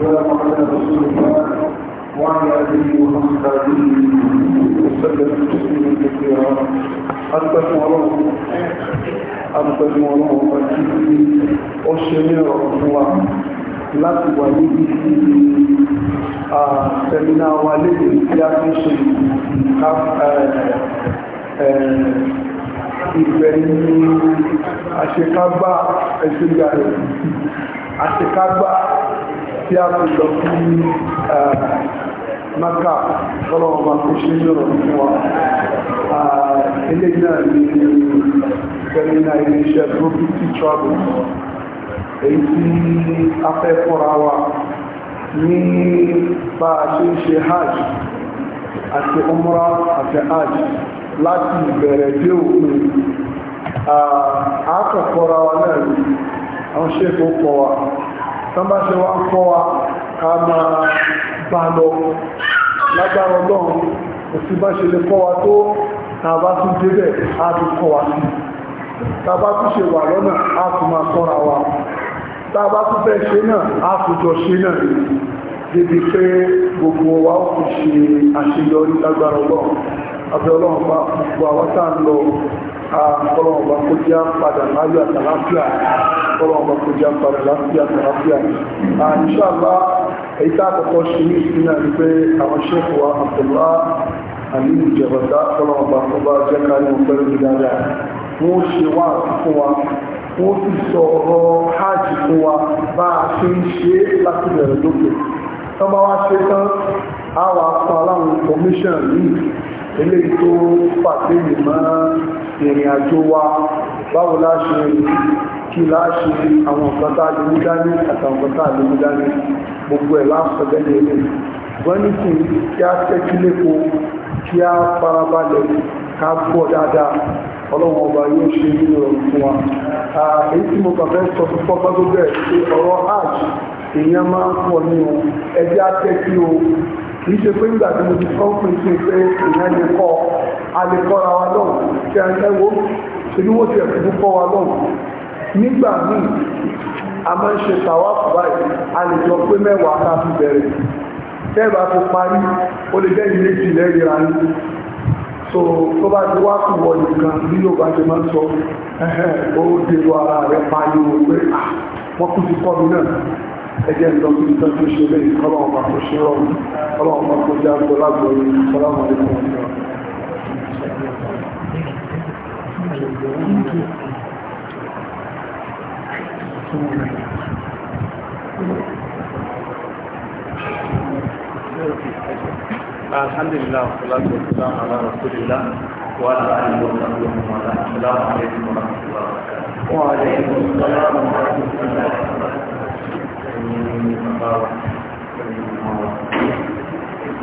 محمد رسول الله وعلى اله وصحبه وسلم تسليما كثيرا أنتم ولهم أنتم ولهم أكيد أشهر الله láti wà níbi tí sẹ́mínà wa léde tí a fi ṣe ìgbẹ̀yìn àṣekágbá ẹ̀sìn gàrẹ̀ àṣekágbá tí a fi lọ sí maka lọ́wọ́ ọba tó ṣe ń lọ́rọ̀ fún wa eléyìí náà ní sẹ́mínà iléeṣẹ́ property travel èyí tí a fẹ́ fọ́ra wa ní bá a ṣe ń ṣe hajj àti umra àti hajj láti ìbẹ̀rẹ̀ dé òkun àákọ̀kọ́ra wa náà àwọn ṣe é wa tán bá ṣe wá kọ́ wa ká máa bá lọ lágbára ọlọ́run òsì bá ṣe lè kọ́ wa tó tàbá tún débẹ̀ á ti kọ́ wa sí tàbá tún ṣe wà lọ́nà á tún máa kọ́ra wa tàbá tún fẹ́ ṣe náà á tún jọ ṣe náà débi pé gbogbo wa ó fi ṣe àṣeyọrí lágbára ọlọ́run abẹ́ ọlọ́run bá gbogbo àwọn tá à ń lọ kọ́lọ́wọ́n bá kó jẹ́ padà láyọ̀ àtàláfíà kọ́lọ́wọ́n bá kó jẹ́ padà láyọ̀ àtàláfíà àìṣàlá èyí tá àkọ́kọ́ ṣe ní ìsinmi náà ni pé àwọn ṣẹ́fù wa àtọ̀lá àní ìjẹ̀bọ̀dá kọ́lọ́wọ́n bá kó bá jẹ́ kárí wọn pẹ́lú ìdájà wọ́n ṣe wá fún wa wọ́n ti sọ ọ̀rọ̀ hajj fún wa bá a ṣe ń ṣe láti bẹ̀rẹ̀ lókè tọ́ bá wá ṣe tán á wà aláwọn commission yìí eléyìí tó pàdé ìmọ̀ ìrìn àjò wa báwo láṣe kí láṣe àwọn ọ̀pọ̀tá àdínú dání àtàwọn ọ̀pọ̀tá àdínú dání gbogbo ẹ̀ láàpọ̀tẹ́ ní ilé gbọ́nìkì kí á tẹ́kí lépo kí á farabalẹ̀ ká pọ̀ dáadáa ọlọ́run ọba yóò ṣe nínú ọ̀rọ̀ fún wa èyí tí mo bàbá sọ fún pápá tó bẹ̀rẹ̀ pé ọ̀rọ̀ hajj èèyàn máa ń pọ̀ ní o ẹjẹ́ atẹ́kí o kì í ṣe pé nígbà tí mo ti kọ́ pé kí n pé èèyàn lè kọ́ a lè kọ́ra wa lọ́wọ́ kí a ń tẹ́wọ́ ṣèlú wọ́n ti ẹ̀kú kọ́ wa lọ́wọ́ nígbà míì a máa ń ṣe tàwáfù báyìí a lè jọ pé mẹ́wàá ká fi bẹ̀rẹ̀ tẹ́ẹ̀bà fi parí ó lè jẹ́ ìlé ìjìnlẹ̀ ìrànlẹ́ so tó bá ti wá kù wọ nìkan bí yóò bá ti máa sọ ẹ̀hẹ́n ó dèrò ara rẹ̀ pariwo pé à ah, wọ́n kú ti kọ́ mi náà ẹgbẹ́ ìdọ́kú ní tọ́jú ṣe lè kọ́lọ̀ ọmọ kò ṣe rọrùn kọ́lọ̀ ọmọ kò já gbọ́ lágbọ́ ní sọ́lọ́mọ ní kò Thank you alhamdulillah salatu wasalam ala rasulillah wa ala alihi wa sahbihi wa ala assalamu alaikum wa rahmatullahi wa barakatuh wa alaikum assalam wa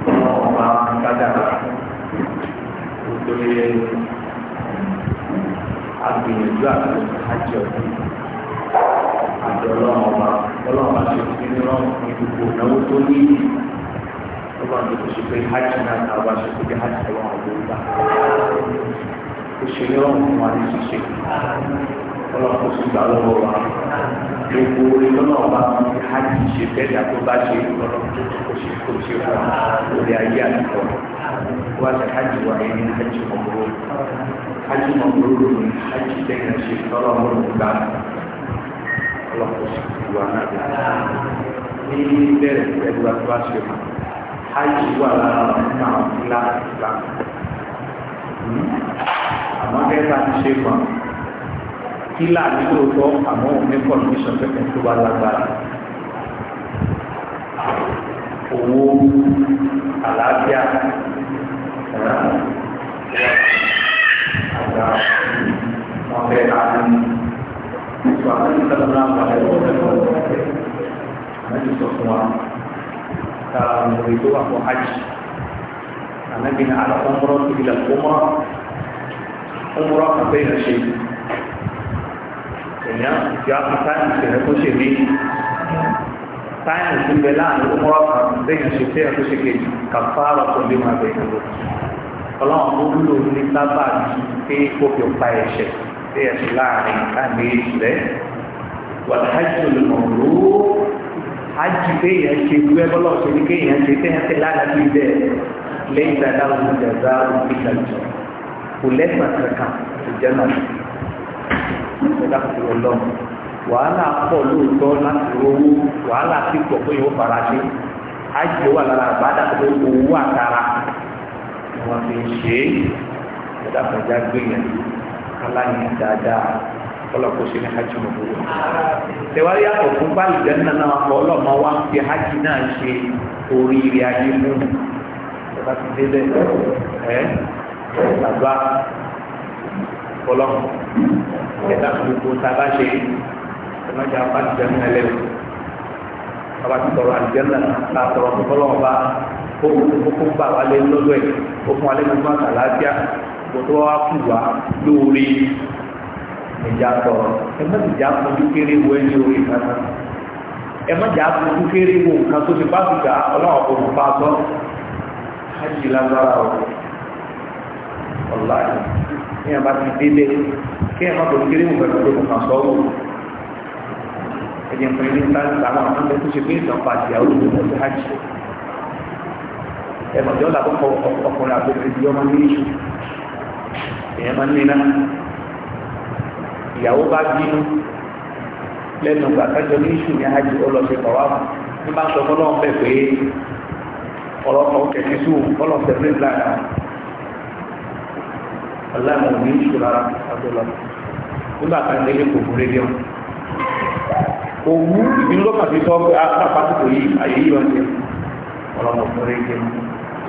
rahmatullahi wa barakatuh nítorí agbìyànjú àti àjọ àjọ ọlọ́run ọba ọlọ́run bá ṣe sí ní rọ́ọ̀mù ní gbogbo ìnáwó tó ní ọba mi kò ṣe pé hajj náà ta ọba ṣe pé hajj ẹwà ọdún gbà kò ṣe ní ọ̀hún fún wa ní ṣíṣe ọlọ́pàá sì gbà lọ́wọ́ wa gbogbo orin lọ́nà ọba mi hajj ṣe bẹ́ẹ̀ dà tó bá ṣe ọlọ́pàá tó kò ṣe kò ṣe fún wa lórí ayé àtìkọ́ wá sí hajj wa ẹni hajj mọ̀gbọ́rọ́ hajj mọ̀gbọ́rọ́ ni hajj lẹ́yìn ṣe tọ́lọ́ ọlọ́pàá gbà ọlọ́pàá hajj wà lára nínú àwọn fúlàní islam àmọ́ kẹta ti ṣe fún un kílà ní lóòótọ́ àmọ́ tó bá lágbára owó àlàáfíà àgbà ọ̀fẹ́ àárín ìtura àti ìtàlọ́nà àgbà ẹ̀rọ ọ̀fẹ́ ka mọ̀rẹ́ tó wà fún hajj ànábì ní alọ́kọ́mọ́rọ́ tó ilẹ̀ ọmọrọ́ ọmọrọ́ kàfẹ́ yẹn ṣe èèyàn ti á fún táyà ìṣẹ̀lẹ̀ tó ṣe ní táyà ìṣẹ̀lẹ̀ láàrin ọmọrọ́ kàfẹ́ yẹn ṣe tẹ́yà tó ṣe kejì kàfàrà tó lé wọn àbẹ̀yẹ̀ lọ ọlọ́run ló lò ní sábà pé kó fi hajj kéèyàn ṣe wú ẹbọlọ ṣe ní kéèyàn ṣe tẹ́yàn tẹ́ lára bí bẹ́ẹ̀ lẹ́yìn dada òun dàda òun bí kàjọ kò lẹ́sàn kankan kò jẹ́ náà ẹ̀dá kò lọ lọ wàhálà pọ̀ lóòótọ́ láti rówó wàhálà ti pọ̀ pé yóò fara ṣe hajj wà lára àbádà pé owó àtàrà wọn fi ṣe é ẹ̀dá kò já gbé yẹn kálá yẹn dáadáa ọlọ́pọ̀ ṣe ní hajj mọ̀ fún wa. tẹ̀wárí àpò fún báyìí jẹ́nà náà ọlọ́mọ wa ń fi hajj náà ṣe oríire ayé mú ọba ti débẹ̀ ẹ́ bàbá ọlọ́mọ ẹ̀dá gbogbo sábà ṣe ẹ̀mọ́jà bá ti jẹun ẹlẹ́wọ̀ ọba ti tọrọ àjẹnà náà tọrọ fún ọlọ́mọ bá kó bá wa lé lọ́dọ̀ ẹ̀ ó wa lẹ́nu gbogbo wa ẹ̀já sọ̀rọ̀ ẹ má ti já fojú kéré wo ẹni orí kankan ẹ má já fojú kéré wo nǹkan tó ti bá ti gbà ọlọ́run kò mú bá sọ hajj lágbára o ọ̀la ní ẹ̀ bá ti délé kí ẹ̀ má fojú kéré wo nǹkan tó kàn sọ́wọ́ ẹ̀jẹ̀ nǹkan ilé ńlá ńlá àwọn àwọn ẹ̀kú ṣe pé ìtàn pàṣẹ àwọn olùdókòwò ti ẹ̀ mọ̀jọ́ làkọ́kọ́ ọkùnrin àbẹ̀rẹ̀ ìdí ọmọ ní ìṣù èèyàn máa ń ní ìyàwó bá bínú lẹ́nu ìgbà kájọ ní ìṣù ní hajj ọlọ́sẹ̀ kọ̀wá ní bá ń sọ fọlọ́ bẹ̀ pé ọlọ́kọ̀ kẹ̀kí sù ọlọ́sẹ̀ fún ìlà náà ọlọ́mọ ní ìṣù rárá ọdọọlọ nígbà kan lé kò burú lé wọn. òwú ìbínú lọ́kàn fi sọ pé apákòkò ah, yìí ayé yìí jẹ ọlọ́mọ fún rẹ̀ jẹ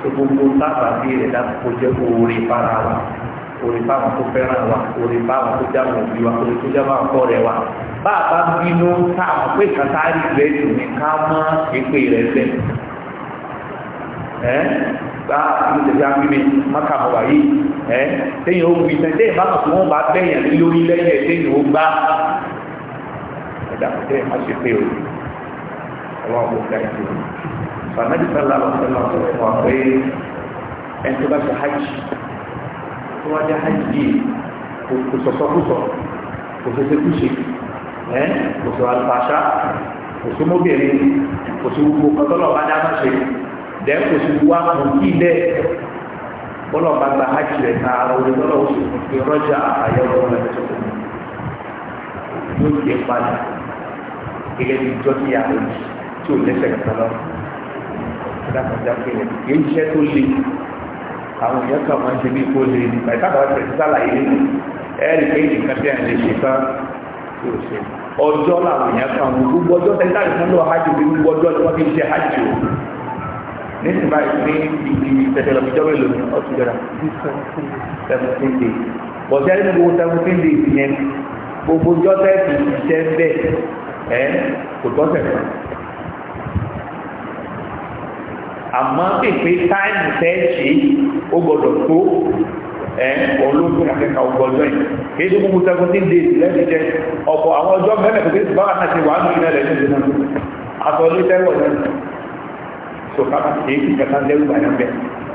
gbogbo tábà bí rẹ̀ dákòókò jẹ́ oore fara wa orí fáwọn tó fẹ́ràn wa orí fáwọn tó jábọ̀ òbí wa orí tó jábọ̀ ọkọ rẹ̀ wa bá a bá bínú táwọn pé kàtàrí rẹ̀ dùn ní ká mọ́ èpè rẹ̀ lẹ̀ ẹ́ bá ìlú tẹ̀sí àbíbi mákàmọ̀ wáyé ẹ́ téèyàn ó wí sẹ́ńtẹ́ ìbámu tí wọ́n bá bẹ̀yàn lórí lẹ́yìn ẹ̀ téèyàn ó gbá ẹ̀dá kọ́tẹ́ àṣepé o ọlọ́run kò fẹ́ ẹ̀sìn sàmẹ́díkà làwọn fẹ́ lọ́sọ̀rọ̀ wà pé ẹni tó bá ṣe hajj tó wá jẹ́ hajj yìí kò sọ̀sọ́kùsọ̀ kò ṣeṣekúṣe ẹ́ kò sọ àlùfàṣà kò sí mọ́bìnrin kò sí gbogbo kọ́tọ́lọ̀ bá dá má ṣe dẹ́ kò sí wá kò kí ilẹ̀ bọ́lọ̀ bá gba hajj rẹ̀ ta ara òde bọ́lọ̀ oṣù fi rọ́jà àyẹ̀wò rẹ̀ tó kù yóò gbé padà gẹ́gẹ́ bí jọ́sí ààrẹ tí ò lẹ́sẹ̀ kàtà lọ. Ìdá àwọn èèyàn kan máa ń ṣe bí kó lè ní pàtàkì àwọn ẹgbẹ́ ti sálàyé nínú ẹ̀rí pé nǹkan tí a lè ṣe tán yóò ṣe ọjọ́ làwọn èèyàn kan wò gbogbo ọjọ́ tẹ́lá ìfún lọ hajj bí gbogbo ọjọ́ tí wọ́n fi ṣe hajj o nísìnyí báyìí ní ibi tẹ̀tẹ̀lọ́ ìjọ mélòó ni ọtún jọra seventeen days bọ̀dé ẹni gbogbo seventeen days yẹn gbogbo ọjọ́ tẹ́ẹ̀tì ìṣẹ́ bẹ́ẹ̀ ẹ́ kò tọ́sẹ̀ fún àmọ́ pèpè táìmù tẹ́ ṣe ó gbọ́dọ̀ tó ẹ̀ olóògùn àkẹ́kọ̀ọ́ ọgbọ́jọ́ yìí kí ló gbogbo seventeen days lẹ́nu jẹ ọ̀pọ̀ àwọn ọjọ́ mẹ́lẹ̀ tó kéde báwa náà ti wà nínú ilẹ̀ lẹ́nu ìlú náà aṣọ ní tẹ́wọ̀ náà tó kápá kì í kàtà lẹ́rù bàyàn bẹ́ẹ̀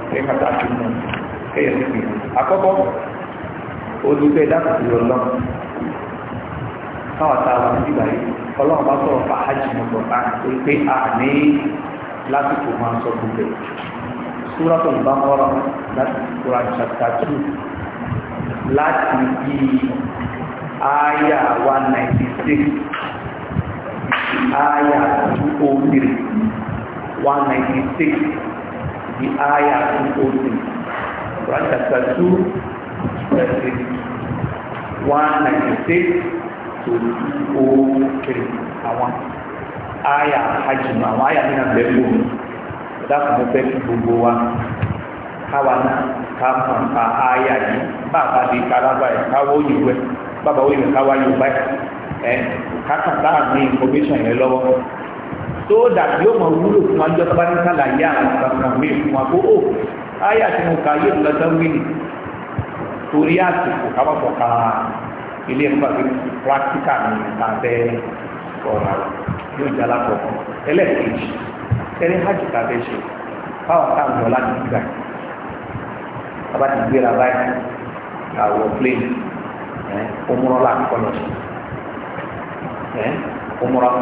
kí kàtà tó mọ̀ kẹ́yẹ̀ sí pé àkọ́kọ́ olùgbé dákùtù lọ́lọ́ káwọn táwọn ìgbà yìí ọlọ́run bá sọ̀rọ̀ fàájì mọ̀tọ̀ bá pé àní lásìkò máa ń sọ gbogbo ẹ̀ súrọ́tò ìbámọ́rọ̀ láti kúra chapter two láti bí àyà one ninety six àyà two oh three one ninety six di àyà two oh three kúra chapter two verse one ninety six to two oh three àwọn àyà hajj nù àwọn àyà nínú abẹ́ kò dákun mo fẹ́ kí gbogbo wa káwa náà ká mọ̀ nípa àyà yìí bàbá di kálábà yìí káwọ́ òyìnbó ẹ̀ bàbá òyìnbó káwá yorùbá ẹ̀ kákàtà ní information yẹn lọ́wọ́ tó dàbí ó mọ̀ wúlò fún wa jọ́ bá ní sàlàyé àwọn kankan mi fún wa kó o oh, àyà tí mo kà yóò lọ́jọ́ wí torí àsìkò káwọn fọ̀ ká ilé ẹ̀kọ́ àti practical ní ìta bẹ́ẹ̀ sọ̀rọ̀ yóò jẹ́ alákọ̀ọ́kọ́ ẹlẹ́ẹ̀kejì ẹni hajj ká fẹ́ ṣe báwọn ká ń lọ láti gbà bàbá ti gbéra báyìí àwọ̀ plane ẹ̀ ọmọrọ̀ láti kọ́ lọ sí ẹ̀ ọmọrọ̀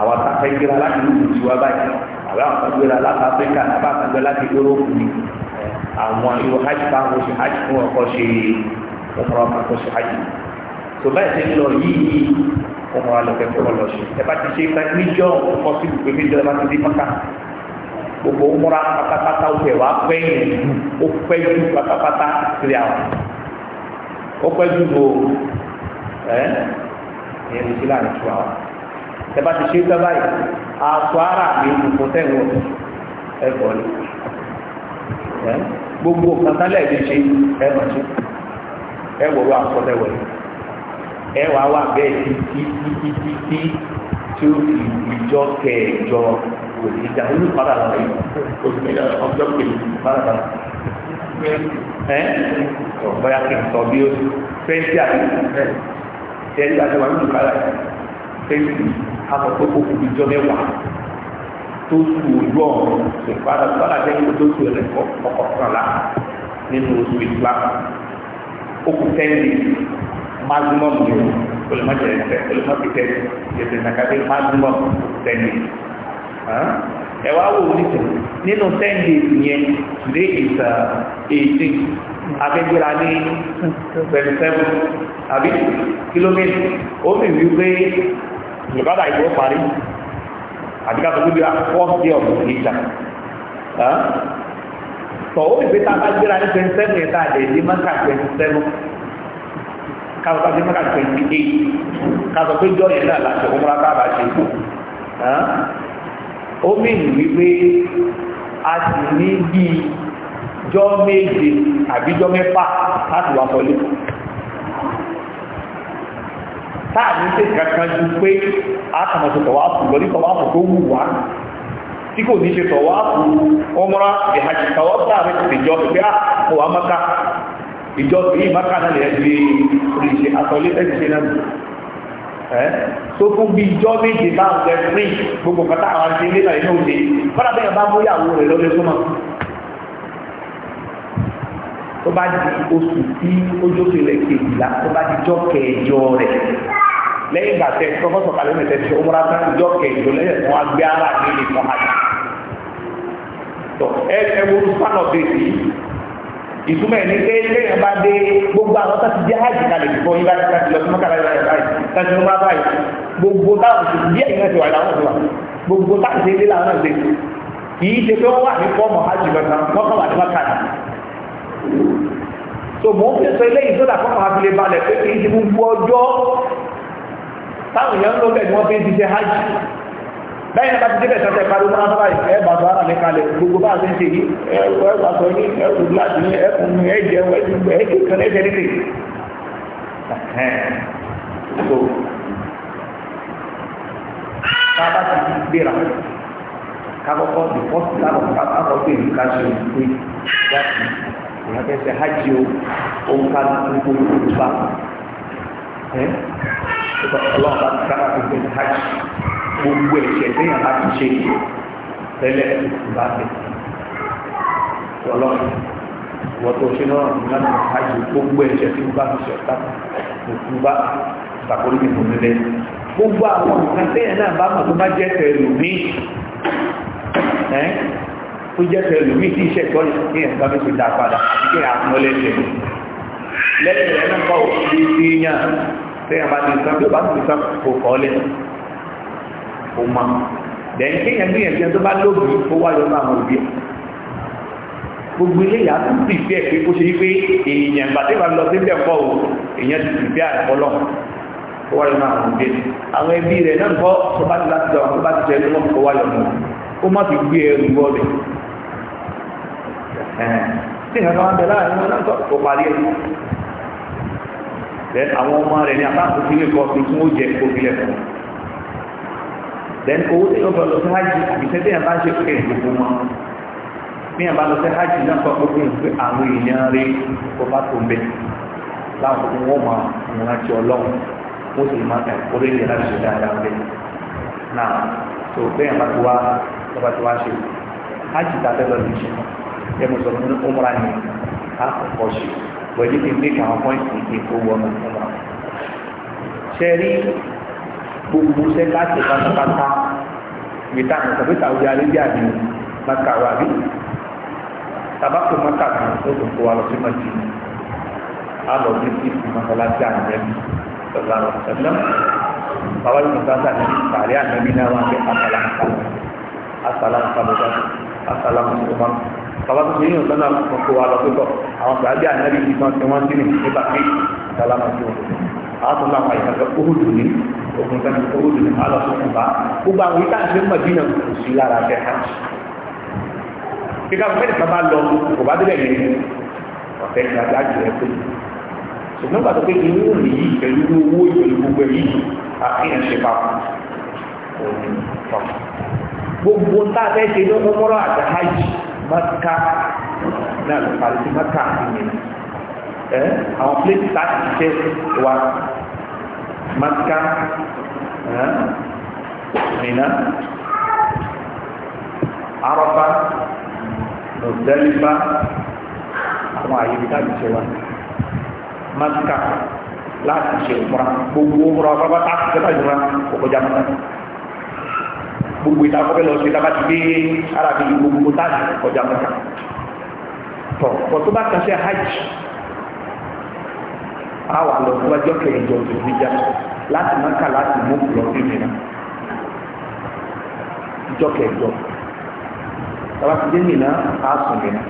àwọn akafẹ́ gbéra láti lùdù tí wá báyìí àwọn akagbéra láti Áfíríkà àbá akagbéra láti Yúróòpù ni àwọn irú hajj báwọn ṣe hajj fún ọkọ ṣe ọmọrọ̀ kan kó ṣe hajj tó báyìí ṣe ń lọ yìí yìí ọmọ alọ́kẹ́ tó lọ sí ẹ bá ti ṣe ká níjọ́ ọkọ̀ sí ìgbé méjì ọba ti di mọ́ta gbogbo múra pátápátá ó fẹ̀ wá pẹ́ yẹn ó pẹ́ ju pátápátá kiri àwọn ó pẹ́ ju o ẹ ìyẹn ló ti láàrin tu àwọn ẹ bá ti ṣe ká báyìí aṣọ ara mi kò tẹ̀wọ̀ ẹ kọ́ ni gbogbo kàtàlẹ́ ẹ̀ lè ṣe ẹ mọ̀ sí ẹ wọ̀ wá aṣọ tẹ̀wọ̀ yìí ẹ wàá wà bẹ́ẹ̀ títí títí títí tí ó fi ìjọ kẹjọ òní ìjà olú padà lọ yìí oṣù mẹ́ta ọjọ́ kejì padà lọ. ẹ ọ̀bọ̀yà kì í sọ bí ó fẹ́ǹsì àti ẹ̀rí àti wàá nínú padà fẹ́ǹsì àkọ́kọ́ òkú ìjọ mẹ́wàá tó sùn ojú ọ̀run ṣe padà padà lẹ́yìn tó sùn rẹ̀ kọ́kọ́ kọ́kọ́ nínú oṣù ìgbà òkú tẹ́ńdì maximum yìí o lè má jẹ ẹsẹ o lè má fi tẹ ẹsẹ nàkàdé maximum ten days ẹ wá wò ó nìkan nínú ten days yẹn today is uh, eighteen abẹ́gbéra ní twenty seven àbí kìlómítì ó mi wí pé ìbára ìwé parí àti káàkiri bí fourth day of the hijab tọ̀ ó mi tá a bá gbéra ní twenty seven yẹn tá a lè dé mọ́kà twenty seven káwọn pàṣẹ mẹ́ta twenty eight káwọn pé jọ́ yẹn náà láti ọmọlá káàbà ṣe ó mìíràn wípé a sì ní bíi jọ́ méje àbí jọ́ mẹ́fà láti wà sọlé táàbí ṣe kankan ju pé a kàn ṣe tọ̀wá fún lọ ní tọ̀wá fún tó wù wá tí kò ní ṣe ìjọ yìí mákàtà lè ẹgbẹ́ oríṣẹ́ àtọ́lé ẹgbẹ́ náà ẹ́ tó fún bí ìjọ méje bá ń fẹ́ fún gbogbo kata àwọn àti ilé náà inú òde fọ́nà bẹ́ẹ̀ bá mú ìyàwó rẹ̀ lọ́lé súnmọ́ tó bá di oṣù tí ojú kele kejìlá tó bá di jọ kẹjọ rẹ̀ lẹ́yìn ìgbà tẹ pọfọ́sọ̀ kalẹ́ mẹ́tẹ́ tí ó múra tán ìjọ kẹjọ lẹ́yìn tí ìtumọ̀ ẹni pé lẹ́yìn bá dé gbogbo àwọn tó ti jẹ́ hajj kalẹ̀ ìfọ̀ yín bá ti láti lọ sí mọ́kàlá yìí báyìí láti lọ́mọ́ báyìí gbogbo táwọn ti bí ẹ̀yìn náà ti wà láwọn ti wà gbogbo táwọn ti dé láwọn náà ti kì í ṣe pé wọ́n wà ní fọ́ọ̀mù hajj gbọ̀ngàn wọ́n kàn wà ní mọ́kàlá. tó mò ń fẹsọ eléyìí sódà fọ́ọ̀mù afilé balẹ̀ pé kì í ṣe gbogbo ọjọ́ táwọn èèyàn ń ṣiṣẹ́ lẹ́yìn bá ti débẹ̀ sọ́tẹ̀ parí wọn bá ìfẹ́ bàbá ara mi kalẹ̀ gbogbo bá ti ń ṣe yìí ẹ̀rọ ẹ̀rọ aṣọ ní ẹ̀rọ gíláàsì ní ẹ̀kùn ní ẹ̀jẹ̀ ẹ̀jẹ̀ ẹ̀jẹ̀ kan ẹ̀jẹ̀ nílé. so bàbá ti ti gbéra kakọ́kọ́ the first plan of kakọ́ pé nǹkan ṣe ń pè láti ìyàfẹ́sẹ̀ hajj o òun ká ní gbogbo gbogbo ẹ̀ṣẹ̀ téèyàn bá ti ṣe tẹ́lẹ̀ bá ti wọlọ́ọ̀ wọ́n tó ṣe náà nínú àjò gbogbo ẹ̀ṣẹ̀ tí wọ́n bá ti ṣe ọ̀tá òkú bá ṣàkórí ní ìbò nílẹ̀ gbogbo àwọn nǹkan téèyàn náà bá mọ̀ tó bá jẹ́ tẹ̀ lùmí ẹ́ tó jẹ́ tẹ̀ lùmí tí iṣẹ́ ìtọ́ ní ẹ̀ka mi ti dà padà àti kí àtúnlẹ̀ṣẹ̀ lẹ́yìn rẹ̀ náà bá òkú ó mọ́ dẹ̀yìn kéèyàn gbìyànjú tó bá lóbi ó wá lọ́nà àwọn òbí gbogbo ilé ìyá tó ti fẹ́ pé ó ṣe wípé èèyàn gbàdé bá lọ síbẹ̀ pọ̀ o èèyàn ti ti fẹ́ àìpọ́lọ̀ ó wá lọ́nà àwọn òbí àwọn ẹbí rẹ̀ náà gbọ́ tó bá ti láti jọ tó bá ti jẹ lọ́wọ́ kó wá lọ́nà ó má fi gbé ẹrù bọ́ọ̀lù tí ìhàn kan bẹ láàrin wọn náà then owó tí wọ́n fẹ́ lọ sí hajj àbíṣẹ́ tí yẹn bá ṣe pé gbogbo wọn bí yẹn bá lọ sí hajj náà kọ́ gbogbo yẹn pé àwọn èèyàn rí kó bá tó ń bẹ láwọn wọn máa ìrántí ọlọ́run ó sì máa kà ó lè yẹ láti ṣe dáadáa bẹ́ẹ̀ náà tó bẹ́ẹ̀ yẹn bá ti wá lọ́ba ti wá ṣe hajj tàbí lọ́ọ́ ní ṣe ẹ mọ̀ sọ fún ọmọra ni a kọ̀kọ́ ṣe wẹ́ẹ́dì ti ń gbé kàwọn pọ́ìntì ìdí gbogbo sẹ́ láti pátápátá gbèta àwọn tàbí Saudi Arabia ní maka wa bí tabako maka kan ó tó kó wa lọ sí mọ̀tì á lọ sí sí masalasi ànábi sọlá lọ sẹlẹ bàbá yìí nípa sí ànábi sàrí ànábi náà wà pé asala nkalu asala nkalu asala nkalu bàbá tó yíyan sọ́nà kó wa lọ pé bọ̀ àwọn sàbí ànábi yìí kan tí wọ́n ti rìn nípa pé asala nkalu àtúnlá àwọn ìtàkà òhùdù ní ogun tán òhùdù ní alọ́sọ̀kùn bá gbogbo àwọn ìtàn ṣe ń mọ̀ dínà kò sí lára fẹ́ hajj kíkà fún mẹ́rin sábà lọ kò bá débẹ̀ ní ọ̀fẹ́ ní adé àjò rẹ̀ pé ṣùgbọ́n gbàtọ́ pé irú òní yìí pẹ̀lú owó ìpẹ̀lú gbogbo yìí àfihàn ṣe papọ̀ gbogbo tá a fẹ́ ṣe lọ́wọ́ mọ́rọ́ àti hajj maka náà lọ parí sí maka àti ẹ àwọn plate láti ṣiṣẹ́ wa maka Mina Arafa Muzdalifa àwọn àyè bí láti ṣe wa maka láti ṣe ìmúra gbogbo ìmúra ọ̀pọ̀lọpọ̀ láti ṣe láti ìmúra ọ̀pọ̀já mọ́ta gbogbo ìta fọ́fẹ́ lọ sí ìta bá ti dé arábìnrin gbogbo táàgì ọjà mọ́ta tọ̀ pọ̀ tó bá kàn ṣe hajj a wà lọ fún ọjọ́ kẹjọ tó fi já láti mọ́kà láti mú lọ sí mi náà ọjọ́ kẹjọ tàbá ti dé mi náà a sùn mi náà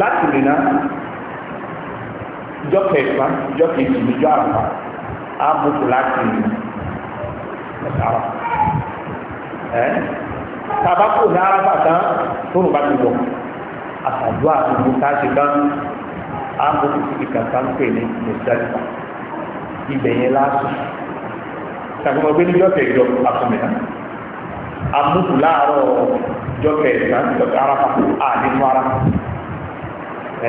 láti mi náà ọjọ́ kẹfà ọjọ́ kejì ọjọ́ àbá a mú kù láti mi náà ẹ tàbá ní arábà tán tó rò bá ti wọ̀ àtàdúrà tó mú ká ṣe tán àkókò síbi kàkà ń pè ní mùsàlùfà ibẹ̀ yẹn lásùn sàkómọ gbé níjọ́ kẹjọ àtúnmẹ̀ta àmúkù láàárọ̀ jọ kẹta lọ́kẹ́ arafa àdínú arafa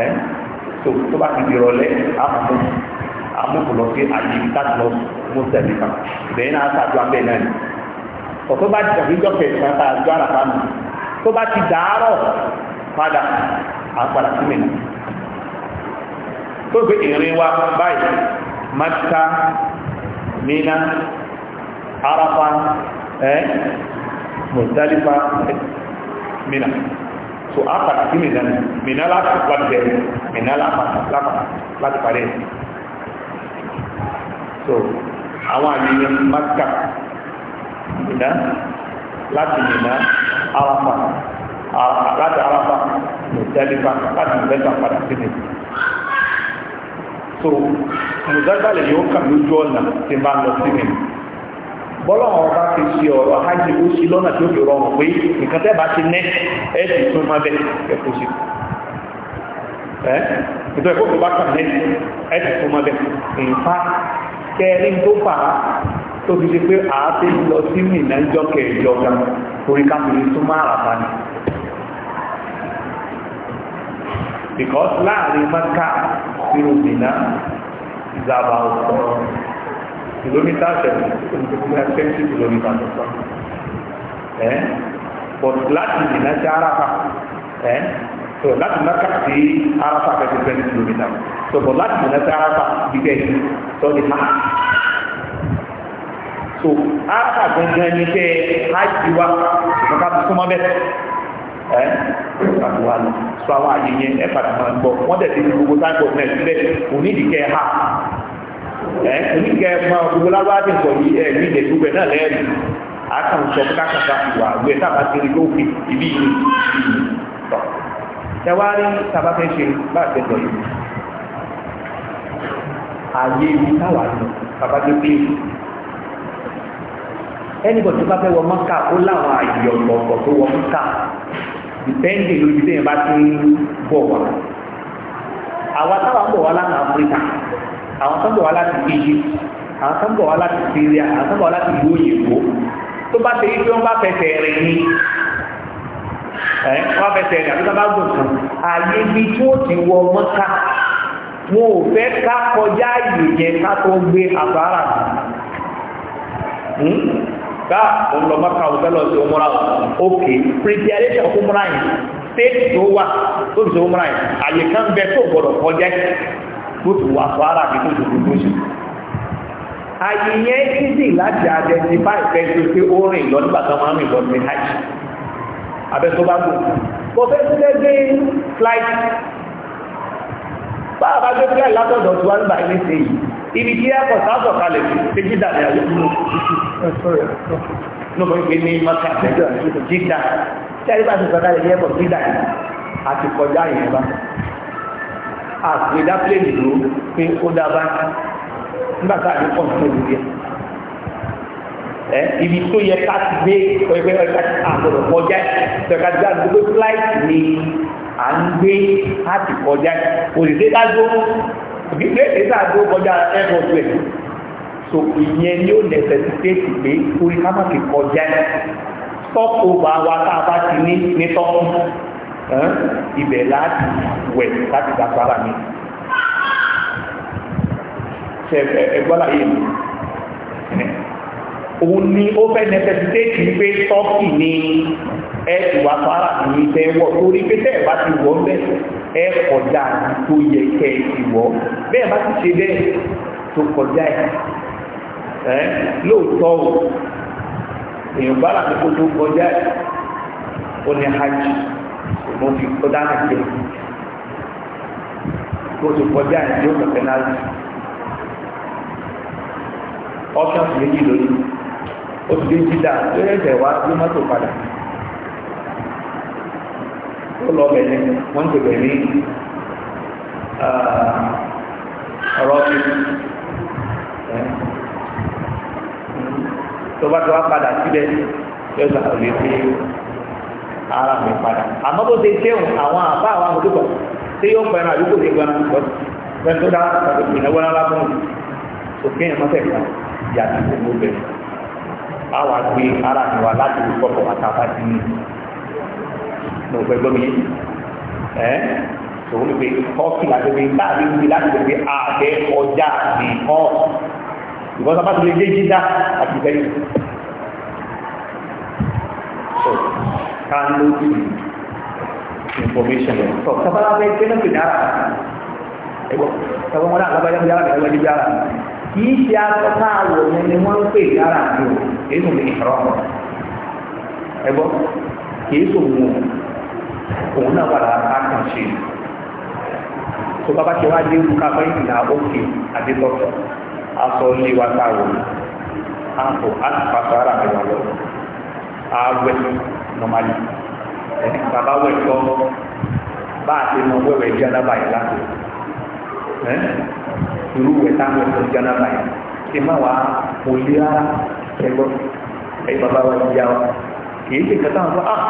ẹ́ tó tó bá ti dìrọ̀lẹ́ àmúkù àmúkù lọ sí àyè láti lọ mùsàlùfà ibẹ̀ yẹn náà sàdúrà bẹ́ẹ̀ náà ni ọ̀tọ́ bá ti sàkójọ kẹta tá a jọ àràfà nù tó bá ti dàárọ̀ padà àpàdà sí mẹ́ta. tó gbé èrè wa báyìí Mẹ́kà Mínà Arafa ẹ́ Muzdalifa Mínà so apàtà sí Mínà Mínà láti láti apa, Mínà láti so àwọn àníyàn Mẹ́kà Mina, láti Mina, Arafa láti Arafa Muzdalifa láti Muzdalifa padà sí so mùsàgbàlẹ̀ yóò kà lójú ọ̀nà tí bá lọ sí mi bọ́lá ọ̀rọ̀ bá ti ṣe ọ̀rọ̀ hajj ó sí lọ́nà tí ó fi rọrùn pé nǹkan tẹ́ bá ti nẹ́ ẹ̀ sì tún máa bẹ̀ ẹ̀kọ́ sí ẹ́ nítorí ẹ̀kọ́ tó bá kà nẹ́ ẹ̀ sì máa bẹ̀ nǹfà kẹrin tó fà á tó fi ṣe pé àá ti lọ sí mi náà jọ kẹjọ gan orí ká fi máa rà bá ni because láàrin maka sínú Mina is about kìlómítà seventy kìlómítà lọ́sọ̀ ẹ́ but láti Mina sí Arafa ẹ́ so láti maka sí Arafa fẹ́ twenty kìlómítà so but láti Mina sí Arafa bíbẹ̀ yìí sọ ni ha so Arafa gangan ni kẹ́ hajj wa kọ́ka tó súnmọ́ bẹ́ẹ̀ ẹ́ àtúwà lọ sọ àwọn àyè yẹn ẹ padà máa gbọ́ wọ́n dẹ̀ ti gbogbo táìpọ̀ náà sílẹ̀ onídìíkẹ́ ha ẹ́ onídìíkẹ́ máa gbogbo lábá ti sọ yìí ẹ̀ ní ìdẹ̀tú bẹ̀ náà lẹ́ẹ̀rì àkàn sọ fún kákàtà ìwà àgbẹ̀ tábà ti rí lókè ibi yìí tọ̀ ẹ wá rí ṣe bá àgbẹ̀ sọ yìí àyè ibi táwà lọ tábà dé pé ẹnìbọ̀ tó bá fẹ́ wọ mọ́kà ó láwọn àyè ọ̀pọ̀ọ̀pọ̀ tó wọ mọ́kà dìpẹ́ǹdì lórí bí èèyàn bá ti ń bọ̀ wá àwa sábà ń bọ̀ wá láti áfíríkà àwọn tó ń bọ̀ wá láti kéjì àwọn tó ń bọ̀ wá láti syria àwọn tó ń bọ̀ wá láti ìlú òyìnbó tó bá ṣe ibi wọn bá fẹsẹ̀ rìn ní ẹ wọn fẹsẹ̀ rìn àbí sábà gùn kan ààyè ibi tí ó ti wọ mọ́ká wọn ò fẹ́ ká kọjá ààyè yẹn ká tó gbé àbára hmm? bá òun lọ mọ́ka òun fẹ́ lọ sí òmúra ok preparation fún múra yìí state tó wà tó fi sí òmúra yìí àyè kan bẹ tó gbọdọ̀ kọjá tó fi wà fún ara àti tó fi gbogbo sí. àyè yẹn easy láti identify fẹ́ tó pé ó rìn lọ nígbà tó máa ń rìn lọ sí hajj abẹ́ tó bá gùn. mo fẹ́ sílẹ̀ gbé flight báwa bá gbé fúlẹ̀ látọ̀dọ̀ tí wọ́n ń bà ilé ṣe yìí ibi tí ẹ̀kọ́ sáàtọ̀ kalẹ̀ ṣe jídà eh, eh, ní àwọn ọmọ ìgbé ní mọ́ta àtẹ́jọ́ jídà tẹ́lẹ̀ bá ti sọ kalẹ̀ ní ẹ̀kọ́ jídà yìí àti kọjá yìí bá àpèdá pléèdì ló pé ẹ ibi tó yẹ ká ti gbé ọ̀yẹ́fẹ́ ọ̀yẹ́fẹ́ àgbọ̀dọ̀ kọjá ìtọ́ka ti gbàgbé pé flight ni à ń gbé láti kọjá òṣìṣẹ́ dágbó gbígbé èsì àgbó kọjá airport rẹ̀ so ìyẹn ni ó necessitate pé torí ká má fi kọjá stop over wa tá a bá ti ní ní tọ́kùn ibẹ̀ láti wẹ̀ láti gbàgbára mi ẹgbọ́n láyé mi òun ni ó fẹ́ nẹfẹsitéèkì pé tọ́kì ni ẹ ìwà fara ní ìfẹ́ wọ̀ torí pé tẹ́ẹ̀ bá ti wọ̀ bẹ́ẹ̀ ẹ kọjá tó yẹ kẹ́ ti wọ̀ bẹ́ẹ̀ bá ti ṣe bẹ́ẹ̀ tó kọjá ẹ̀ lóòótọ́ o èèyàn bá làbí kó tó kọjá ẹ̀ ó ní hajj mo fi kọjá náà jẹ kó tó kọjá ẹ̀ yóò kẹ̀kẹ́ ọ̀sán méjì lónìí ó ti dé jídà tó ẹ̀ṣẹ̀ wá sí mọ́tò padà ó lọ bẹ̀rẹ̀ wọ́n ti bẹ̀rẹ̀ ní ọ̀rọ̀ ti tó bá tó wá padà sílẹ̀ yóò gbà lè fi ara mi padà àmọ́ bó ṣe ṣéun àwọn àbá àwọn àmójútó tí yóò pẹ̀rẹ̀ àdúgbò ní gbọ́nà pẹ̀lú tó dá ìnáwó ńlá fún òfin ìmọ̀tẹ̀ká yàtọ̀ gbogbo bẹ̀rẹ̀ àwa gbé ara mi wá láti lè kọ́kọ́ àti abájí ní mo fẹ́ gbọ́ mi ẹ́ tòun ní pé ọ́kì làgbègbè táàbí wí láti lè gbé àbẹ ọjà ní ọ́ ìbọn sábà tó lè dé jíjá àti bẹ́ẹ̀ so can no information so sábà lábẹ́ gbé náà pè ní ara ẹ̀gbọ́n sábà wọn náà lábẹ́ yára mi ẹ̀gbọ́n jíjá ara mi kì í ṣe aṣọ tá a wọ̀ yẹn ni wọ́n ń pè lára àjò èso ní ìṣòro ẹ gbọ́ kì í sòwò òun náà wà lára àkànṣe tó bàbá ti wá dé irú káfẹ́ ìlà òkè àdétọ́tọ̀ aṣọ ilé wa tá a àpò àti ara mi wà lọ àwẹ̀ nọ̀málì ẹ̀ bàbá wẹ̀ tọ́ bá a ti mọ wẹ̀wẹ̀ jẹ́ alábàáyé láti irú ẹ̀ táwọn ẹ̀sọ́ jẹ́nà báyìí ṣe máa wá mo lé ara ẹgbọ́ ẹ bàbá wa ah, ti yá wa kìí ṣe kẹta wọn fún ah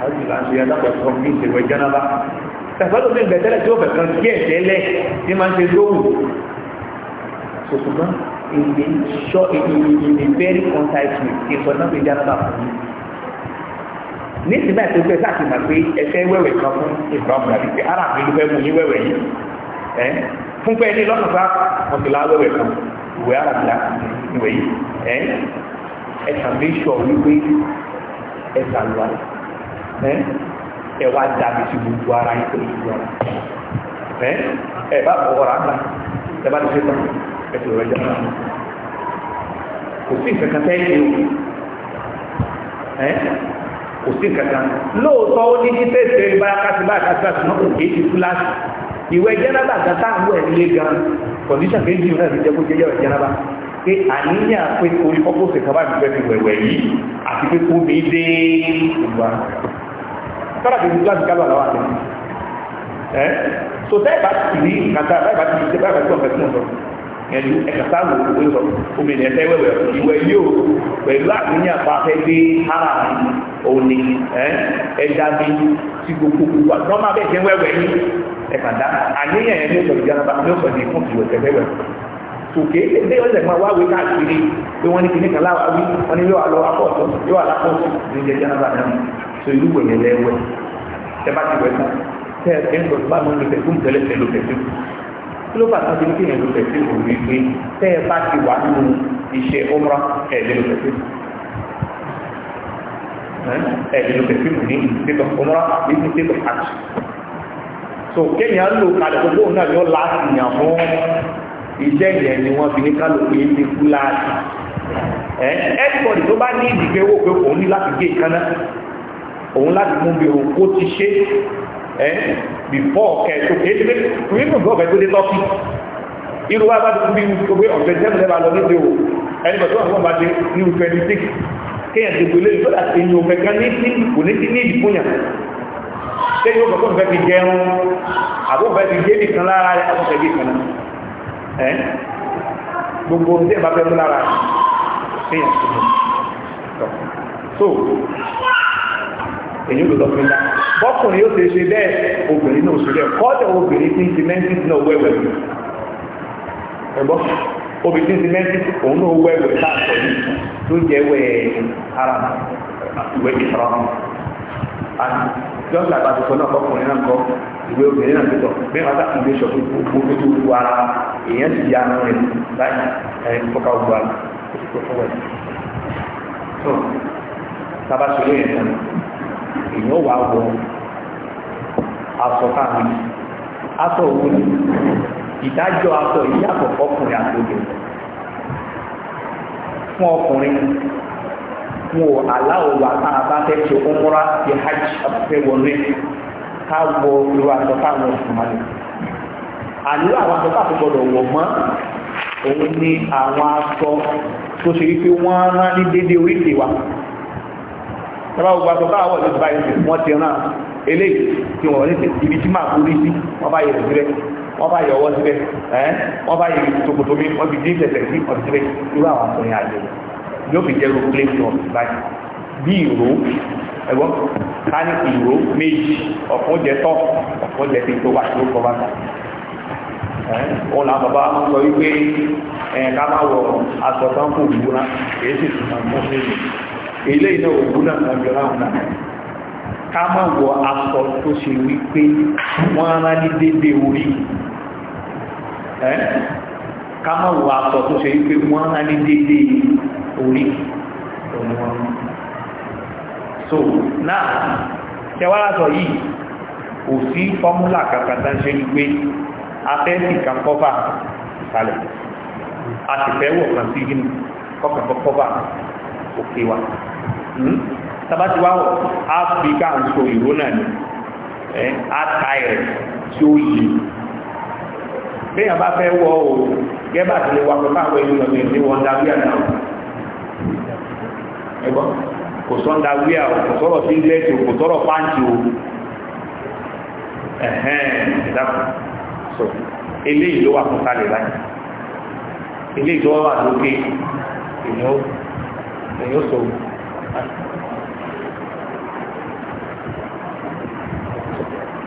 àwọn ìlànà ṣe yàtọ̀ sọ ní ìṣèwé jẹ́nà bá tàbí ọdún bẹ̀tẹ́lẹ̀ tí ó fẹ̀ kan díẹ̀ tẹ́lẹ̀ ní máa ń ṣe lóhùn ṣùgbọ́n èdè ṣọ́ èdè very concise ìsọ̀ náà fi jẹ́nà bá fún mi ní ti báyìí tó fẹ́ láti mọ̀ pé ẹsẹ̀ wẹ̀wẹ̀ kan fún ìfọ̀mù àti ara mi ló fẹ́ mú yín wẹ̀wẹ̀ fún pé ẹni lọ́nà sá wọn ti láwọ́ ẹ̀wẹ̀ kan ìwé àràbíà ìwé yìí ẹ ẹ kàn mí sọ wípé ẹ sàlùwà ẹ ẹ wá dàbí sí gbogbo ara yìí pẹ̀lú gbogbo ara ẹ ẹ bá ọ̀rọ̀ àgbà ẹ bá ti ṣe tán ẹ ti rẹ̀ jẹ́ náà kò sí nǹkan kan tẹ́lẹ̀ o kò sí nǹkan kan lóòótọ́ ó ní títẹ̀sẹ̀ báyà kásìbáyà kásìbáyà ṣùgbọ́n kò kéé fúláṣì ìwẹ̀ jẹ́nàbà gata àwọn ẹ̀lẹ́ gan kọ̀díṣàn kéjì náà ti jẹ́ kó jẹ́ yẹ̀wẹ̀ jẹ́nàbà pé àníyàn pé orí kọ́kọ́ sí kaba ìfẹ́ ti wẹ̀wẹ̀ yìí àti pé kó mi dé ìgbà so tẹ́ẹ̀bá ti rí kàtà báyìí bá ti rí tẹ́ẹ̀bá ti ẹ̀lú ẹ̀kàtàwò òwe sọ obìnrin ẹ̀fẹ́ wẹ̀wẹ̀ ìwẹ̀ yóò pẹ̀lú àníyàn pa fẹ́ gbé ara òní ẹ̀dá bí ti gbogbo gbogbo àti wọ́n máa bẹ̀ jẹ́ wẹ̀wẹ̀ yìí ẹ̀kàdá àníyàn ẹ̀ ní ọ̀sọ̀ ìjànàbá ní ọ̀sọ̀ ní fún ìwẹ̀ tẹ̀wẹ̀wẹ̀ tòkè ẹgbẹ́ ọ̀sẹ̀ máa wá wí káàkiri pé wọ́n ní kíní kan láwa wí wọ́n ní yóò wá lọ apọ̀tọ̀ yóò wá lápọ̀tọ̀ ní ìjẹ́ jẹ́nàbà náà so ìlú wẹ̀yẹ̀ lẹ́wẹ̀ tẹ́ bá ti wẹ̀ tán tẹ́ ẹ̀ ń sọ̀tún bá kí ló bàtà ti ní kí èèyàn ló tẹ̀sí òun rí pé tẹ́ ẹ bá ti wà nínú iṣẹ́ ọmọra ẹ̀ẹ́dẹ́ ló tẹ̀sí ẹ̀ẹ́dẹ́ ló tẹ̀sí ní ìsètò ọmọra ní ìsètò àti so kéèyàn lò kalẹ̀ gbogbo náà yóò láti yàn fún iṣẹ́ yẹn ni wọ́n fi ní kálukú yìí ti kú láti ẹ́ẹ̀kọ́dì tó bá ní ìdìgbẹ́wò pé òun ní láti gé ìkànnà òun láti mú bí òun kó ti ṣe ẹ́ before kẹtù kéde pé kùnrin kùnrin ọ̀fẹ́ tó dé tọ́kì irú wa bá ti kú bí gbogbo ọ̀fẹ́ tẹ́lẹ̀ lẹ́bàá lọ nídìí o ẹni bọ̀ tó wà fún ọba dé ní ìfẹ́ ní six kéèyàn ti gbélé ìfẹ́ àti ẹni òfẹ́ kan ní sí kò ní sí ní ìdìbòyàn kéèyàn ó fẹ́ fẹ́ fi jẹun àbó fẹ́ fi dé nìkan lára rẹ̀ àbó fẹ́ bí kan náà ẹ́ gbogbo ní ẹ̀bá fẹ́ mú lára kéèyàn ti so èyí ló lọ fi ń dá bọ́kùnrin ó ṣe ṣe bẹ́ẹ̀ obìnrin náà ṣe bẹ́ẹ̀ kọ́dọ̀ obìnrin tí ń ti mẹ́ńtì náà wẹ̀wẹ̀ ni ẹ̀gbọ́n obìnrin tí ń ti mẹ́ńtì òun náà wẹ̀wẹ̀ láàtọ̀ yìí tó jẹ́ wẹ̀ ara ìwé ìfara wọn jọ́sà àti sọ náà bọ́kùnrin náà kọ́ ìwé obìnrin náà títọ̀ mẹ́wàá tá ìwé ṣọ̀tò gbogbo tó wù ara èèyàn sì di ara rẹ̀ láì ẹ̀ tán èèyàn wà wọ aṣọ káàkiri aṣọ òwò ni ìdájọ́ aṣọ ìyàtọ̀ ọkùnrin àti obìnrin fún ọkùnrin wọn ò aláwọ̀ wà tá a bá fẹ́ ṣe ọmọra ti hajj àfẹ́ wọlé ká wọ irú aṣọ káwọn ọ̀sùnmọ́lẹ̀ àlọ́ àwọn aṣọ káàkiri gbọdọ̀ wọ̀ mọ́ òun ni àwọn aṣọ tó ṣe wípé wọ́n rán ní déédéé orílẹ̀ wa tọ́lá gbogbo aṣọ káwọn ọ̀sùnmọ́lẹ̀ wọ́n ti rán ele tí wọ́n ní ibi tí máa kúrí sí wọ́n bá yẹ síbẹ̀ wọ́n bá yọ ọwọ́ síbẹ̀ ẹ́ wọ́n bá yẹ tòkòtò mi wọ́n fi dín tẹ̀tẹ̀ sí ọ̀sẹ̀ síbẹ̀ irú àwọn akọrin àjẹ yóò fi jẹ́ irú plane of life bí ìró ẹ̀gbọ́n ká ní ìró méjì ọ̀fun jẹ tọ́ ọ̀fun jẹ ti tó wà tó kọ́ bàtà òun làwọn bàbá wọn sọ wípé ká máa wọ aṣọ tán kò gbóná èyí sì tún máa mú sí ilé ilé ìnáwó gbóná kan jọ láwọn náà ká má wọ aṣọ tó ṣe wípé wọ́n rán ní dédé orí ẹ́ ká má tó ṣe wípé wọ́n rán ní dédé orí so náà tẹwàá sọ yìí kò sí fọ́múlà kàkàtà ṣe ń gbé afẹ́sì kan kọ́fà ìsàlẹ̀ a sì kan sí gínú kọ́kàn kọ́fà òkè tabati wa wọ áfíríkà ń so ìró náà ni ẹ ata ẹ tí ó yí bẹ́ẹ̀ bá fẹ́ wọ o gẹ́bà tí mo wà pẹ̀lú àwọn ẹni lọ́dún ẹni wọ́n dá wíà náà ẹ gbọ́ kò sọ́ ń dá wíà o kò sọ́rọ̀ sí ilé kò sọ́rọ̀ pàǹtì o ẹ̀hẹ́n ìdáàbò sọ eléyìí ló wà fún kálẹ̀ báyìí eléyìí tó wà lókè èèyàn èèyàn sọ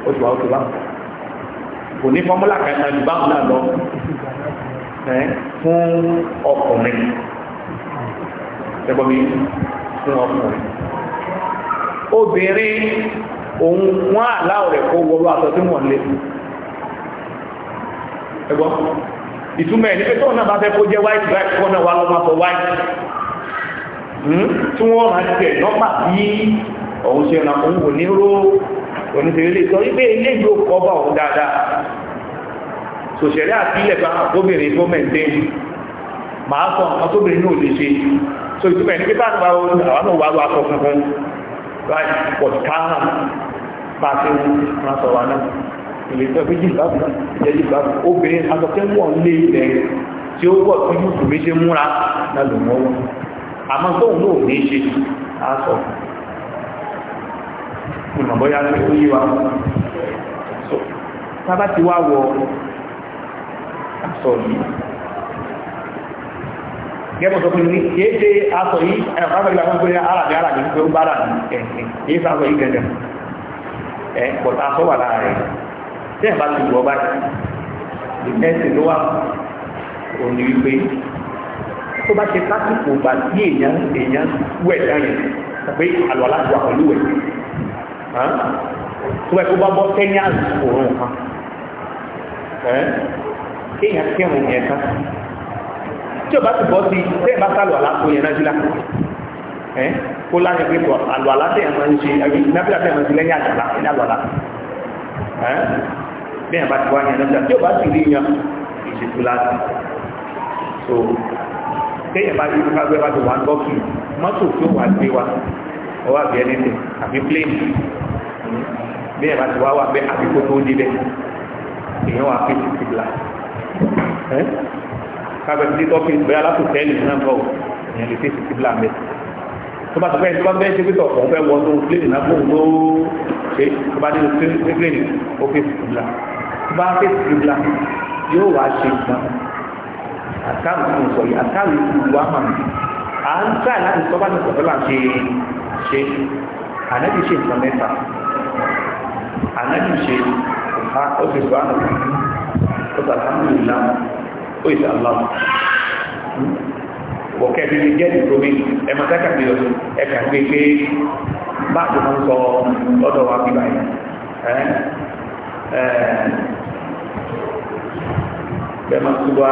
ó ti wà ó ti wà kò ní fọ́múlà kẹta ju báwọn náà lọ fún ọkùnrin ẹgbọ́n mi fún ọkùnrin obìnrin òun wọ́n àláwọ̀ rẹ̀ kó wọ́wọ́ aṣọ tí wọ́n lé ẹgbọ́n ìtumọ̀ ní pé náà bá fẹ́ kó jẹ́ white black kó náà wà lọ́mọ fọ white hmm? tí wọ́n máa tẹ̀ nọ́pà bí òun ṣe ràn òun wò ní ró oníṣẹ́ ilé sọ wípé ilé ìlú kọ́ bá òun dáadáa sòṣèré àtìlẹ̀ bá obìnrin tó mẹ́ntẹ́n máa sọ nǹkan tóbìnrin náà lè ṣe so ìtumẹ̀ ní pípa àgbà àwọn àwọn òwà lọ akọ funfun láì pọ̀jù káàmà bá a ṣe ń rán sọ̀rọ̀ náà ilé ìfẹ́ fún jìbáàbù náà jẹ́ jìbáàbù obìnrin asọ̀tẹ́ wọ̀ lé ilẹ̀ tí ó wọ̀ tí yóò tún méjì múra náà àmọ́ tóun náà ò ṣe á ìmọ̀bọ́yá tó kú yíwa sábà ti wá wọ aṣọ yìí gẹ́gbọ́n sọ fún ní kéé ṣe aṣọ yìí ẹ̀kọ́ àgbàgbà fún pé arábì arábì ń pé ó bára ní ẹ̀kẹ́ yìí sáṣọ yìí gẹ́gẹ́ ẹ̀ pọ̀tà aṣọ wà lára rẹ̀ tí ẹ̀ bá ti wọ báyìí ìmẹ́sì ló wà òní wípé tó bá ṣe lásìkò gbà tí èèyàn wẹ̀ dáyẹ̀ pé àlọ́ wà pẹ̀lú ẹ̀ tó bẹ́ẹ̀ tó bá bọ́ tẹ́ni àsìkò òun kan kéèyàn kírun yẹn kan tí o bá ti bọ́ sí bẹ́ẹ̀ bá sálọ àlàkò yẹn nájú la kó láyé pé àlọ́ àlàtẹ̀ yẹn máa ń ṣe nábìlà tẹ̀ máa ń ṣe lẹ́yìn àjàlá ẹ̀yìn bá rí yan ìṣètò láti so téèyàn bá ti fún agbẹ́ bá ti wà ń gọ́kì mọ́tò tó wà gbé wa ọwọ́ àbí ẹni tẹ̀ àbí pléènì bí ẹ̀ bá ti wá wà bẹ́ àbíkó tó débẹ̀ èèyàn wà fèsì kìbìlà kábẹ̀ tí tọ́kì bẹ́ẹ̀ alátòtẹ́ẹ̀lì náà bọ̀ èèyàn lè fèsì kìbìlà mẹ́ tó bá tọ́fẹ́ tó bá bẹ́ẹ̀ ṣe pítọ̀ ọ̀pọ̀ fẹ́ wọnú pléènì náà fún tó ṣe tó bá nínú pléènì ó fèsì kìbìlà tó bá fèsì kìbìlà yóò wá ṣe nǹkan àkáàlù fún ìsọ̀rí àkáàlù ìlú àmàmì à ń tà láti sọ bá ní sọ̀tọ́ ànájú ṣe ọ̀pá ó sì bá àwọn ọ̀pá alhamdulillah ó ìsà aláwọ̀ wọ̀kẹ́ bí i jẹ́ ìgbómi ẹmọ sákàbí ọdún ẹka gbé pé bá a ti máa ń sọ ọ̀dọ̀ wa bíbá yìí bẹ́ẹ̀ máa tún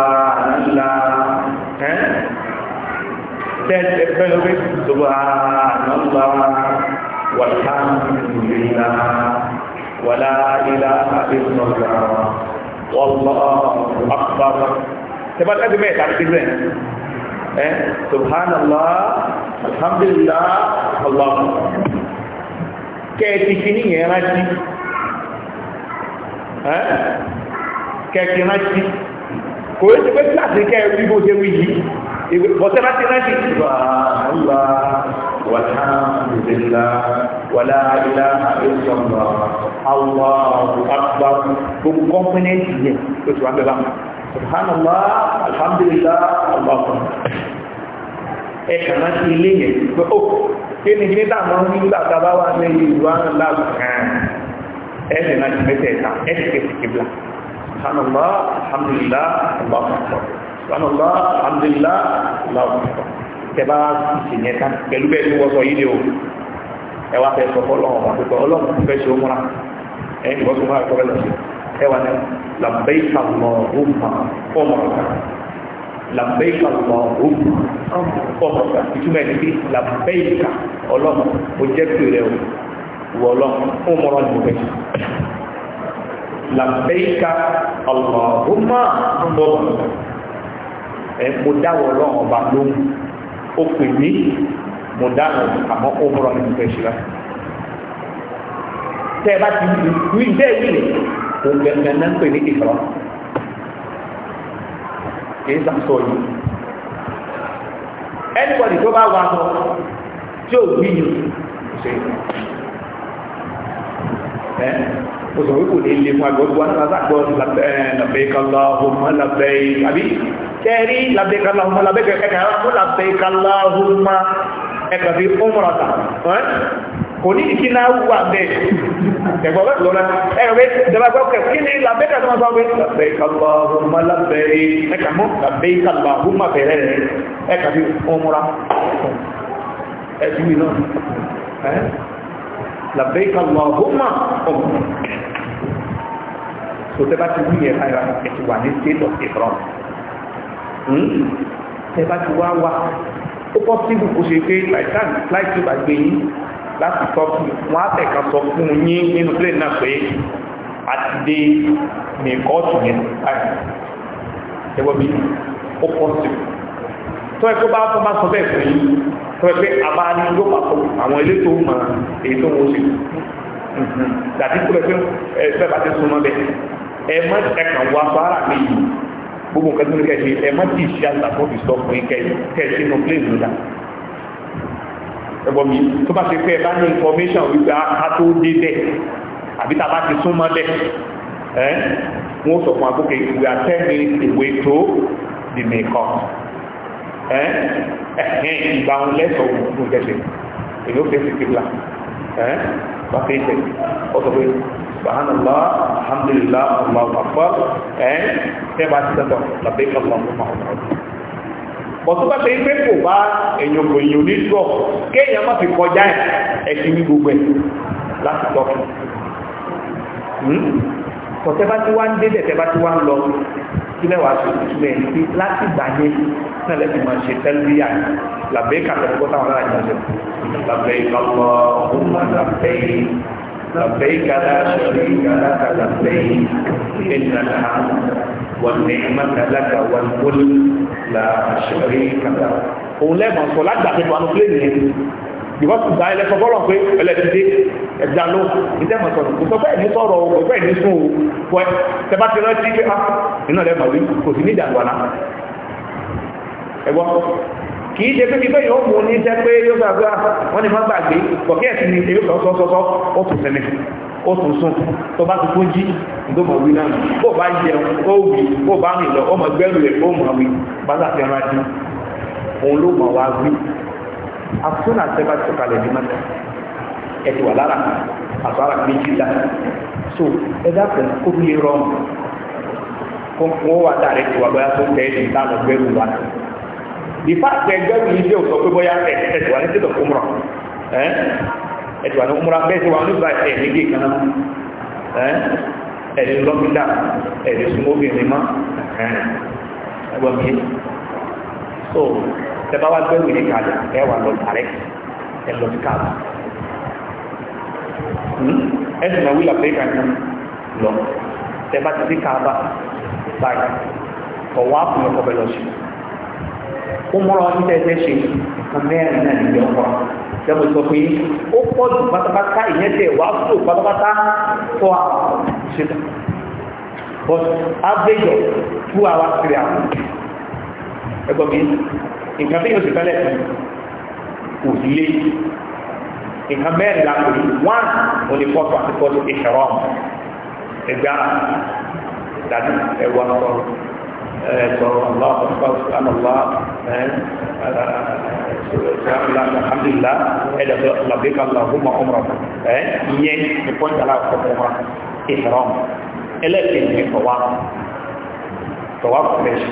ولا إله إلا الله والله أكبر تبقى قد ميت على كذا سبحان الله الحمد لله الله كيف كني يا راجي ها كيف راجي kò é ti pé kíláàsì kẹ́ ẹ wí bó ṣe wí yìí bọ́sẹ̀ bá ti rántí. wàhálà wàhálà wàlá ilá àbẹ̀sọ̀mọ̀ àwọn àgbà gbogbo kọ́ńpínẹ́ǹtì yẹn ló ti wá bẹ́ẹ̀ bá subhanallah alhamdulillah allahu ẹ kàn máa ti ilé yẹn pé ó oh, kí ni kí ní táwọn ń gbà tá a bá wà ní ìlú àwọn ńlá kan ẹ sì máa ti mẹ́tẹ̀ẹ̀ta ẹ sì kẹ́sì kébìlà subhanallah alhamdulillah allahu akbar subhanallah alhamdulillah allahu akbar tẹ́bá sì yẹn tán pẹ̀lú bẹ́ẹ̀ ló wọ́sọ yìí ni o ẹ wá fẹ́ sọ fọlọ́wọ́ wọn pípọ̀ ọlọ́run fẹ́ ṣe ó múra ẹ ní wọ́n tó máa kọ́ bẹ́ẹ̀ lọ sí ẹ wà ní làbẹ́ìkà lọ́ọ̀hùnmá fọ́ọ̀mọ̀ọ̀ká làbẹ́ìkà lọ́ọ̀hùnmá fọ́ọ̀mọ̀ọ̀ká ìtumọ̀ ẹni pé làbẹ́ìkà ọlọ́run mo làbẹ́yíká ọlọ́ọ̀rọ̀mà lọ́wọ́ ẹ mo dáwọ̀ ọlọ́run ọba lóhùn ó pè mí mo dáhùn àmọ́ ó mọ̀rọ̀ ní ìfẹ́ ṣe láti tẹ́ ẹ bá ti wí bẹ́ẹ̀ wí lè kò gbẹ̀ngàn náà ń pè ní ìfọ̀rọ̀ kì í sàtọ̀ yìí anybody tó bá wà sọ tí ò gbìyànjú ṣe òsàn wípò ní ilé fún agbọ́gbọ́ alásàgbọ́ labẹ́kàláhùnmá labẹ́yìn àbí tẹ́rí labẹ́kàláhùnmá labẹ́kà ẹ̀kà fún labẹ́kàláhùnmá ẹ̀kà fi ọmọrata kò ní eh, ìkí náà wà bẹ́ẹ̀ ẹ̀gbọ́n bẹ́ẹ̀ lọ́la ẹ̀rọ bẹ́ẹ̀ dẹ́gbàgbọ́ kẹ̀ kí ni labẹ́kàláhùnmá labẹ́yìn ẹ̀kà mọ́ labẹ́kàláhùnmá bẹ̀rẹ̀ rẹ̀ ẹ̀kà fi ọmọra ẹ̀dùn ìlọ́nà labbaik Allahumma ọmọ so tẹ́ bá ti wí yẹn báyìí ẹ ti wà ní state of Ihram hmm? tẹ́ bá ti wá wá ó kọ́ síbù kó ṣe pé by time flight tó bá gbé yín láti sọ fún wọn á tẹ̀ka sọ fún yín nínú plane náà pé a ti dé ní kóòtù yẹn báyìí ẹwọ́ mi ó kọ́ síbù tó ẹ bá tó bá sọ bẹ́ẹ̀ fún yín pẹ́pẹ́ abáni yóò máa kọ àwọn elétò mọ èyí tó wọ́n ṣe dàbí tó pẹ́pẹ́ ẹgbẹ́ bá ti sún mọ́ bẹ́ẹ̀ ẹ má ẹkàn wá fara mi yìí gbogbo nǹkan tó ní kẹ́ ṣe ẹ má ti ṣe àtàkùnfì sọ fún yín kẹ́ ṣe nù plé ìlú dà ẹgbọ́n mi tó bá ṣe pé ẹ bá ní information wípé a tó dé bẹ́ẹ̀ àbí tá a bá ti sún mọ́ bẹ́ẹ̀ ẹ́ wọ́n sọ fún akókè we are ten minutes away to the make up ẹ̀hìn ìgbà òun lẹ́sọ̀ọ́ òun tẹ̀sẹ̀ èyí ó fèsì kìbla ẹ̀ wá fèsì ó sọ pé subhanallah alhamdulillah allah akbar ẹ̀ tẹ́ bá ti sẹ́tọ̀ làbẹ́ ọ̀gbọ̀n fún ma ọ̀gbọ̀n bọ̀tún bá fẹ́ pé kò bá èèyàn kò èèyàn ní sọ kéèyàn má fi kọjá ẹ̀ ẹ̀sìn ní gbogbo hmm? wá ń délẹ̀ tẹ́ bá wá ń lọ kílẹ̀ wàá ṣe ìtumọ̀ ẹ̀ ní láti gbà yẹn náà lẹ́sìn máa ṣe tẹ́lifíà làbẹ́ kàtàkùn kọ́tà wọn lára ìjọsìn làbẹ́ ìlọ́pọ̀ ọ̀hún làbẹ́ لبيك لا شريك لك لبيك إن الحمد والنعمة لك والملك لا شريك لك. òun lẹ́mọ̀ sọ lágbàdo àwọn pléènì yẹn because ìgbà ẹlẹ́sọ bọ́lọ̀ pé ẹlẹ́tìdé ẹ̀dá ló ìtẹ́mọ̀ sọ̀rọ̀ kò sọ bẹ́ẹ̀ ní sọ̀rọ̀ o kò bẹ́ẹ̀ ní sún o pọ̀ tẹbá ti rántí pé á ah, iná lẹ́mọ̀ wí kò sí ní ìdàgbàna ẹgbọ́n kì í ṣe pé pípẹ́ yóò mú ní iṣẹ́ pé yóò gbàgbà ah, wọ́n ni wọ́n gbàgbé kọ̀kẹ́ ẹ̀sìn ni èyí kan sọ́sọ́sọ́ ó tún sẹ́mi ó tún sùn tó bá ti kún jí ìdómọ̀ wí náà bó bá jẹun ó wì bó bá rìn lọ ó mọ̀ gbẹ́rù rẹ̀ ó asúnà àtẹ́bá ti kalẹ̀ ní mọ́tò ẹ̀tù wà lára àtọ́ra méjì dá so ẹ̀dá pẹ̀lú kó bí lè rọrùn kó wọ́n wá dá rẹ̀ tó wà bóyá tó tẹ̀ ẹ̀dùn tá lọ gbẹ́rù wa the fact that gbẹ́rù yìí dé òsọ pé bóyá ẹ̀tù wà ní tẹ̀tọ̀ fún mọ́ ẹ̀ ẹ̀tù wà ní múra bẹ́ẹ̀ tí wà ní ìgbà ẹ̀ ní gé kaná ẹ̀ ẹ̀dùn lọ́mídà ẹ̀dùn súnmọ́bìnrin mọ́ ẹ̀gbọ́n mi so tẹ́bá wá gbẹ́rù yìí kalẹ̀ ẹ wà lọ tààrẹ ẹ lọ sí káàbù hmm? ẹ sì máa wí làpẹ́ ìkà ní lọ tẹ́bá ti sí káàbà báyìí ọ̀wọ́ àpòyọ kọ́ bẹ́ẹ̀ lọ sí ó múra ọtí tẹ́ fẹ́ ṣe nǹkan mẹ́rin náà níbi ọkọ̀ lẹ́mọ̀ sọ pé ó pọ̀ jù pátápátá ìyẹn tẹ̀ wá fò pátápátá fọ́ àṣetà but average of two hours three hours ẹgbọ́n mi nǹkan tí yóò sì tẹ́lẹ̀ fún kò sí lé nǹkan mẹ́rin la kò ní wọ́n ò ní kọ́tù àti kọ́tù ìṣẹ̀rọ̀ ẹgbẹ́ ara dàbí ẹwà sọ̀rọ̀ sọ̀rọ̀ allah subhanahu allah alhamdulillah ẹ̀dà sọ labẹ́ka allahumma umra ẹ̀ ìyẹn ní pọ́ńtì aláàkọ́kọ́ wa ìṣẹ̀rọ̀ ẹlẹ́ẹ̀kejì ní tọ́wá tọ́wá kọ́lẹ́ṣì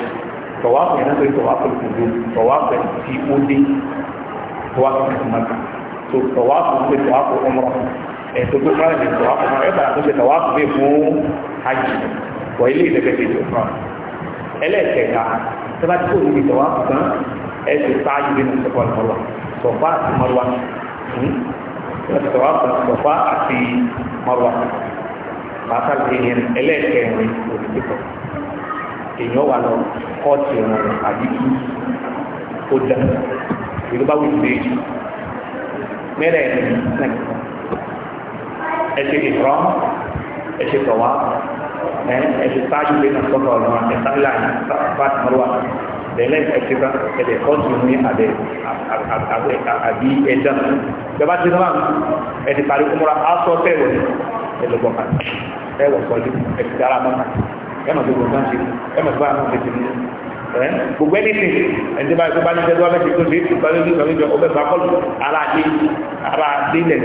tọ̀wáàpù yẹn náà tọ̀wáàpù ìlú tọ̀wáàpù ti ó dé tọ̀wáàpù ti maka tó tọ̀wáàpù ń pè tọ̀wáàpù ọmọ ẹ̀tọ́ tó máa ní tọ̀wáàpù náà ẹ̀bà tó ṣe tọ̀wáàpù bẹ́ẹ̀ fún hajj wọ ilé ìdẹ́gbẹ̀tẹ̀ tó fún wa ẹlẹ́ẹ̀kẹta tó bá ti kan ẹ ti sáájú nínú sọ́kọ̀ lọ́wọ́ sọ̀fà àti mọ́lúwa tọ̀wáàpù sọ̀fà àti mọ́lúwa bàtà lè yẹn ẹlẹ́ẹ̀kẹrin òdìdí kan èèyàn wà lọ kọ́ọ̀tì ẹ̀rọ àbí kí ó dà ìlú bá wùdí méjì mẹ́rẹ̀ ẹ̀sẹ̀ ìfọ́n ẹ̀sẹ̀ tọ̀wá ẹ̀sẹ̀ sáájú lé náà sọ́kọ̀ ọ̀nà ẹ̀sá láàyè bá ti mọ́lúwà lẹ́lẹ́ ẹ̀sẹ̀ bá ẹ̀dẹ̀ kọ́ọ̀tì ní abẹ́ àbí ẹ̀dá ìjọba ti náà ẹ̀sẹ̀ parí kúmọ́ra á sọ fẹ́ẹ̀wọ̀ ẹ̀lọ́gbọ̀n ẹ̀wọ̀ sọ́jú ẹ̀sẹ̀ dára mọ́ta ẹmọ̀ tó gbọ́n ṣe ẹmọ̀ tó bá àwọn ọ̀sẹ̀ ṣe ẹ gbogbo ẹni tẹ ẹni bá gbogbo ẹni tẹ tó wà mẹsì tó ṣe é tó ṣe é tó ọbẹ̀ bá kọlu ara dé ara dé lẹ̀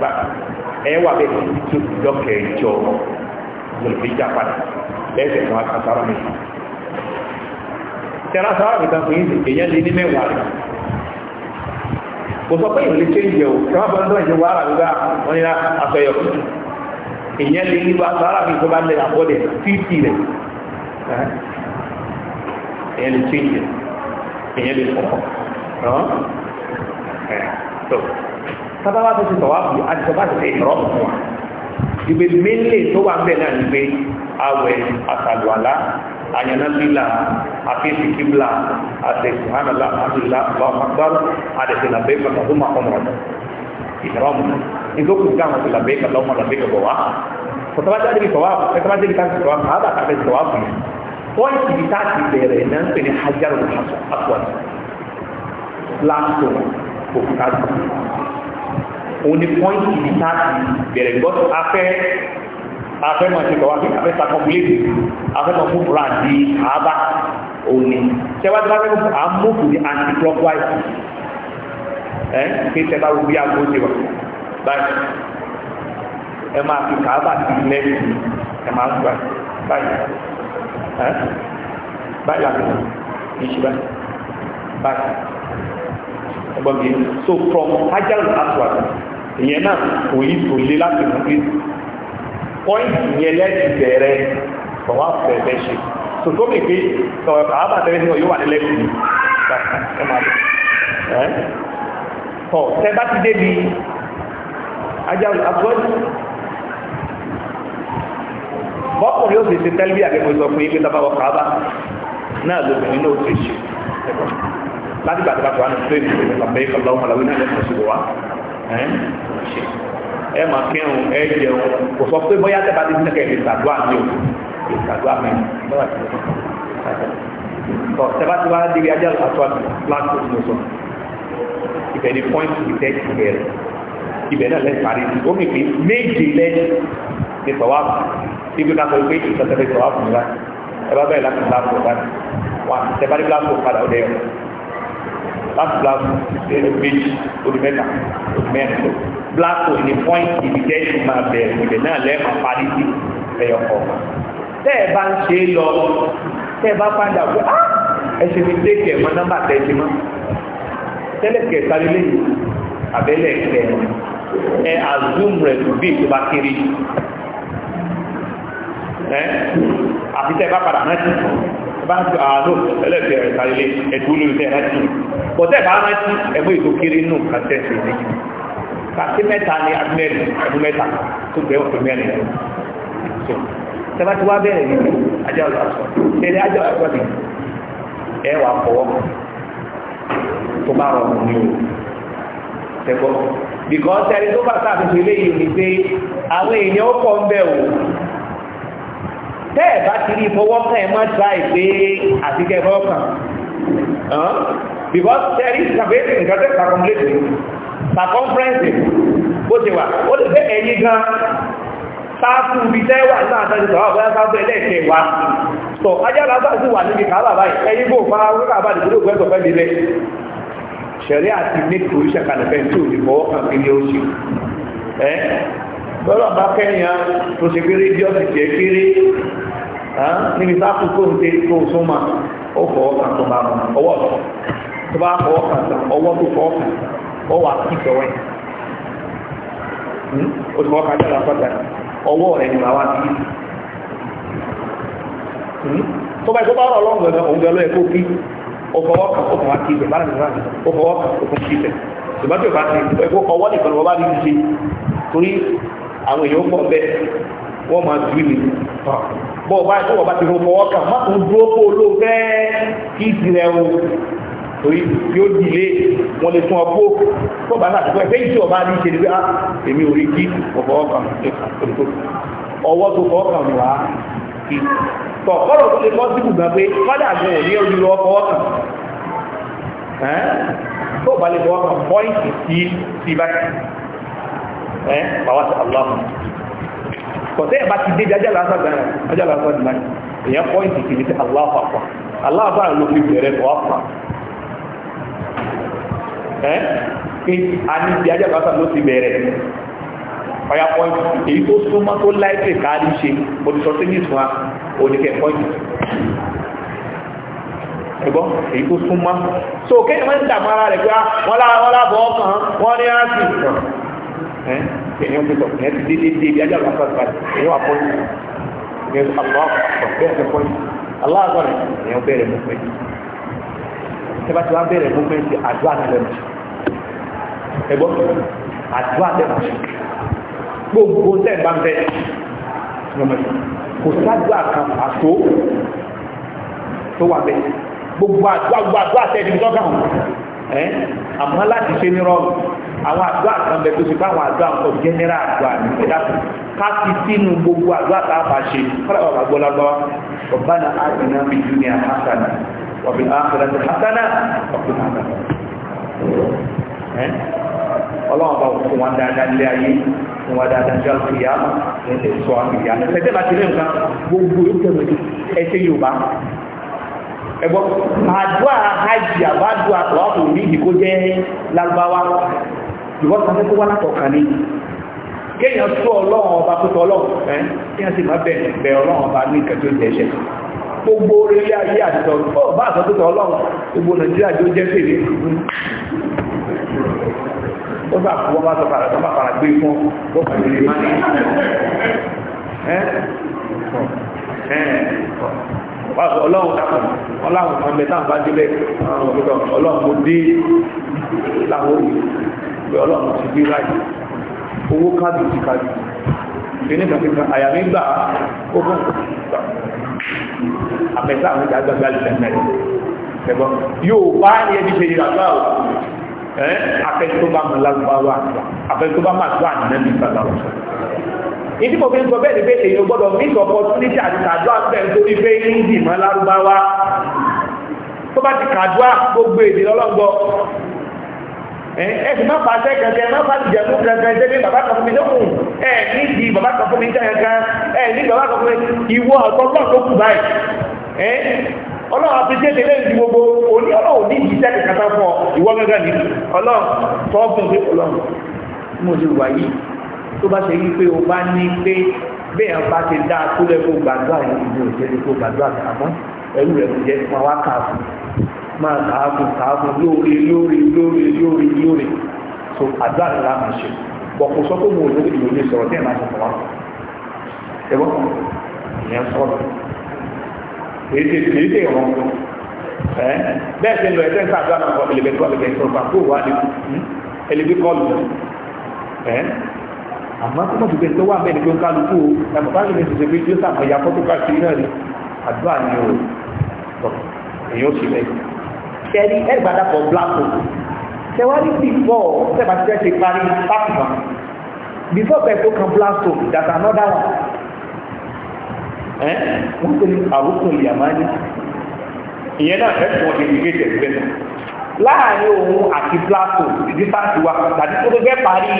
bá ẹ wà bẹ tó lọ́kẹ̀ jọ gbọlọ̀fẹ́ jà padà lẹ́sẹ̀ fún akásáró mi tẹ́lá sára mi kan fún yín èèyàn lé ní mẹ́wàá rẹ̀ kò sọ pé ìrìlẹ̀ ṣe ń jẹ o tẹ́wọ́ bá ń dọ̀ ìjọba ara wọn ni aṣọ ẹ̀yọ̀ èyàn lè ní wa sára mi tó bá lè àbọ̀dẹ̀ fífì rẹ̀ èyàn lè tí ìyẹ̀ èyàn lè fọ́kọ̀ tó sábàbá tó ti tọ̀wá fún àdìsọ́bá ti tẹ̀ ìrọ́ fún wa ìgbè mélè tó wà bẹ̀ náà ní pé awẹ̀ àtàlùwàlá ayanabila àfihàn kíbla àti ìhànàlá àti ìlà àbáwọ̀ àgbàrú àdìsọ́lá bẹ́ẹ̀ bàtà ìdókòwò ká masih lebih làbẹ́ kà lebih ke bawah. bọ̀ jadi kòtàbájá débi tọ́wá kòtàbájá débi táàkì ada kàábà kàfẹ́ tọ́wá fún mi pọ́ìntì bí táàkì bẹ̀rẹ̀ náà ń pè ní hajaru aswad láàtò òkúta òun ni pọ́ìntì bí táàkì bẹ̀rẹ̀ gbọ́dọ̀ afẹ́ afẹ́ máa ṣe tọ́wá afẹ́ sàkọ́kúlẹ́tì afẹ́ máa mú bùrà di kàábà òun anti-clockwise ẹ́ kí tẹ́ bá wo bí báyìí ẹ máa fi kàábà sí lẹ́yìn ẹ máa ń gbà báyìí ẹ báyìí àti ìṣúra báyìí ẹgbọ́n mi so from hajar aswad ìyẹn náà kò yí kò lé láti mú bí point yẹn lẹ́yìn bẹ̀rẹ̀ tọ́wọ́ bẹ̀rẹ̀ ṣe so tó mi pé tọ́wọ́ kàábà tẹ́lẹ̀ ní ọ̀yọ́ wà ní lẹ́yìn báyìí ẹ máa bẹ̀rẹ̀ ẹ tọ́ tẹ́ bá ti débi ajáwò àtúwọ́jú bọ́kùnrin ó sì ṣe tẹ́lẹ̀ bí àgbẹ̀mọ̀ sọ fún ilé tàbá ọkà bá náà lóbìnrin náà ó sì ṣe láti gbà tàbá tàbá tó ìlú ìlú pàpẹ́ ìkọlọ́ ọmọlàwí náà lẹ́sọ̀ sí wa ẹ mà kírun ẹ jẹun kò sọ pé bóyá tẹ́bà ti sẹ́kẹ̀ lè ṣàdúrà ní òkú lè ṣàdúrà mi lọ́wọ́ ti sọ tẹ́bà ti wá débi ajáwò àtúwọ́jú láti òkú sọ ìbẹ̀ni pọ́ìntì ìtẹ́jú bẹ̀rẹ̀ ibẹ̀ náà lẹ́yìn parí sí omi pé méje lẹ́yìn ní sọ̀wáàbù ibi ká sọ pé ìtọ́sẹ̀fẹ̀ sọ̀wáàbù nígbà ẹ bá bẹ̀rẹ̀ láti láàbù ọ̀gá wà tẹ̀bá ní láàbù padà ó dẹ̀yọ̀ láti láàbù ẹni méjì orí mẹ́ta orí mẹ́rin tó bláàbù ní pọ́ìntì ibi tẹ́ ẹ̀ máa bẹ̀rẹ̀ ibẹ̀ náà lẹ́yìn parí sí ẹ̀yọ̀ kọ̀ tẹ́ ẹ bá ń ṣe é lọ tẹ́ ẹ bá padà pé ah! ẹ ṣe mi dé kẹ̀ mọ́ nọ́mbà tẹ́ ẹ ti mọ́ tẹ́lẹ̀ kẹ̀ sáré lẹ́yìn àbẹ́lẹ̀ kẹrin ẹ azum rẹ̀ tó bí tó bá kéré ẹ àti tẹ́ bá padà rántí bá ń tó àánú ẹlẹ́fẹ̀ẹ́ rẹ̀ kálẹ̀ ẹ̀dùn lórí tẹ́ rántí bọ̀ tẹ́ bá rántí ẹgbẹ́ ètò kéré nù kàtẹ́sì ní kàtí mẹ́ta ní adúmẹ́rin ẹ̀dùn mẹ́ta tó bẹ̀rẹ̀ ọ̀pẹ̀ mẹ́rin tẹ́ bá ti wá bẹ̀rẹ̀ nínú ajá ọ̀sán ẹ̀rẹ́ ajá ọ̀sán ẹ̀ wà fọwọ́ tó bá rọrùn ní o tẹ́gbọ́ because ẹni tó bá sàfihàn ilé yìí ni pé àwọn èèyàn pọ̀ ń bẹ̀ wò tẹ́ẹ̀ bá ti rí ìfọwọ́kàn ẹ̀ máa tra ìpé àtikẹ́ ìfọwọ́kàn because tẹ́rí ìsàfihàn nǹkan tẹ́ circumlate circumference bó ti wà ó lè fẹ́ ẹ̀yìn gan sáàtù bí tẹ́wà náà tẹ́jú sọ̀rọ̀ bóyá sáàtù ẹlẹ́ẹ̀kẹ́ wa sọ ajá lásà sí wà níbi kàábà ṣẹ̀rí àti make provision kalẹ̀ fẹ́ tí ò ní fọwọ́ kan kí ni ó ṣe ẹ́ bọ́lá bá kẹ́yàn tó ṣe kéré bí ọ̀sìn tiẹ̀ kéré níbi bá kú kóhun tẹ kó o súnmọ́ ó fọwọ́ kan tó bá mọ ọwọ́ tó tó bá fọwọ́ kan tán ọwọ́ tó fọwọ́ kan ó wà kí ìfọwọ́ yẹn hmm? ó ti fọwọ́ kan tán lápáta ọwọ́ rẹ̀ ni màá wá sí hmm? tó bá yẹ kó bá rọ̀ lọ́ngàn òun gan ló ó fọwọ́ kan ó fọwọ́ kí ibẹ̀ bá rẹ̀ rẹ̀ ó fọwọ́ kan ó fọwọ́ kí ibẹ̀ ṣùgbọ́n tí o bá ti ẹgbẹ́ ọwọ́ nìkan ni wọ́n bá rí ti ṣe torí àwọn èèyàn pọ̀ bẹ́ẹ̀ wọ́n máa dùn ní bọ́ ọba ẹ̀ṣọ́ ọba ti fọwọ́ kan má tún dúró kó ló fẹ́ kí ìsìnrẹ̀ o torí yóò di ilé wọn lè tún ọkọ tó bá láti pẹ́ fẹ́yìntì ọba ní ṣe ni pé ah, èmi ò rí kí ọ̀fọ̀ ọkàn tó fọwọ́ kan tọ̀ kọ́rọ̀ tó lè kọ́ sí gbùgbà pé kọ́dà gan ò ní ojú lọ fọwọ́ kàn tó bá lè fọwọ́ kàn pọ́ìntì sí sí báyìí ẹ́ bàwá sí aláhùn kọ̀tẹ́ ẹ̀ bá ti dé ajá lásán gan ajá lásán gan báyìí èèyàn pọ́ìntì sí ní sí aláhùn àpá aláhùn àpá ló fi bẹ̀rẹ̀ fọwọ́ ọ̀yà Point, èyí tó súnmọ́ tó láìpè káàdì ṣe olùsọ́sílìs wa oníkẹ́ pọ́ìntì ẹ̀gbọ́n èyí tó súnmọ́ so kéèyàn máa ń dààmú ara rẹ̀ pé ah, wọ́n lábọ̀ ọkàn wọ́n ní áàtì èyàn ti sọ èyàn ti dé dé dé ibi ajá lọ sọ ìbàdí èyàn wà pọ́ìntì èyàn sọ àpò àpò bẹ́ẹ̀ ṣe pọ́ìntì aláàgbọ̀rẹ̀ èyàn bẹ̀rẹ̀ mú pẹ́ẹ́ntì tẹ́bá ti wá bẹ̀rẹ̀ mú pẹ́ẹ́ntì gbogbo tẹ̀ bá ń bẹ kò sáàdúrà kan àtó tó wà bẹ gbogbo àdúrà gbogbo àdúrà tẹ̀lé tọ́ka hàn ẹ́ àmọ́ láti ṣe ní rọrùn àwọn àdúrà kan bẹ tó ṣe bá àwọn àdúrà kan jẹ́nẹ́rà àdúrà ní ìdáàbò ká ti sínú gbogbo àdúrà tá a bá ṣe kọ́lá bàbá gbọ́lágbá Rabbana atina fid dunya hasana wa fil akhirati hasana ọ̀gbìn àgbà ọlọ́run bá fún wa dáadáa nílé ayé fún wa dáadáa jẹ́ àkùyà ní ẹ̀ sọ àkùyà ẹ̀sẹ̀ bá ti lé nǹkan gbogbo ìtẹ̀wé ẹ̀sẹ̀ yorùbá ẹ̀gbọ́ àdúrà hajj àbádùn àtọ̀wáfò ní ìdíkó jẹ́ lárúbáwá ìwọ́n kan tó wá látọ̀ kan ní kéèyàn tó ọlọ́run ọba tó tọ́ ọlọ́run kéèyàn sì má bẹ̀ ọlọ́run ọba ní ìkẹ́tọ́ ìjẹ́ṣẹ́ gbogbo orílẹ̀ ayé àtìtọ̀ bá àtọ́tọ̀ ọlọ́run gbogbo nàìjíríà tó jẹ́ fèrè ó bá fún ọba tó fara tó bá fara gbé fún ó bá lè má ní ọlọ́run dàpọ̀ ọlọ́run kan bẹ táwọn bá délẹ̀ ọlọ́run mo dé láwọn òye ọlọ́run ti gbé láyé owó kábíyèsí kábíyèsí kìíní kan kíkan àyà mi gbà ogún àpẹta àwọn ìjà gbàgbà lè mẹ́rin ẹgbọ́n yóò bá ní ẹbí ṣe ìrà gbà ó afẹ́ tó bá mọ̀ lágbàwà afẹ́ tó bá mọ̀ àgbà nínú ìgbàgbà ó ìdí mo fi ń sọ bẹ́ẹ̀ ni pé èèyàn gbọ́dọ̀ mix opportunity àti kàdúrà bẹ́ẹ̀ nítorí pé mọ́ lárúbáwá tó bá ti kàdúrà gbogbo èdè ẹ̀sìn má fàṣẹ kankan má fàṣẹ jẹ̀mú kankan ṣe ní bàbá kan fún mi lókun ẹ̀ nídìí bàbá kan fún mi kankan ẹ̀ ní bàbá kan fún mi ìwọ ọ̀tọ̀gbọ́n tó kù báyìí ẹ̀ ọlọ́run àfijé tẹ́lẹ̀ ní gbogbo òní ọlọ́run ní ìjíṣẹ́ kankan fún ọ ìwọ gángan ní ọlọ́run tọ́gbọ̀n pé ọlọ́run mo ti wà yìí tó bá ṣe wípé o bá ní pé bẹ́ẹ̀ bá ti dá a tó lẹ́kọ̀ọ́ gbàdúrà yìí ìdí òṣèlú jẹ́ máa kàákùn kàákùn lóore lóore lóore lóore lóore so àdúrà ni láàmú ṣe bọ̀ kò sọ pé mo lórí ìlú ní sọ̀rọ̀ bí ẹ̀ máa sọ̀rọ̀ wá ẹ̀wọ́n ìyẹn sọ̀rọ̀ èdè èdè ìrọ̀rùn ẹ̀ bẹ́ẹ̀ ṣe ń lọ ẹ̀ṣẹ́ ń sàdúrà náà kọ́ ẹlẹ́gbẹ́ kọ́ ẹlẹ́gbẹ́ sọ̀rọ̀ pàtó wà ní hmm, ẹlẹ́gbẹ́ kọ́ lù ẹ̀ àmọ́ tó mọ̀ tùgbẹ́ tó wà bẹ́ẹ̀ ni pé ń kálukú ẹ̀mọ̀ bá lè ní ṣe pé yóò sàmọ̀ ìyá fọ́tò káàkiri náà ni àdúrà ni o èyí ó sì lẹ́yìn kẹ́rí ẹgbàdàpọ̀ blackpool tẹwárí before tẹ́bà ti fẹ́ parí pápá before bẹ́ẹ̀ tó kan blackpool that's another one ẹ́ wọ́n tó ní àwòkọ́ ìyàmáyé ìyẹn náà fẹ́ fún ìdíkẹ́tẹ̀ bẹ́ẹ̀ láàárín òun àti blackpool ìdí sáàtì wa tàbí tó tó fẹ́ parí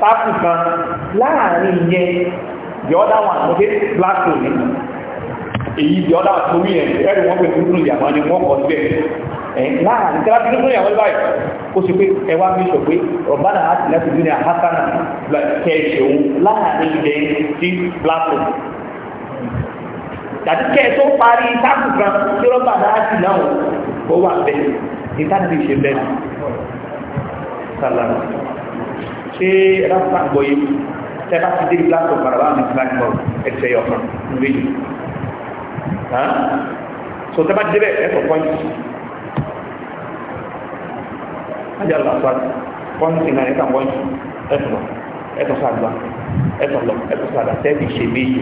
pápá kan láàárín ìyẹn the other one mo dé blackpool nìkan èyí di ọlá àti omi ẹ̀ ẹ̀rù wọn pẹ̀lú nínú ìyàwó ni wọ́n kọ̀ síbẹ̀ ẹ̀ láàrín tí a bí nínú ìyàwó báyìí ó sì pé ẹ wá bí sọ pé ọ̀bánà àti láti dúnìá hasana kẹ̀ẹ̀ṣẹ̀ òun láàrín ilẹ̀ sí blanco tàbí kẹ́ẹ̀ tó parí táàkù kan tí rọ́bà náà sì náà ó wà bẹ́ẹ̀ ní táàkì ṣe bẹ́ẹ̀ sálàmù ṣé ẹ̀rọ fún àgbọ̀yé tẹ́ bá ti dé blanco so tẹ́ bá débẹ̀ ẹ̀fọ̀ pọ́ǹtì ajá lọ àtúwà pọ́ǹtì náà ẹ̀ka pọ́ǹtì ẹ̀fọ̀ lọ ẹ̀fọ̀ sàgbà ẹ̀fọ̀ lọ ẹ̀fọ̀ sàgbà tẹ́ẹ̀tì ṣe méjì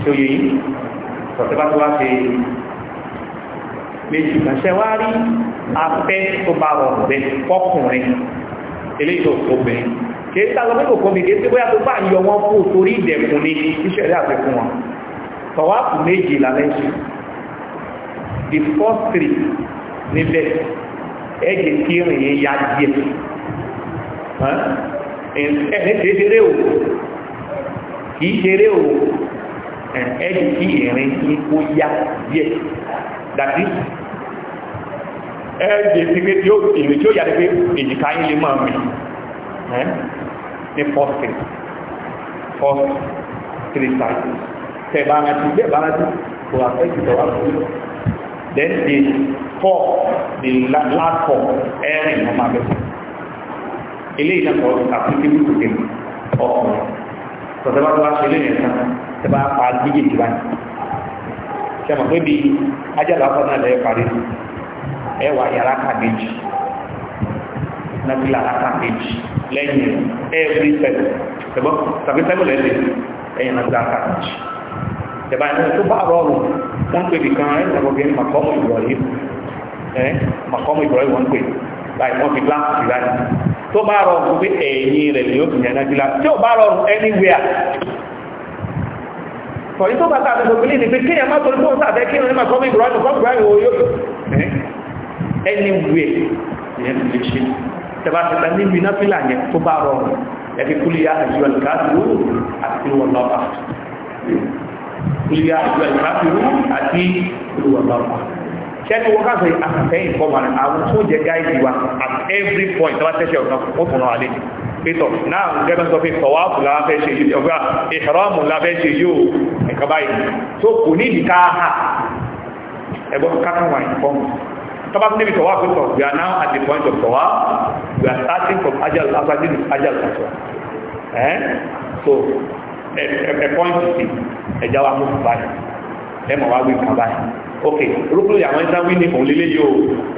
tí ó yìí so tẹ́ bá tó wá ṣe méjì kan ṣe wá rí afẹ́ tó bá rọrùn bẹ́ẹ̀ fọkùnrin eléyìí tó obìnrin kì í sá lọ mẹ́kọ̀ọ́ mi kì í sí bóyá tó bá yọ wọn kó torí ìdẹ̀kùn ní iṣẹ́ rẹ̀ àfikún wọn tọ̀wáàpù méjì lálẹ́ ṣe the first three níbẹ̀ ẹ̀jẹ̀ kí rìn yẹn ya díẹ̀ ẹ̀ẹ́dẹ̀ kékeré o kìí ṣeré o ẹ̀jẹ̀ kí ìrìn kí ó ya díẹ̀ dàbí ẹ̀jẹ̀ ti pé tí ó ìrìn tí ó yàrá pé èjìká yín lè máa mi ní first three first three cycles tẹ̀ bá ara ti bẹ́ẹ̀ bá ara ti kò affect the one then the four the last four ẹ̀rìn ọmọ abẹ́sẹ̀ eléyìí náà kọ́ àfikún kùtẹ̀ ọkùnrin tọ́tẹ́ bá tó bá ṣe lẹ́yìn ẹ̀sán tẹ́ bá pa gígé jù báyìí ṣe mọ̀ pé bí ajábá fọ́nà lẹ́yìn parí ẹwà yàrá kàbéjì nàbílà kàbéjì lẹ́yìn every seven ṣùgbọ́n tàbí sẹ́gun lẹ́yìn ẹ̀yìn nàbílà kàbéjì tẹ̀bá ẹni tó bá rọrùn wọ́n pè bí kan ẹ̀sìn ọgbọ̀gbẹ́ ní màkọ́mù Ibrahim ẹ̀ màkọ́mù Ibrahim wọ́n pè láì wọ́n fi glace sí láti tó bá rọrùn pé ẹ̀yìn rẹ̀ ni ó fi yànnà sílá tí ó bá rọrùn anywhere sọ̀rí tó bá sáà gbogbo ní pé kéèyàn má torí fóòsà fẹ́ kí ní màkọ́mù Ibrahim fọ́n Ibrahim wo yóò anywhere ìyẹn ti lè ṣe tẹ̀bá tẹ̀bá àti wọn lọ́pàá ilé àjọ ìbáfiru àti olùwàbáwà sẹ́ni wọ́n káfẹ́ àtẹ̀yìn kọ́mà àwọn tó jẹ gáìdì wa at every point wọ́n tẹ́sẹ̀ ọ̀nà wọ́n fún wa lé pétọ̀ náà gẹ́gẹ́ sọ pé tọ̀wáàfù la fẹ́ ṣe yìí ọgbà ìhàrámù la fẹ́ ṣe yóò ẹ̀ka báyìí tó kò ní ìdí káàhà ẹgbọ́n kákan wà ìfọ́mù tọ́ba níbi tọ̀wáàfù we are now at the point of tọ̀wáàfù we are starting from ajal asajin ajal asajin ẹ̀ so ẹ̀ point ẹ̀já wa mọ́kù báyìí ẹmọ̀ wá wí kan báyìí ok rúkúrú àwọn ẹ̀sán wí ní òun lélẹ́ yóò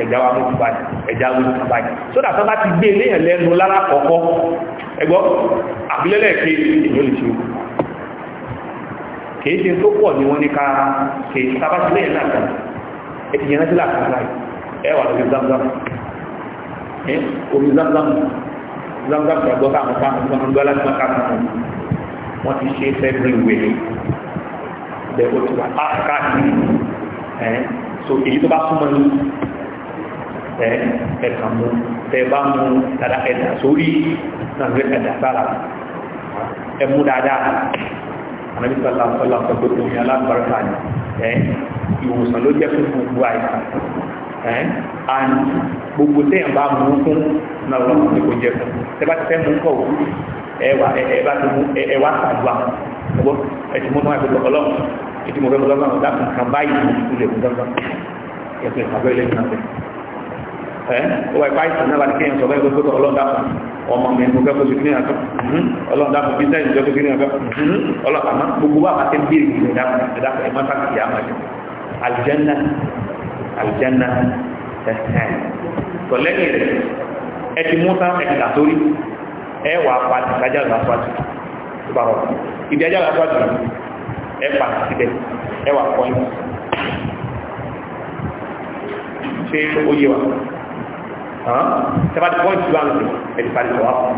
ẹ̀já wa mọ́kù báyìí ẹ̀já wí kan báyìí sódà tó bá ti gbé eléyàn lẹ́nu lára kọ̀ọ̀kọ́ ẹgbọ́ àbílẹ́lẹ́ẹ̀kẹ́ èyí ò lè ṣe kìí ṣe tó pọ̀ ní wọ́n ní ká ṣe tábàtílẹ̀ ìlàkà ẹ̀kìyàn láti láti láì ẹwà lórí zamzam omi zamzam zamzam tàbí ọkà àwọn ọmọ ọmọ ọmọ ọmọ ọmọ ọmọ ọmọ ọmọ ọmọ ọmọ bẹ ó káàkiri ẹ̀ so èyí tó bá súnmọ́ ní ẹ̀ ẹ̀ka mú tẹ bá mú dada ẹ̀dà sórí náà lórí ẹ̀dà sára ẹ̀ mú dáadáa àmì sọlá sọlá ìwòsàn ló jẹ́ fún gbogbo àìsàn ẹ̀ and gbogbo tẹ̀yìn bá mú fún náà lọ́wọ́ ní kò jẹ́ fún tẹ bá ti fẹ́ mú kọ̀ ẹ̀wà ẹ̀bá ti mú ẹ̀wà sàdúà ẹ̀gbọ́n ẹ̀tì náà ẹ̀gbọ́n ètò ìmọ̀ gbọ́dọ̀ náà dákun kan báyìí ní ìkúlẹ̀ gbọ́dọ̀ ẹ̀sìn ìpàgọ́ ilé náà bẹ̀. ẹ ó wáyé páìsì náà láti kéèyàn sọ bẹ́ẹ̀ gbogbo tó ọlọ́dà kan ọmọ mi mo kẹ́kọ̀ọ́ sí kí nìyàtọ̀ ọlọ́dà kan bíi sẹ́yìn ìjọba kí nìyàtọ̀ ọlọ́dà kan gbogbo wa àti bí ìgbìmọ̀ dákun ẹ̀dákun ẹ̀ má sá kìí àmàjẹ. aljanna aljanna tọ̀lẹ́yìn rẹ̀ ẹ pa síbẹ̀ ẹ wà pọ́ìn ṣé ó yé wa tẹ́bàtì pọ́ìn tí wà ń sìn ẹ̀dì parí tọ́wá fún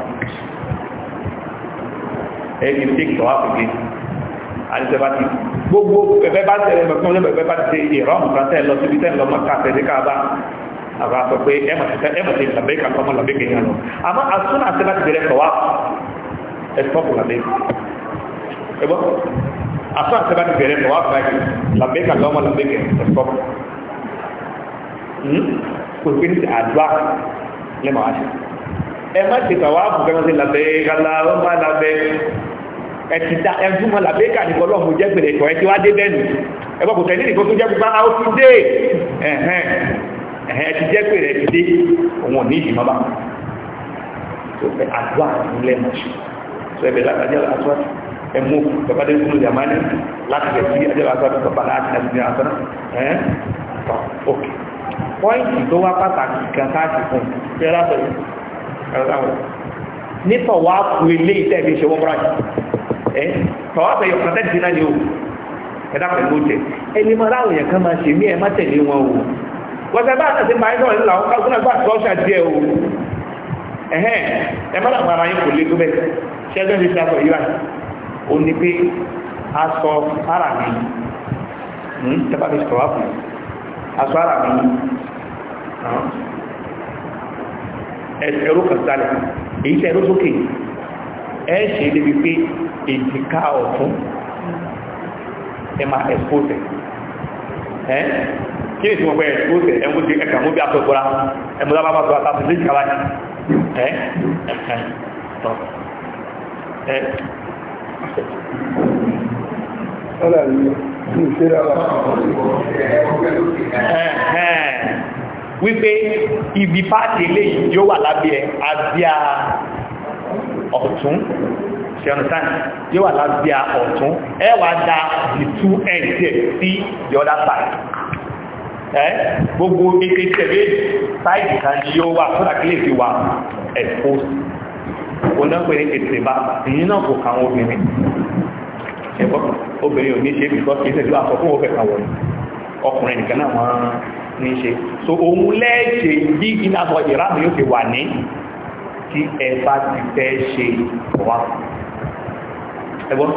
ẹ̀dì tí tọ́wá fún gé àti tẹ́bàtì gbogbo ẹ̀bẹ́ bá tẹ̀lé mẹ́kún lẹ́bẹ̀ẹ́ bẹ́ẹ̀ bá ti ṣe ìrọ́mù kan tẹ́ lọ síbi tẹ́ lọ mọ́ káfẹ́ sí káàbá àwọn àpò pé ẹ̀mọ̀tẹ̀ ìlàbẹ́ ìkàkọ́mọ́ làbẹ́ kẹ̀yìn lọ àmọ́ àtúnà tẹ́bàtì bẹ̀rẹ̀ tọ́wá ẹ̀sọ́kù làbẹ́ ẹgbọ́n àtúntò àti bàtí bẹ̀rẹ̀ tọ̀wá fàáyé làbẹ́kà lọ́mọ làbẹ́kà ẹ̀fọ́ kò sí ní àdúrà lẹ́mọ̀ àṣẹ ẹ má ṣe tọ̀wá àbùkẹ́ ṣe làbẹ́kà lọ́mọ làbẹ́ ẹ ti da ẹ fún mọ làbẹ́kà nìkan lọ́mọ jẹ́ gbèrè kọ̀ ẹ ti wá dé bẹ́ẹ̀ nù ẹ bọ́ kò ni nìkan tó jẹ́ gbogbo àwọn ti dé ẹ̀hẹ́n ẹ̀hẹ́n ti jẹ́ gbèrè ti dé òun ò ní ìdì mọ́ bá tó fẹ́ àdúrà lẹ́mọ̀ ṣe tó ẹ ẹmu baba de kulu yamani láti bẹ sí ẹjọba sọ fún baba láti ẹsẹ ní asọ ẹ tọ ok pọ́ìntì tó wá pàtàkì kan káàkiri fún ṣe é lásọ yìí ẹ̀rọ táwọn nípa wà á kú ilé iṣẹ́ mi ṣe wọ́n múra yìí ẹ tọ́ wá fẹ̀yọ̀ pàtẹ́tì náà ni o ẹ dápẹ́ ló jẹ ẹni máa láwọn èèyàn kan máa ṣe mí ẹ má tẹ̀lé wọn o wọ́sẹ̀ bá àtàtì máa ń sọ̀rọ̀ ó ní pé aṣọ ara mi ń hmm? tẹ́bà fi sọ̀rọ̀ àpò aṣọ ara mi ẹ̀rọ kan sálẹ̀ èyí tẹ́ ẹ̀rọ sókè ẹ̀ ṣe débi pé èjìká ọ̀tún ẹ máa expose ẹ̀ kí ni tí wọ́n pẹ́ expose ẹ̀ bí apẹ̀kọ́ra ẹ̀mú ọ̀là ní ìṣẹ́ra wà wípé ibi pàtí ilé yóò wà lábẹ́ abíà ọ̀tún ṣẹ̀rùntán yóò wà lábẹ́ ọ̀tún ẹ wà dá the two ends sí the other side ẹ́ gbogbo ètè tẹ̀lé sáìdì kan yóò wà fún àkílẹ̀ fi wà onápẹ̀ ní ètò ìbá ìyìn náà kò kàwọn obìnrin ẹ̀kọ́ obìnrin ò ní ṣe bìkọ́ kìí ṣe àkọ́ fún òfẹ́ ọkùnrin nìkan náà wọ́n ní ṣe so òun lẹ́ẹ̀ṣe bí iná sọ ìrámù yóò fi wà ní tí ẹ bá ti fẹ́ ṣe wá ẹ̀gbọ́n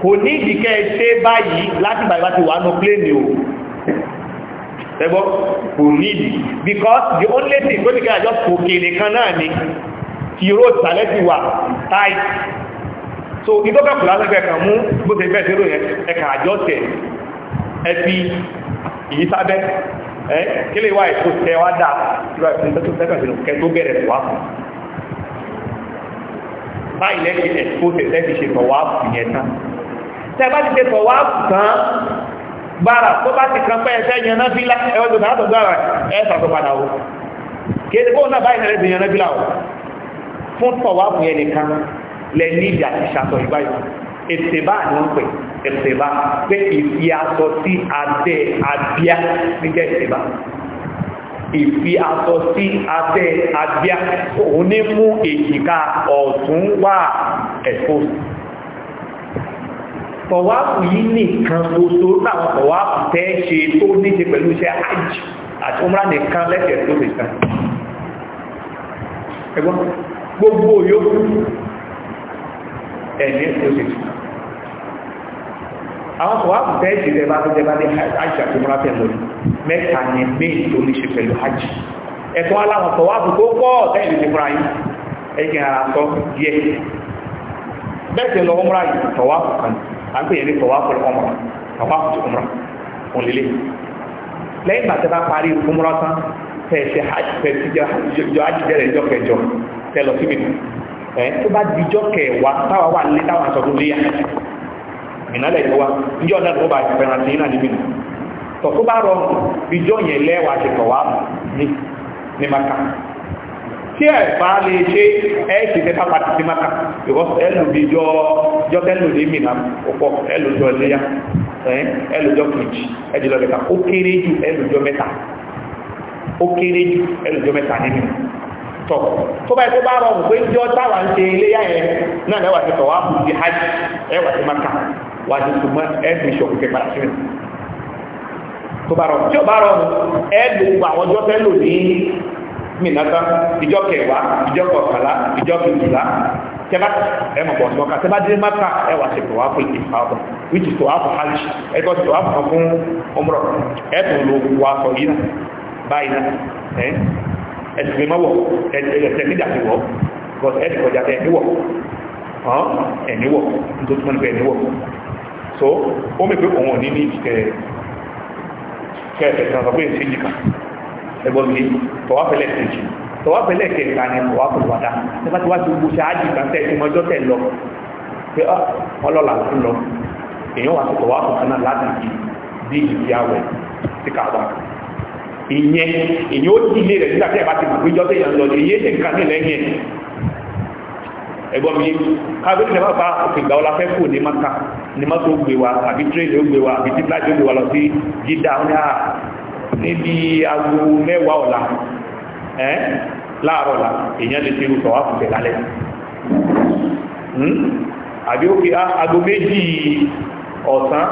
kò ní ìdíkẹ́ ṣe báyìí láti bàbá ti wà ní pléènì o ẹ̀gbọ́n kò ní ìdí because the only thing tó ní kí àjọ kòkèrè kan náà ni ìró ìsàlẹ̀ ti wà táì so ìdọ́gbàkù lásẹ̀fẹ́ kan mú bó ṣe bẹ́ẹ̀ tẹ́rò yẹn ẹ̀kà àjọ́tẹ̀ ẹ̀fí ìyí sábẹ́ ẹ́ kí lè wá ètò tẹ́ wá dà lọ ẹ̀fún tó tẹ́kàn sínú kẹ tó bẹ̀rẹ̀ wá báyìí lẹ́yìn ẹ̀fó tẹ̀tẹ́ fi ṣe tọ̀wá yẹn tán tẹ́ bá ti ṣe tọ̀wá tán gbára tó bá ti kan pẹ́ ẹ̀fẹ́ yẹn náà fílá ẹ̀wọ́n tó tààtọ̀ gbára ẹ̀ sàtọ̀ padà o kí fún tọ̀wá fún yẹn nìkan lẹ ní ìdí àti ìṣàtọ̀ ìbáyọ̀ ètèbá ni wọ́n pè ètèbá pé ìfi aṣọ sí abẹ́ abíá níjẹ́ ètèbá ìfi aṣọ sí abẹ́ abíá òun ní mú èjìká ọ̀tún wà ẹ̀fọ́ tọ̀wáàpù yìí nìkan ṣoṣo láwọn tọ̀wáàpù tẹ́ ṣe tó níṣe pẹ̀lú iṣẹ́ hajj àti umrah nìkan lẹ́sẹ̀ tó nìkan ẹgbọ́n gbogbo yóò ẹ̀mí òṣèlú àwọn kò wá kò fẹ́ ìṣẹ̀lẹ̀ ẹ̀bá tó jẹba ní hajj àti múrafẹ́ lórí mẹ́ta ní méjì tó ní ṣe pẹ̀lú hajj ẹ̀tọ́ aláwọ̀ tó wá kò tó pọ̀ tẹ́lẹ̀ ti múra yìí ẹ̀kẹ́ ara sọ díẹ̀ bẹ́ẹ̀ tẹ́ lọ múra yìí tó wá kò kan àgbé yẹn ní tó wá kò ọmọ tó wá kò tó múra òlélé lẹ́yìn bàtẹ́ bá parí múra tán fẹ́ẹ̀ ṣe hajj fẹ́ẹ̀ ṣe hajj jẹ́ tẹlọ síbi ẹ tó bá dijọ́ kẹwàá táwa wà nílé táwa sọ̀tún léyà ìnálẹ̀ ìwá níjọ́ náà tó bá ìpẹ̀rẹ̀ àti ìnà níbi tọ̀ tó bá rọrùn ìjọ yẹn lẹ́wà ti kọ̀wá ní maka tí ẹ̀ bá lè ṣe ẹ́ ti fẹ́ pápá ti maka ẹlùbíjọ́ tẹ́lùdé mìíràn ọ̀pọ̀ ẹlùjọ́ léyà ẹlùjọ́ kejì ẹjìlọ́lẹ́ka ó kéré jù ẹlùjọ́ mẹ́ta ó kéré jù ẹlùjọ́ mẹ́ta nínú tọ̀ tó báyìí tó bá rọrùn pé jọ táwa ń ṣe iléyà yẹn náà lẹ́wà ti tọ̀ wá kù sí hajj ẹwà ti máa kà wà ní ṣùgbọ́n ẹ̀sìn ìṣòkù kẹfà sí mi tó bá rọrùn tí ó bá rọrùn ẹ gbogbo àwọn ọjọ́ fẹ́ lò ní mìnàtà ìjọ kẹwàá ìjọ kọkànlá ìjọ kejìlá tẹ́bá ẹmọ bọ̀ sí ọkà tẹ́bá dé maka ẹwà sí tòwá fún ìfàbọ̀ which is tòwá fún hajj ẹgbẹ́ tòwá fún ọmọ ọmọ ẹ̀tùn ló wà sọ yìí náà báyìí náà ẹ̀sìn mọ́wọ̀ ẹ̀sìn nídàtíwọ̀ but ẹ̀sìn kọjá ẹ̀níwọ̀ ẹ̀níwọ̀ tó túnmọ́ nípa ẹ̀níwọ̀ so ó mẹ́fẹ́ òun ní ní kẹfẹ́ tí wọ́n sọ pé èsì yìí kan ẹgbọ́n mi tọ́wáfẹ́lẹ̀ kejì tọ́wáfẹ́lẹ̀ kẹta ni tọ́wáfẹ́lẹ̀ nípa tí wá ti gbogbo ṣáájì kan tẹ́ ti mọjọ́ tẹ̀ lọ pé ah, ọlọ́là ń lọ èèyàn wà sí tọ́wáfẹ́ kan náà di, bí ìdí àwẹ̀ sí kàwá ìyẹn èyí ó dì ilé rẹ̀ nígbà tí ẹ̀ bá ti mọ̀ pé jọ́ tẹ̀yàn lọ ní iye nǹkan ní lẹ́yìn ẹ̀ ẹ̀gbọ́n mi káàbí tẹ̀lé bá òkè ìgbà ọlá fẹ́ kù ní maka ní mọ́tò ó gbé wa àbí tírélì ó gbé wa àbí típlájì ó gbé wa lọ sí jídá ní à níbi aago mẹ́wàá ọ̀la ẹ́ láàárọ̀ ọ̀la èèyàn lè ti rúkọ̀ wá fún tẹ̀ lálẹ́ hmm? àbí òkè aago méjì ọ̀sán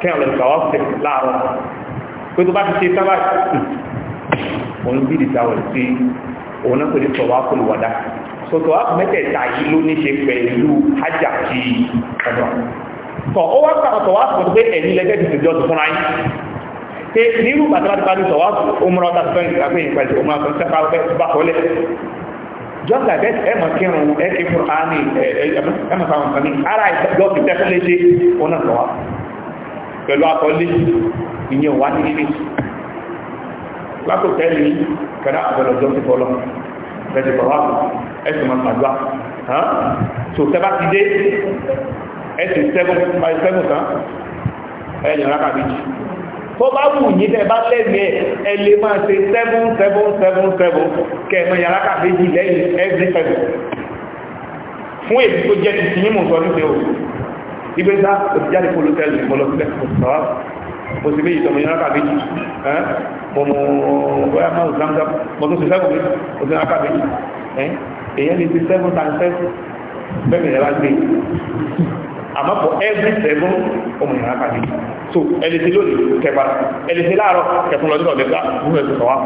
kẹ́hìn lọ́dún kàwá fún tẹ̀ láàárọ̀ pé tó bá ti ṣe sábà òun bí ìdìta wọ̀ sí òun náà kò ní sọ̀rọ̀ àkọlùwàdà sọ̀tọ̀ wá mẹ́tẹ̀ẹ̀ta yìí ló ní ṣe pẹ̀lú ajá ti ọ̀dọ̀ tọ̀ ó wá pàtàkì tọ̀ wá sọ̀tọ̀ pé ẹ̀yìn lẹ́gẹ́ ti ṣèjọ́ ti fúnra yín pé nírú bàtàbàtà ní sọ̀wá òmùra ọ̀tà tó ń gbàgbé yìí pẹ̀lú òmùra tó ń sẹ́pà bá kọ́lẹ̀ just like that ẹ mọ̀ kírun ẹ kí fún àmì ẹ mọ̀ fáwọn kan ní ara ìjọ́ ti tẹ́kọ́ léṣe òun náà pẹ̀lú akọ́lé ìyẹn wà ní ṣe látòtẹ́lì kẹ́dá àbẹ̀lọ̀jọ́ ti fọ́lọ́ ẹ̀sìn pàwàpù ẹ̀sìn màtàdúà so tẹ́bá ti dé ẹ̀sìn 7 kan ẹ̀yìn rákà méjì tó bá wù yí tẹ́ bá lẹ́gbẹ̀ẹ́ ẹ lè máa ṣe 777 kẹ́ẹ̀mọ́ yàrá kà méjì lẹ́yìn every seven fún èdè tó jẹ́ ti ti mímọ̀ sọ nípe o ìgbésà òtìjáde polótẹ́lì mọ́lọ́sílẹ̀ mo sì méjì tọmọ yẹn rákà méjì mo mọ bóyá máa òsì náà mo tún sí sẹ́gun méjì òsì náà rákà méjì èyàn lè ti seven times seven bẹ́ẹ̀ ni ẹ̀rá gbé àmọ́ for every seven ọmọ yẹn rákà méjì so ẹni tí lónìí kẹfà ẹni tí láàárọ̀ kẹfún lọ́dún ọ̀dẹ́ gbà fún ẹ̀sùn sọ́wọ́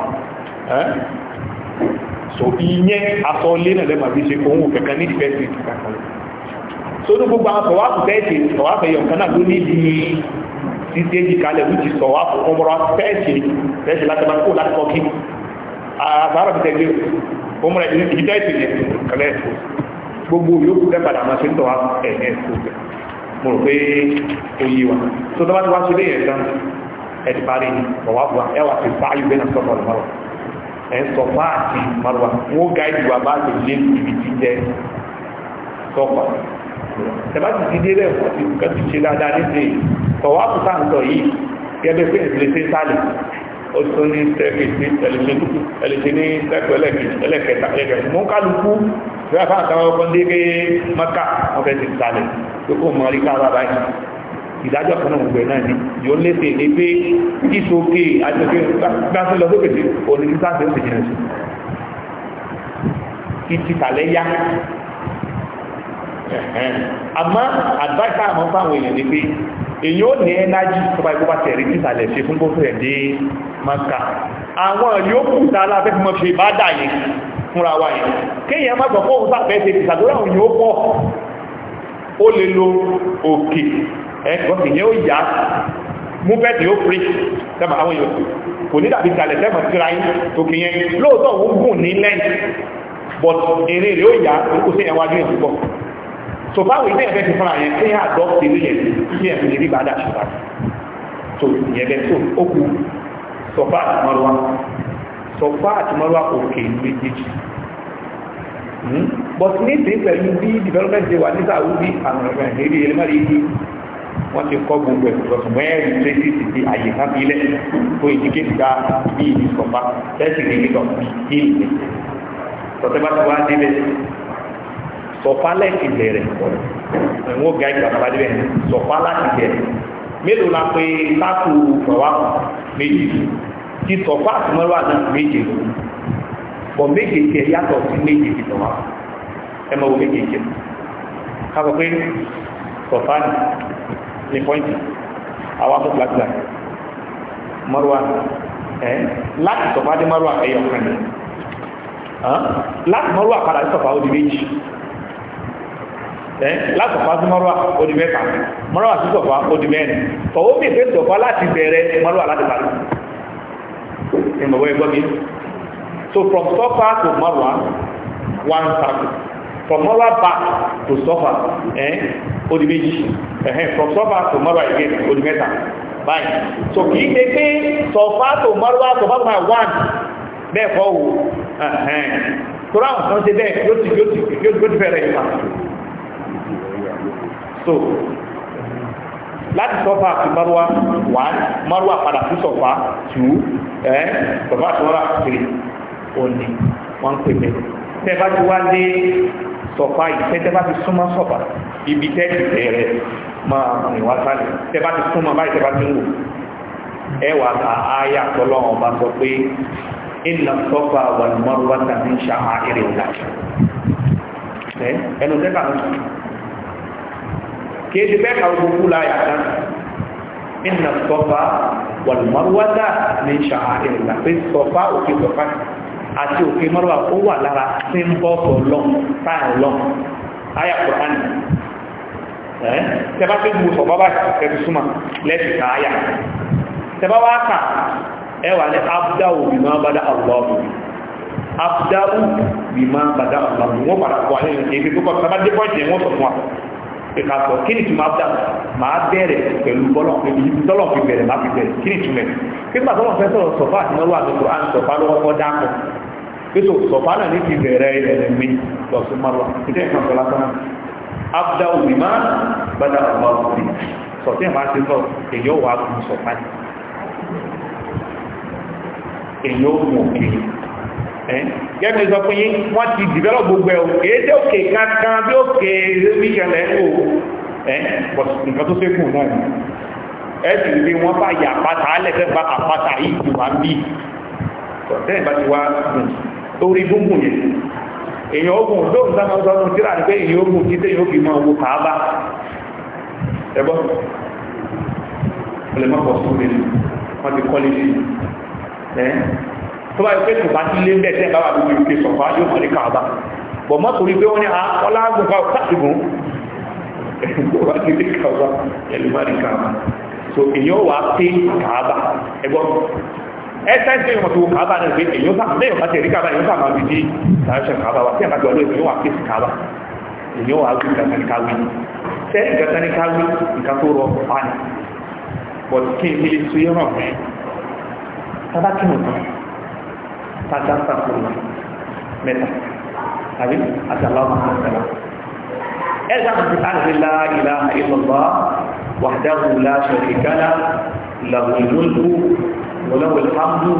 so ìyẹn asọ́lé náà lẹ́màá fi ṣe òun òkẹ̀kẹ́ ní ìfẹ́ sí ìtìkàkọ́ so ní gbogbo àwọn sọ̀wọ́ àkùtẹ́ ìṣe sọ̀wọ́ àfẹ́yọ̀ kan náà ló ní ìdí sí stéèjì kalẹ̀ wíjì sọ wá fún ọmọrọ fẹ́ẹ̀ṣe fẹ́ẹ̀ṣe láti máa kó láti kọ́kí àbára fi tẹ́gbé ọmọrọ ìdílé kìí tẹ́ẹ̀ṣe yẹn kẹlẹ́ gbogbo yòókù tẹ́ padà máa ṣe ń tọ́ wa ẹ̀ẹ́ kó tẹ̀ mo rò pé ó yé wa tó tọ́ bá ti wá sí léyìn ẹ̀sán ẹ̀ ti parí ọ̀wá fún wa ẹ̀ wà sí tọ̀wáàpù tá ń sọ yìí gẹ́gẹ́ pé ìdílé sí sálì ó tún ní sẹ́kì sí ẹlẹ́sẹ̀ ní sẹ́kù ẹlẹ́kẹta ẹlẹ́kẹta mú kálukú fẹ́ fà àtàwọn ọkọ̀ ní ké mọ́kà wọ́n fẹ́ ti sálì tó kó mọ́ rí káwà báyìí ìdájọ́ kan náà gbẹ̀ náà ni yóò léṣe ní pé kíṣókè àjọké gbáṣẹ́ lọ sókè sí òní èyí ó ní ẹnájì tó bá ìgbóbá tẹ̀rí títàlẹ̀ ṣe fún gbófẹ́ ẹ̀dẹ́ maka àwọn yòókù tààlà fẹ́ fún ọ̀ṣẹ́ bá dà yìí fúnra wa yìí kéèyàn má gbọ́ fóòwú sáfẹ́ ṣe ìṣàdúrà òun yóò pọ̀ ó lè lo òkè ẹ̀kọ́ sì yẹ́ ó yá mú bẹ́ẹ̀ tí ó pè tẹ́mà àwọn yòókù kò ní dàbí tààlẹ̀ tẹ́mà síra yín òkè yẹn lóòótọ́ òun gùn but èrè rẹ̀ ó yá kò sí ẹ̀wájú so báwo ilé ẹ̀fẹ́ ti fara yẹn kéèyàn àgbọ̀ ti rí yẹn kí ẹ̀ fi lè rí bàdà ṣùgbọ́n so ìyẹn bẹ́ẹ̀ so ó kù sọ̀fà àti mọ́lúwa sọ̀fà àti mọ́lúwa òkè méjèèjì hmm? but ní ti pẹ̀lú bí development ṣe wà ní sàwùdí àwọn ọ̀rọ̀ ẹ̀ lérí elémọ́rí ibi wọ́n ti kọ́ gbogbo ẹ̀ lọ́sùn mẹ́rin tracy ti di àyè kan ilẹ̀ tó ìdíkè gba bí ìdí sọ̀fà tẹ́sí ní ìlú sọ̀tẹ́ bá ti wá débẹ̀ sọ̀fálà ti bẹ̀rẹ̀ wọ́n ga ìgbà padà bẹ́ẹ̀ sọ̀fálà ti bẹ̀rẹ̀ mélòó la pé sátú fọwákù méjì ti sọ̀fá àtúmọ́lá náà méje lò bọ̀ méje tiẹ̀ yàtọ̀ sí méje ti fọwákù ẹ máa wo méje tiẹ̀ ká sọ pé sọ̀fá ni pọ́ìntì àwọn amúgbàgbà mọ́rùwá ẹ̀ láti sọ̀fá dé mọ́rùwá ẹ̀yọ̀ kan láti mọ́rùwá padà sọ̀fá ó di méjì ẹ́ eh, látọ̀fà sí mọ́rọ́wà ó di mẹ́fà mọ́rọ́wà sí sọ̀fà ó di mẹ́rin fọwọ́ mi fẹ́ sọ̀fà láti bẹ̀rẹ̀ mọ́rọ́wà láti parí ìmọ̀wé ẹgbọ́ mi so from sọ́fà to mọ́rọ́wà one circle from mọ́rọ́wà back to sọ́fà ẹ́ eh, ó di méjì ẹ̀hẹ́ from sọ́fà to mọ́rọ́wà again ó di mẹ́ta báyìí so kì í ṣe pé sọ̀fà to mọ́rọ́wà sọ̀fà to my one bẹ́ẹ̀ fọ́ wò ẹ̀hẹ́ tó ráwọn kan ṣe bẹ́ẹ̀ yóò ti fẹ́rẹ̀ ìfà so láti sọ́fà àti marwa one marwa padà sí sọ́fà two ẹ̀ sọ́fà àti márùwá three òní wọ́n pè mí tẹ́ bá ti wá dé sọ́fà yìí tẹ́ tẹ́ bá ti súnmọ́ sọ́fà ibi tẹ́ ti bẹ̀rẹ̀ máa rìn wá sálẹ̀ tẹ́ bá ti súnmọ́ báyìí tẹ́ bá ti ń wò ẹ wà ká áyà tọ́lọ́wọ́n bá sọ pé ìlà sọ́fà wal márùwá tàbí ṣàmà ìrìn ìlàjì ẹnu tẹ́ kà lọ́sọ̀rọ̀ kìí ti bẹ́ẹ̀ kàwé gbogbo láyà kan inna sọfà wal marwata ní ṣàhárẹ̀ ìlà pé sọfà òkè sọfà àti òkè marwa ó wà lára sí ń bọ́ sọ lọ́n táà lọ́n ayà kùránì ẹ́ tẹ́bá fi gbogbo sọfà bá ẹ̀fì súnmà lẹ́fì ká ayà tẹ́bá wá kà ẹwà ní abdáwò bìmá bada àwùdáwò abdáwò bìmá bada àwùdáwò wọ́n padà kọ́ àyẹ̀yẹ̀ kí tó kọ́ ìka sọ kí ni tuma dà máa bẹ̀rẹ̀ pẹ̀lú bọ́lọ̀ ibi tọ́lọ̀ fi bẹ̀rẹ̀ máa fi bẹ̀rẹ̀ kí ni tuma ẹ̀ pípa tọ́lọ̀ fẹ́ sọ̀rọ̀ sọ̀fà àti mọ́lúwà tó kọ̀ án sọ̀fà lọ́wọ́ kọ́ dáàkọ̀ pẹ̀sọ̀ sọ̀fà náà ní ti bẹ̀rẹ̀ ẹ̀rẹ̀ mi lọ sí mọ́lúwà ìdẹ́ ìkan sọ lásán abdá òbí máa bàdà ọ̀bá òbí sọ̀tẹ́ máa ti sọ èyí wà gùn sọ̀fà ni èyí ó mú òkè gẹ́gẹ́ sọ fún yín wọ́n ti develop gbogbo ẹ̀ o kéde òkè kankan bí òkè ríṣẹ̀lẹ̀ o ẹ́ nǹkan tó sékù náà ni ẹ sì rí wọ́n bá yà àpáta alẹ́fẹ́ bá àpáta yìí ti wà bí tẹ́lẹ̀ bá ti wá gùn orí gúngùn yẹn èèyàn ogun lóòrùn sáà máa sọ́nù tíra ní pé èèyàn ogun títẹ́ yóò fi máa wo kàábà ẹgbọ́n ọlẹ́mọ́pọ̀ sórí wọ́n ti kọ́lé sí ẹ́ tó bá ìpé tùbá sí lé mẹ́tẹ́ bá wà lórí ìpé sọ̀fà yóò kọ́ ní káàbá bọ̀ mọ́ torí pé wọ́n ní ah, ọlágùn fà sàtìgùn wà ní ilé káàbá ẹlùmárì káàbá so èyàn wà pé káàbá ẹgbọ́n ẹsẹ́ tí wọ́n tó káàbá náà pé èyàn bá mẹ́yàn bá tẹ̀rí káàbá èyàn bá máa fi dé sàrẹ́sẹ̀ káàbá wà sí àkàtì ọdún èyàn wà pé káàbá èyàn wà pé kàtàníkáwí tẹ́ ìkàtàníkáwí nǹkan tó rọ pàánì bọ̀ kí n ilé tó yẹ ràn mí tábàkì nìkan fàtàfàtàfàtà mẹ́ta àbí àtàláwà àtàlá ẹ̀dà ti tàbí la ilaha illallah wahdahu la sharika lahu lahul mulku wa lahul hamdu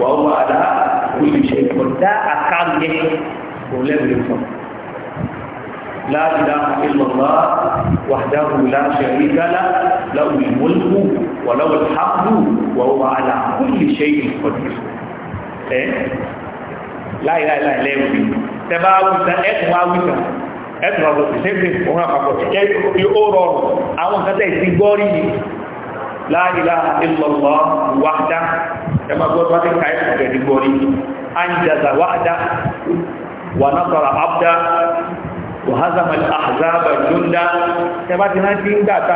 wa huwa ala kulli shay'in kọ̀dá àkàndé kò lẹ́bìrì fún la ilaha illallah wahdahu la sharika lahu lahul mulku wa lahul hamdu wa huwa ala kulli shay'in kọ̀dá ẹ́ láìláìláì lẹ́wì tẹbá wùsà ẹkùn wá wùsà ẹkùn wá wùsà ṣẹ́gbẹ̀ òun àpapọ̀ ṣẹ́gbẹ̀ ó rọrùn àwọn kan tẹ́ ti gbọ́ rí ni la ilaha illallah wahda ẹmà gbọ́dọ̀ wá ti ka ẹkùn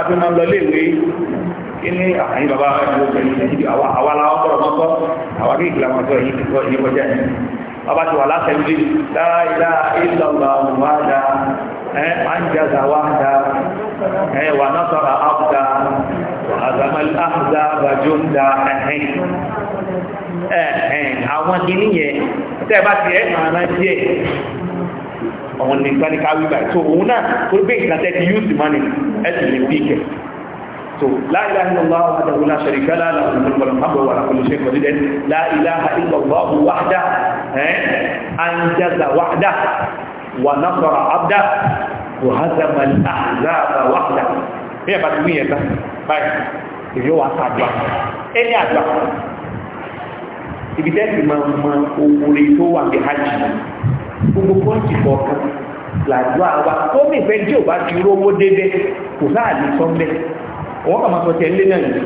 tẹ́ ti kíní àyìn bàbá ẹgbẹ́ obìnrin di àwa làwọn bọ̀rọ̀ mọ́tọ́ àwa kí ìgbìlá mọ́tọ́ yìí ti kọ́ ìyẹn kọjá yìí bàbá ti wà látẹ̀lé láìlá ìlọ̀lọ̀ wàdà ẹ̀ àǹjàzà wàdà ẹ̀ wà násọ̀rọ̀ àbùdà àzàmẹ́lì àbùdà bàjọ́ndà ẹ̀hìn ẹ̀hìn àwọn kíní yẹn tẹ́ bá ti ẹ̀ máa ná díẹ̀ ọ̀hún nìkan ní káwí báyìí tó so la ilaha illallah wahdahu la sharika lah lahu mulku wa hamdu wa kullu shay'in qadir la ilaha illallah wahda eh anjaza wahda wa nasara abda wa hazama al-ahzaba wahda bí ẹ̀bá ti wíyẹ̀ tán báyìí èyí wà sàdúà ẹni àdúà ibi tẹ́sì máa mọ oore tó wà bí hajj gbogbo pọ́ǹtì kọ̀ọ̀kan làdúà wa tó mi fẹ́ jẹ́ òbá ti rówó dédé kò sáà lè sọ́ńdẹ́ wọ́n kà máa sọ tẹ̀ lé náà nìyí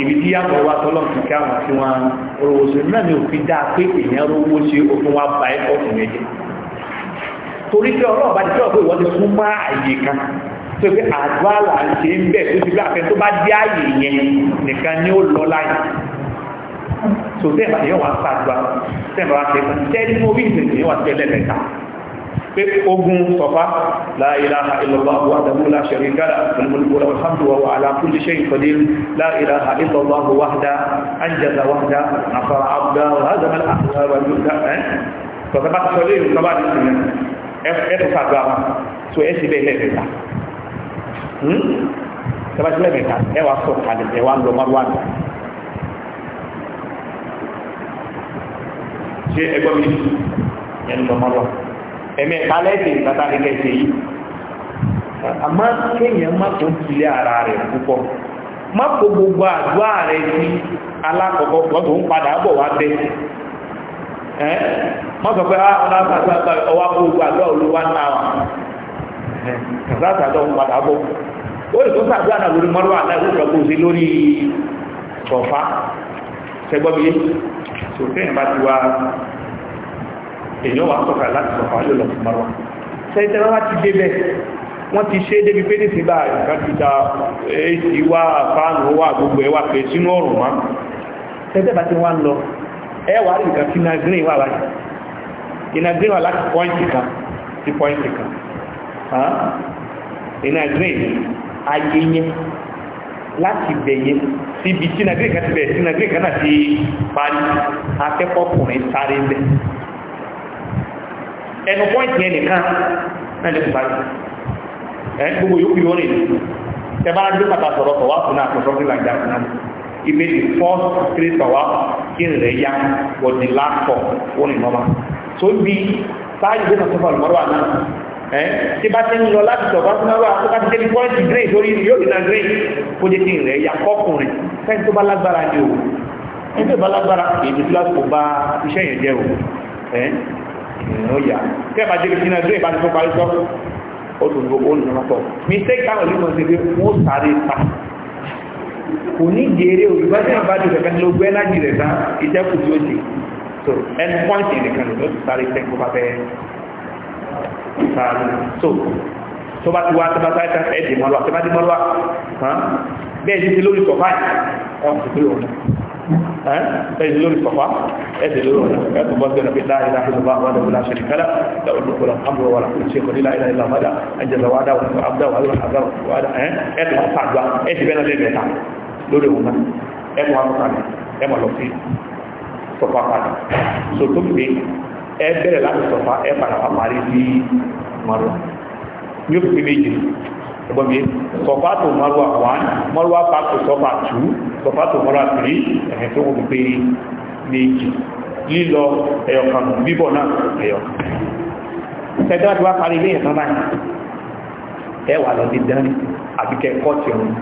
ibi tí yàtọ̀ wa tọ́lọ̀ ti ká wọn tí wọn rówó ṣe náà ni òfin dáa pé èèyàn rówó ṣe òfin wa ba ẹ̀kọ́ fún mi jẹ torí pé ọlọ́run bá ti sọ̀rọ̀ pé ìwọ́n ti fún má àyè kan tó pé àdúrà là ń ṣe ń bẹ̀ tó ti gbà pé tó bá dé àyè yẹn nìkan ni ó lọ láyè tó tẹ́ẹ̀ bá ti yọ̀ wá sàdúrà tẹ́ẹ̀ bá wá ṣe tẹ́ẹ̀ pé ogun sọ̀fá la ilaha illallah wahdahu la sharika lahu al-mulku wa lahu al-hamdu wa huwa ala kulli shay'in qadir la ilaha illallah wahdahu anjaza wahdahu nasara abdahu wa hazama al-ahzaba wal muzahzah mi yẹn lọ mọ́rùwá ẹ̀mí ẹ̀ka lẹ́sìn ìgbàta ní kẹsẹ̀ yìí àmọ́ kéèyàn má tó tilé ara rẹ̀ púpọ̀ má kó gbogbo àdúrà rẹ̀ sí alákọ̀ọ́kọ́ gbọ́dọ̀ ń padà bọ̀ wá bẹ́ ẹ́ wọ́n sọ pé ah, ọlọ́pàá ọwá kó gbogbo àdúrà olúwa náà láti àdúrà ń padà bọ̀ ó lè tó sàdúrà náà lórí mọ́lúwà náà ó sọ pé ó sí lórí sọ̀fà sẹ́gbọ́n mi yé sòfin ìbá ti wá èèyàn wà sọ̀kà láti sọ̀kà wájú lọ fún marwa sẹ́yìn tẹ́lá ti dé bẹ́ẹ̀ wọ́n ti ṣe débi pé nísìn bá ìkàtúta èsì wá fáànù wà gbogbo ẹwà pé sínú ọ̀rùn wá sẹ́yìn bá ti wá ń lọ ẹwà rí nǹkan sínú green wà láti iná green wà láti pọ́ìntì kan sí pọ́ìntì kan iná green ayé yẹn láti bẹ̀yẹ síbi tí nàgírìkà ti bẹ̀ẹ̀ sí nàgírìkà náà ti parí akẹ́kọ̀ọ́kùnrin ẹnu pọ́ìntì ẹnìkan náà lè kùbá gbogbo yóò fi wọ́n ẹ bá gbé pàtàkì sọ̀rọ̀ sọ̀wá fún náà sọ̀rọ̀ sí làjà fún náà ìmé the first three sọ̀wá kí n rẹ̀ yá was the last four wọ́n ní normal so bí sáájú gbé pàtàkì sọ̀rọ̀ mọ́rọ̀ àná ẹ tí bá ti ń lọ láti sọ̀rọ̀ fún náà tó bá ti débi pọ́ìntì grey sórí yóò dì náà grey kó jẹ́ kí n rẹ̀ yá kọ́kùnrin fẹ́ni tó bá lágbára ni o ẹni tó bá lágbára èyí tó bá iṣẹ́ yẹn jẹ́ o ìrìn òyà kẹfà jẹ́ ìrìn àjò ìbá ti fún parí sọ ó tún lo olùrànlọ́pọ̀ mistake táwọn ìlú kan ti fi wọ́n sáré pa kò ní gèrè olùgbà tí wọ́n ló gbé lájì rẹ̀ tán ìjẹ́kù tí ó ti so end point nìkan ló ti sáré tẹ́ kó bá fẹ́ sáré so tó bá ti wá tó bá sáré tán ẹ̀dì mọ́lúwà tó bá ti mọ́lúwà bẹ́ẹ̀ ti ti lórí sọ̀fáì ọ̀ ẹ̀yìn lórí pàpá ẹ̀sẹ̀ lórí ẹ̀kùn bọ́sẹ̀ rẹ̀ pẹ̀lá ìlà ìlúbá wà lọ́wọ́ láṣẹ nìkálá lọ́wọ́dúnkọ̀lọ́ àmúrọ̀wà ṣe kọ̀ nílá ìlà ìlà mọ́dá ẹjẹ̀lọ wádà wọ́n àbdáwà alúwà àbdáwà ẹgbọ́n mi sọ̀fà tó mọ́rùwà one mọ́rùwà park tó sọ̀fà two sọ̀fà tó mọ́rùwà three ẹ̀hìn tó wọ́n pé méjì lílọ ẹ̀yọ̀kan bíbọ̀ náà ẹ̀yọ̀kan ṣẹ̀dá ti wá parí ilé ìtàn báyìí ẹ wà lọ sí dání àbíkẹ́ kọ́ọ̀tì ọ̀hún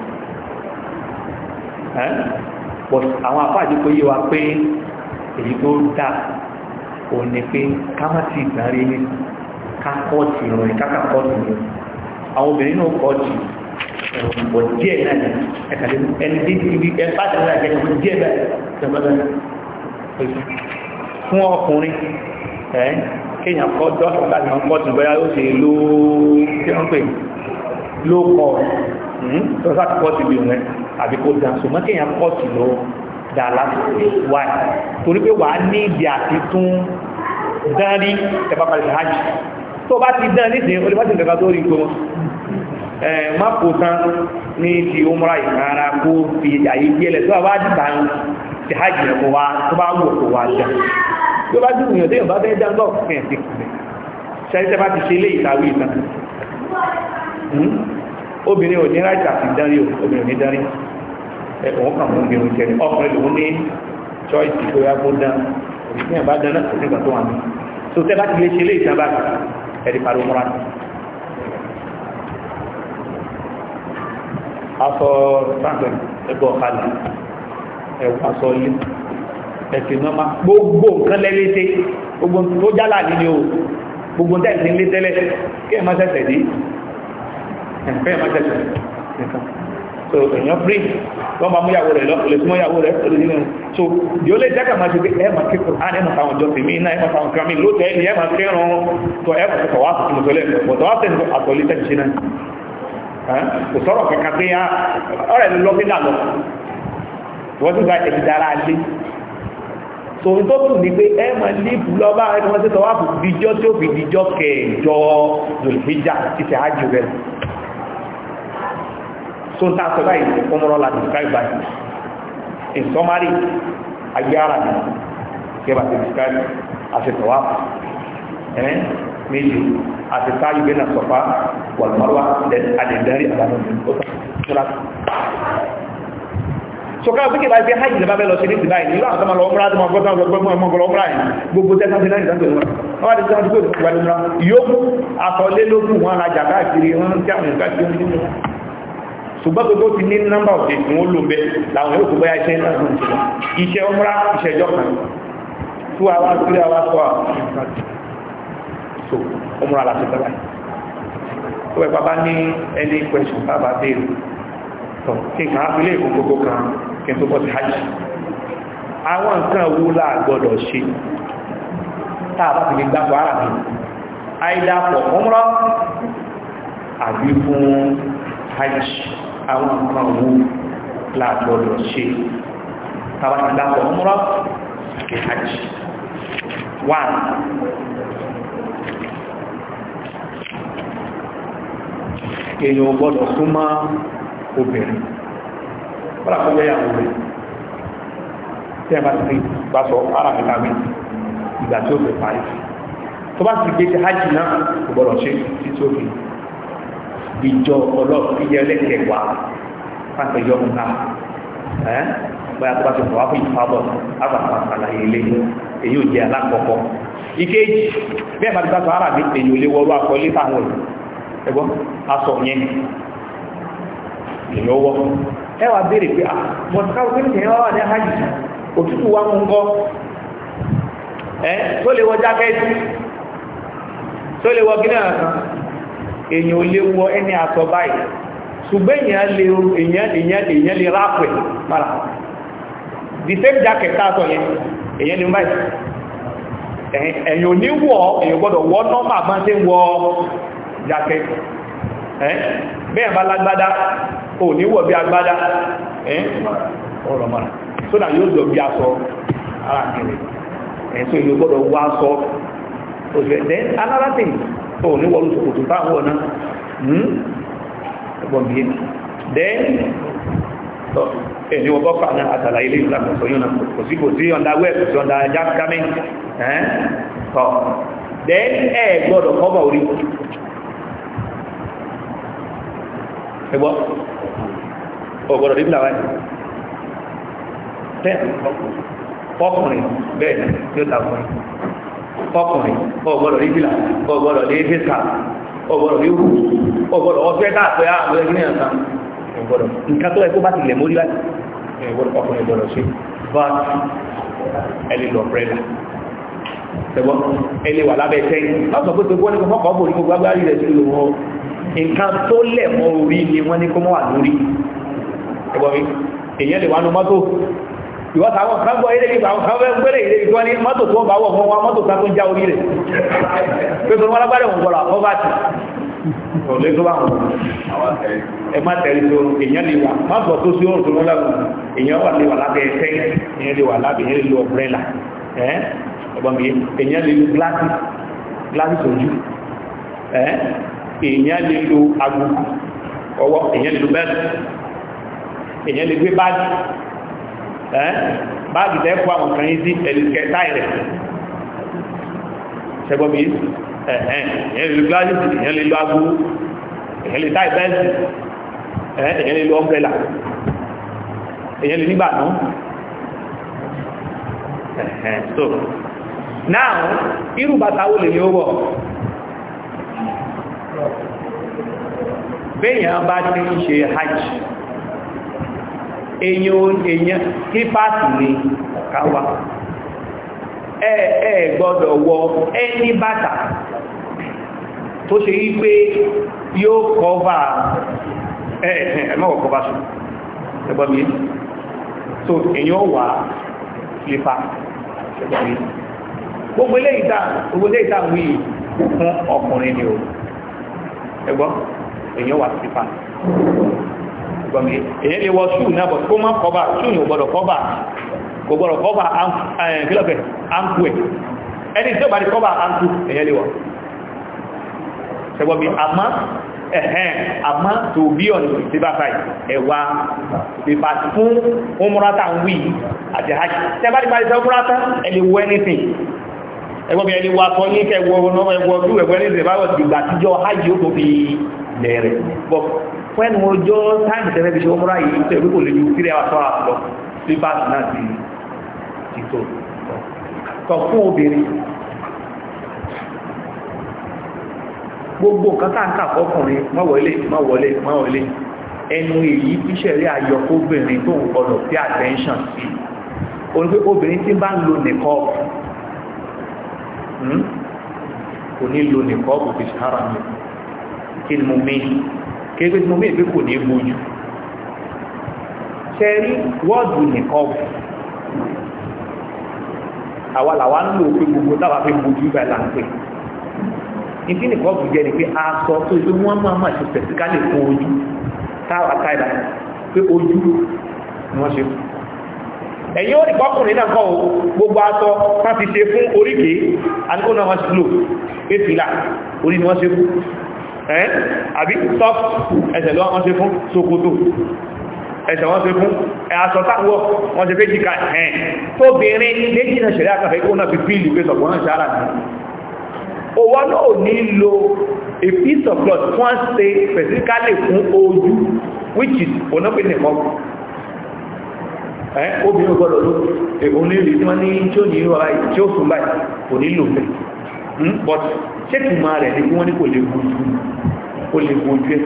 but àwọn àfáàdì kò yé wa pé èyí kọ́ọ̀tì ọ̀hún àwọn obìnrin náà kọ́ jù ọ̀pọ̀ díẹ̀ náà ní ẹ̀kàlẹ́ ẹni tí ibi ẹ̀fà tẹ̀lé àjẹkùn díẹ̀ bẹ́ẹ̀ tẹ̀lé fún ọkùnrin ẹ̀ kéèyàn kọ́ dọ́kítà tí wọ́n kọ́ tún bóyá ó ṣe ló kí wọ́n pè ló kọ́ dọ́kítà hmm? tí kọ́ sí ibi rẹ̀ àbí kó dà tó bá ti dán nísìnyí o lè má ti nǹkan tó rí nǹkan wọn ẹ má kó tán ní ti umra ìkara kó fi àyè gbélé tó bá dìtà ń ti hajj rẹ kó wá tó bá wù kó wá dá tó bá dùn yàn téèyàn bá fẹ́ dá ńlọ fún ẹ̀ sí kùnẹ̀ ṣáṣẹ́ bá ti ṣe lé ìtàwé ìtàn obìnrin ò ní láti àfidárí obìnrin ò ní dárí ẹ̀kọ́ kan fún obìnrin jẹ́ ọkùnrin lòun ní choice tó yá kó dán òṣìṣẹ́ bá dáná kò sí ìgbà tó wà ní so tẹ́ bá ti lè ṣe lé ìtàn báyìí ẹ̀rí parí múra ní aṣọ sáàpẹ̀ ẹgbọ́ ọ̀kalẹ̀ ẹ̀wọ̀ aṣọ ilé ẹ̀sìn náà gbogbo nǹkan lẹ́lẹ́tẹ́ gbogbo tó jálà nínú o gbogbo tẹ́ẹ̀sì ń lé ke kí ẹ̀ má tẹ́ẹ̀sẹ̀ dé ẹ̀fẹ́ má tẹ́ẹ̀sẹ̀ nìkan so èèyàn free wọ́n máa mú yàwó rẹ̀ lọ́pọ̀lẹ̀ fún yàwó rẹ̀ lórí nínú so yóò lè jẹ́ kàmá ṣe pé ẹ máa kékeré á ní ẹ̀mà táwọn jọ sí mí iná ẹ̀mà táwọn ni mí ló tẹ́ ẹ̀ máa kẹ́rùn tó ẹ̀ máa tọ̀wá sí mo tọ́lẹ̀ pọ̀ tọ́wá sí àtọ̀lẹ̀ tẹ́ ṣe náà kò sọ̀rọ̀ kankan pé ọ̀rẹ́ ló lọ́ nínú àlọ́ wọ́n ti gba ẹ̀mí dára lé so n tó kù ní pé ẹ máa lífù lọ́ba ẹ máa ṣe tọ́wá fún díjọ́ tí ó fi díjọ́ kẹjọ lòlùfíjà títẹ̀ ájú tó ń tàṣọ báyìí ọmọrọ̀ láti describe báyìí in summary ayé ara ni kẹba ti describe àti tọ́wá ẹ̀ẹ́ méjì àti táyì bẹ́ẹ̀ náà sọ̀fà wàlúwàlúwà àdẹ̀dẹ̀rì àbámọ́ni ó tọ́lá sọ̀ká òfíkè láti hajj lè bá bẹ́ lọ sí ní ìdìbà yìí nílò àwọn ọmọ ọmọ ọmọ ọgbọ́n ọgbọ́n ọmọ ọgbọ́n ọmọ yìí gbogbo tẹ́sán sí náà ìdájọ́ ìwọ̀n wọ́n ti sọ́n tó gbogbo ìgbàlùmọ́ yóò àtọ̀lélógún wọn rajà káàkiri wọn tí àwọn ìgbà tí ó ń ṣùgbọ́n tó tó ti ní nọ́mbà òde tí wọ́n lò bẹ́ làwọn yóò tó bá iṣẹ́ náà ń ṣe iṣẹ́ ọmọra ìṣẹ́jọ́ kan tó àwọn sílẹ̀ àwọn sọ so ọmọra láti tọ́lá ó ẹ̀ bàbá ní ẹni question bàbá béèrè tọ̀ kí n kàn á fi lé ìkókókó kan kí n tó bọ́ sí hajj àwọn nǹkan wo la gbọ́dọ̀ ṣe tá a bá ti àbí fún hajj àwọn nǹkan òun làgbọ́dọ̀ ṣe tàbátì lápọ̀ ọmọrọ̀ àti hajj one èèyàn gbọ́dọ̀ súnmọ́ obìnrin fọ́nà fún lẹ́yà obìnrin tí a bá ti bá sọ ara mi láwí ìgbà tí ó fẹ́ parí tó bá ti gbé ti hajj náà kò ṣe títí ó fi ìjọ ọlọ́run ìjẹ ẹlẹ́kẹ̀wá pàṣẹ yọ ọ̀nà ẹ́ báyà tó bá ti fọwọ́ fún ìfàbọ̀ àbàtà àlàyé ilé èyí ò jẹ́ alákọ̀ọ́kọ́ ìkéjì bẹ́ẹ̀ bá ti bá sọ ara mi èyí ò lè wọ́rọ́ akọ́lé fáwọn ẹ̀gbọ́n aṣọ yẹn èyí ọwọ́ ẹ wà béèrè pé mọ̀tíkáwọ́ pé nìyẹn wà ní hajj òtútù wa mú ńkọ́ ẹ tó lè wọ jákẹ́ẹ̀tì tó lè wọ gíná èyàn ò lè wọ ẹni àtọ̀ báyìí ṣùgbọ́n èyàn lè èyàn èyàn lè ráàpù ẹ̀ mara Di same jacket táàtọ̀ yẹn èyàn lè báyìí èyàn ò ní wọ èyàn gbọ́dọ̀ wọ nọ́mà bá ṣe ń wọ jacket bẹ́ẹ̀ bá lágbádá ò ní wọ bí agbádá ọ̀rọ̀ mara sódà yóò jọ bí aṣọ ara kẹrẹ ẹ̀ so èyàn gbọ́dọ̀ wọ aṣọ another thing ò ní wọ́lú sòkòtò táwọn ọ̀nà hmm? ẹgbọ̀n bí i then ẹni wọ́n bọ́ fà náà àtàlà ilé ìlànà sọ́yún náà kò sí kò sí then ẹ gbọ́dọ̀ kọ́bọ̀ orí ẹgbọ́ ọgbọ́dọ̀ dídìlà wáyé tẹ́ ọkùnrin bẹ́ẹ̀ ni ó tàbí ọkùnrin ọgbọ́dọ̀ ní fìlà ọgbọ́dọ̀ ní fìsà ọgbọ́dọ̀ ní hù ọgbọ́dọ̀ ọ̀fẹ́ ah, dáàpẹ́ àwọn ẹgbẹ́ yẹn kan ọgbọ́dọ̀ nǹkan tó ẹkọ́ bá ti lẹ̀ mórí láti ọkùnrin ọgbọ́dọ̀ ṣe bá ẹlẹ́ lọ pẹ́lá ṣẹgbọ́ ẹlẹ́ wà lábẹ́ sẹ́yìn lọ́sọ̀ pé gbogbo ní kọ́kọ́ bò ní gbogbo agbárí rẹ̀ sí lòwọ́ nǹkan tó lẹ̀ mọ́ orí ni wọ́n ní kó mọ́ wà lórí ẹgbọ́ mi èèyàn lè ìwọ́n tàwọn kan gbọ́ ilé ìgbà àwọn kan fẹ́ gbẹ́rẹ̀ ilé ìgbà ní mọ́tò tó bá wọ̀ fún wa mọ́tò kan tó ń já orí rẹ̀ pẹ̀lú wọn lágbàrẹ̀ wọn bọ̀rọ̀ àkọ́bà tí ọ̀lẹ́ tó bá wọn ẹ má tẹ̀lé tó èèyàn lè wà má bọ̀ tó sí òun tó lọ́la èèyàn wà lè wà lábẹ́ ẹ̀fẹ́ èèyàn lè wà lábẹ́ èèyàn lè lo ọ̀brẹ́là ẹ̀gbọ́n mi èèyàn lè lo gíláàsì gíláàsì sójú báàgì tẹ́ kó àwọn kan yí sí ẹ̀lú kẹta rẹ̀ ṣẹgbọ́bí èyàn lè gláàsì èyàn lè lọ agbó èyàn lè táì bẹ́ẹ̀sì èyàn lè lọ ọgbẹ̀là èyàn lè nígbà now irú bàtà wo lè ní ó wọ̀ bẹ́yàn bá ti ń ṣe hajj èyàn èyàn kí pàtì ní ọ̀ká wà ẹ ẹ gbọ́dọ̀ wọ ẹni bàtà tó ṣe yí pé yóò kọ́và ẹ ẹ̀mọ́wọ̀ kọ́và sùn ẹgbọ́mí so èyàn wà flipa ẹgbọ́mí gbogbo ilé ìta gbogbo ilé ìta wí fún ọkùnrin ni o ẹgbọ́ èyàn wà flipa gọ̀mí èyẹ́ lè wọ ṣúù náà bọ̀ kó má kọba ṣúù ní ògbọ̀dọ̀ kọba kò gbọ́dọ̀ kọba eh, kílọ̀pẹ̀ áńkù ẹ̀ ẹni tí ó bá ní kọba áńkù èyẹ́ lè wọ ṣẹgbọ́mí àmá ẹ̀hẹ́n àmá tó bí ọ̀nà ìsíbáfàì ẹ̀wà pípa fún umrata ń wí àti hajj tẹ́bá ní parísẹ́ umrata ẹni wọ anything ẹgbọ́mí ẹni wà sọ ní kẹwọ́ ọ̀nà ẹgbọ́ fún ẹnu ọjọ́ táìmù tẹ́lẹ̀ fi ṣe ọmọ ráyè tó ẹgbẹ́ kò lè ju three hours four hours lọ síbáàsì náà ti ti tó kọ fún obìnrin gbogbo nǹkan tá ń kà fọkùnrin má wọlé má wọlé má wọlé ẹnu èyí tíṣẹ̀rí àyọkóbìnrin tó ń gbọdọ̀ sí attention sí orí pé obìnrin tí bá ń lo nìkọ́ hmm, kò ní lo nìkọ́ kò fi ṣe ara mi kí ni mo mí kéèkéé tí mo mẹ́ kò ní gbójú ṣẹ́rí wọ́ọ̀dù nìkan àwa làwa ń lò pé gbogbo táwa fi gbójú bá ìlànà pé ìdí nìkan bù jẹ́ ni pé aṣọ tó ṣe wọ́n máa máa ṣe pẹ̀síkálẹ̀ fún ojú táwa káìdá pé ojú ni wọ́n ṣe fún ẹ̀yìn ó rí pọ́kùnrin náà kọ́ gbogbo aṣọ wọ́n ti ṣe fún oríkèé àdúgbò náà wọ́n ti lò pé fìlà orí ni wọ́n ṣe fún ẹ́ eh? àbí top ẹsẹ̀ lọ wọ́n ṣe fún ṣòkòtò ẹsẹ̀ wọ́n ṣe fún aṣọ táwọ̀ wọ́n ṣe méjì ká ẹ̀ tóbìnrin méjì náà ṣẹlẹ̀ àkàfẹ́ kó náà fi fíìlì pé sọ̀pọ̀ náà ṣára ní owó náà ò ní lo a piece of cloth wọ́n ṣe pẹ̀síkálẹ̀ fún ojú which is onope nìkan ẹ̀ obìnrin gbọ́dọ̀ ló èkó nílùú tí wọ́n ní tí ó ní ìwà báyìí tí ó fún báyìí kò nílò bẹ́ẹ̀ Hmm? but ṣékùnmá rẹ̀ ní wọ́n ní kò lè gojú kò lè gojú ẹ̀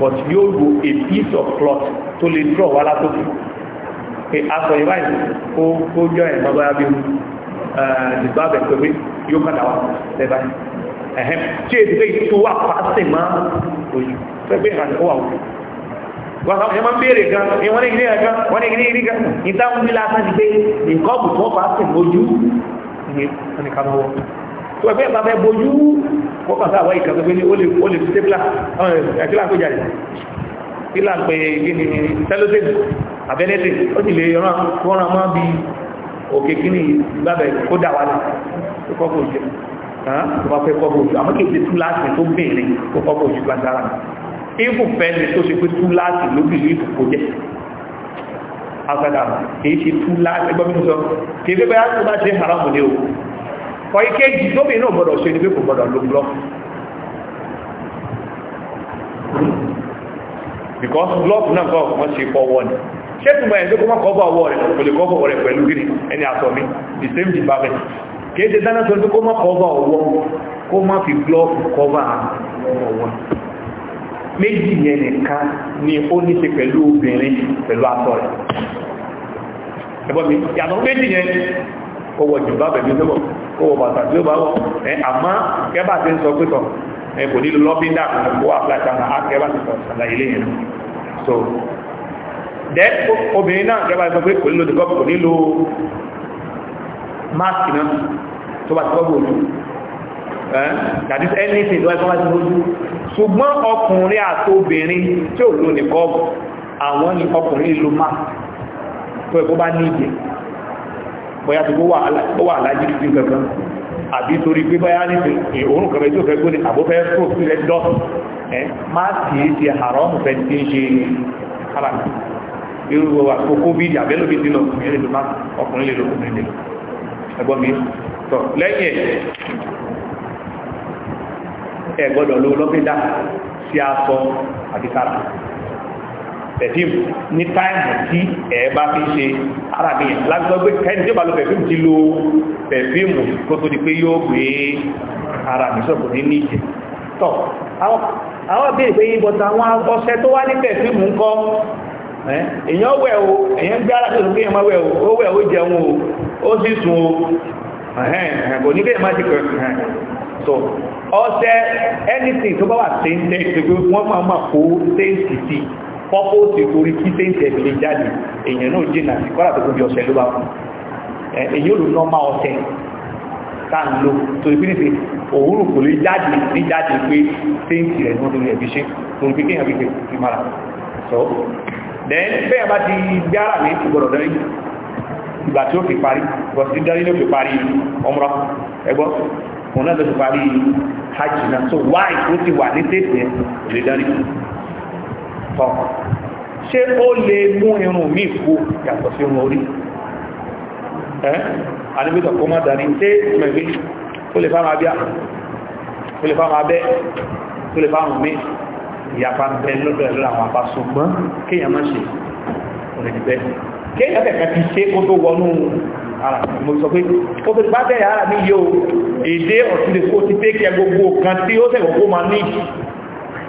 but yóò go a piece of cloth tó lè draw wá látòkè pé aṣọ ìwáyé ó ó jọ ẹ̀ mọ́ báyá bí ìgbà bẹ̀ pẹ̀lú yóò padà wá lẹ́bàá ẹ̀hẹ́m tí èdè pé tó wà pàṣẹ máa òyìn fẹ́gbẹ́ ìrànlẹ́ ó wà òyìn wọ́n yẹn máa ń béèrè gan ni wọ́n ní ìdí ẹ̀kan wọ́n ní ìdí ìdí gan ní táwọn ní lásán ti pé nǹkan ọ̀bùn tó wọ́n pàṣẹ mójú ní ẹnìkan lọ́wọ́ tó ẹgbẹ́ ìbá fẹ́ bojú kọ́kàn sáà wáyé kàtó pé ní ó lè fi tébìlà ẹ̀kílà tó jáde kílà pé gíní tẹ́lótẹ́lì àbẹ́lẹ́tẹ̀ ó sì lè rán fọ́nrán mọ́ bí òkè kíní gbábẹ̀ kó dà wà ní kọ́kọ́ òjò tó bá fẹ́ kọ́kọ́ òjò àmọ́ kìí ṣe túláàsì tó bèèrè kó kọ́kọ́ òjò gbàdára ibù fẹ́ ni tó ṣe pé túláàsì ló bìlú ìfòkó jẹ́ afẹ́dà kìí ṣe gbọ́mí sọ kìí fẹ́ bá yá tó bá ṣe haramu ní o kọ ìkejì tóbìnrin náà gbọdọ̀ ṣe ni pé kò gbọdọ̀ ló blọọkù because blọọkù náà kọ́ wọ́n ṣe fọwọ́ ni ṣé tùmọ̀ ẹ̀ ló kọ́ mọ́kọ́ bọ̀ ọwọ́ rẹ̀ kò lè kọ́ pẹ̀lú gírí ẹni àtọ̀ mi the same department kéde dáná tó ní kó má kọ́bà ọwọ́ kó má fi glove kọ́bà ọwọ́ méjì yẹn nìkan ni ó ní ṣe pẹ̀lú obìnrin pẹ̀lú aṣọ rẹ̀ ẹgbọ́n mi yàtọ̀ méjì yẹn kọwọ́ jùbá bẹ̀mí tó wọ̀ kọwọ́ bàtà tí ó bá wọ̀ ẹ àmọ́ kẹ́bà ti ń sọ pé tọ̀ ẹ kò nílò lọ́bíńdà kó apply tàbí akẹ́bà ti sọ àlàyé lẹ́yìn so dẹ́ obìnrin náà kẹ́bà ti sọ pé kò nílò dìkọ́ kò nílò máàkì náà tó bá ti kọ́ bòójú that is anything tó bá ti kọ́ bá ti bòójú ṣùgbọ́n ọkùnrin àti obìnrin tí ò lò nìkọ́ àwọn ni ọkùnrin lo máàkì tó ẹ̀kọ́ bá ní ìdè bóyá tó wà aláàjì sí kankan àbí torí pé bóyá ní eh, òórùn kan tó fẹ́ gbó ní àbófẹ́ fòfilẹ̀ dọ́ eh, máa sì í ṣe àrọ́mù fẹ́ tí ń ṣe ara irú àkókò bí àbẹ́lòmí ti lọ ọkùnrin lè lọ́kùnrin lè ẹgbọ́n mi tọ̀ lẹ́yìn ẹ̀ gbọ́dọ̀ lówó lọ́fẹ́ dá sí aṣọ àti sára pẹ̀fíìm ní táìmù tí ẹ bá fi ṣe ara mi láti sọ pé kẹ́ni tí ó bá lo pẹ̀fíìm ti lo pẹ̀fíìm kó tó di pé yóò gbé ara mi sọ̀kò ní ní ìjẹ́ tọ́ àwọn bí ìpé yìí bọ̀tà àwọn ọṣẹ tó wá ní pẹ̀fíìm ń kọ́ èèyàn wẹ̀ o èèyàn gbé ara tó lókè èèyàn wẹ̀ o anything tó bá wà tẹ́ńtẹ́ ìpé wọ́n máa máa kó tẹ́ńtì sí kọ́kọ́ ti torí kí séǹtì ẹ̀bì lè jáde èèyàn náà jìnà sí kọ́lá tó gbogbo ọ̀sẹ̀ ló bá fún èyí ò lò nọ́mà ọ̀sẹ̀ tá ń lò torí pé níṣe òwúrò kò lè jáde ní jáde pé séǹtì rẹ̀ náà torí ẹ̀bì ṣe torí pé kéèyàn kéèké ti mara sọ then bẹ́ẹ̀ bá ti gbára mi gbọ́dọ̀ dẹ́rí ìgbà tí ó fi parí ìgbà tí dárí ló fi parí ọmọrọ ẹgbọ́ òun náà ló ní tètè ẹ̀ tọ́ ṣé ó lè mú irun mi kú yàtọ̀ sí irun orí ẹ́ alìbìtọ̀ kó má dàní tẹ́ mẹ̀gbé ó lè fáwọn abíá ó lè fáwọn abẹ́ ó lè fáwọn mi ìyapa bẹ lọ́dọ̀ ẹ̀lọ́ àwọn àpá ṣùgbọ́n kéèyàn má ṣe òrìdìbẹ́ kéèyàn kẹ̀kẹ́ ti ṣe kó tó wọnú ara mo sọ pé ó fi bá bẹ̀rẹ̀ ara mi yóò èdè ọ̀tún lè kó ti tẹ́kẹ́ gbogbo kan tí ó tẹ̀kọ́ kó ma ní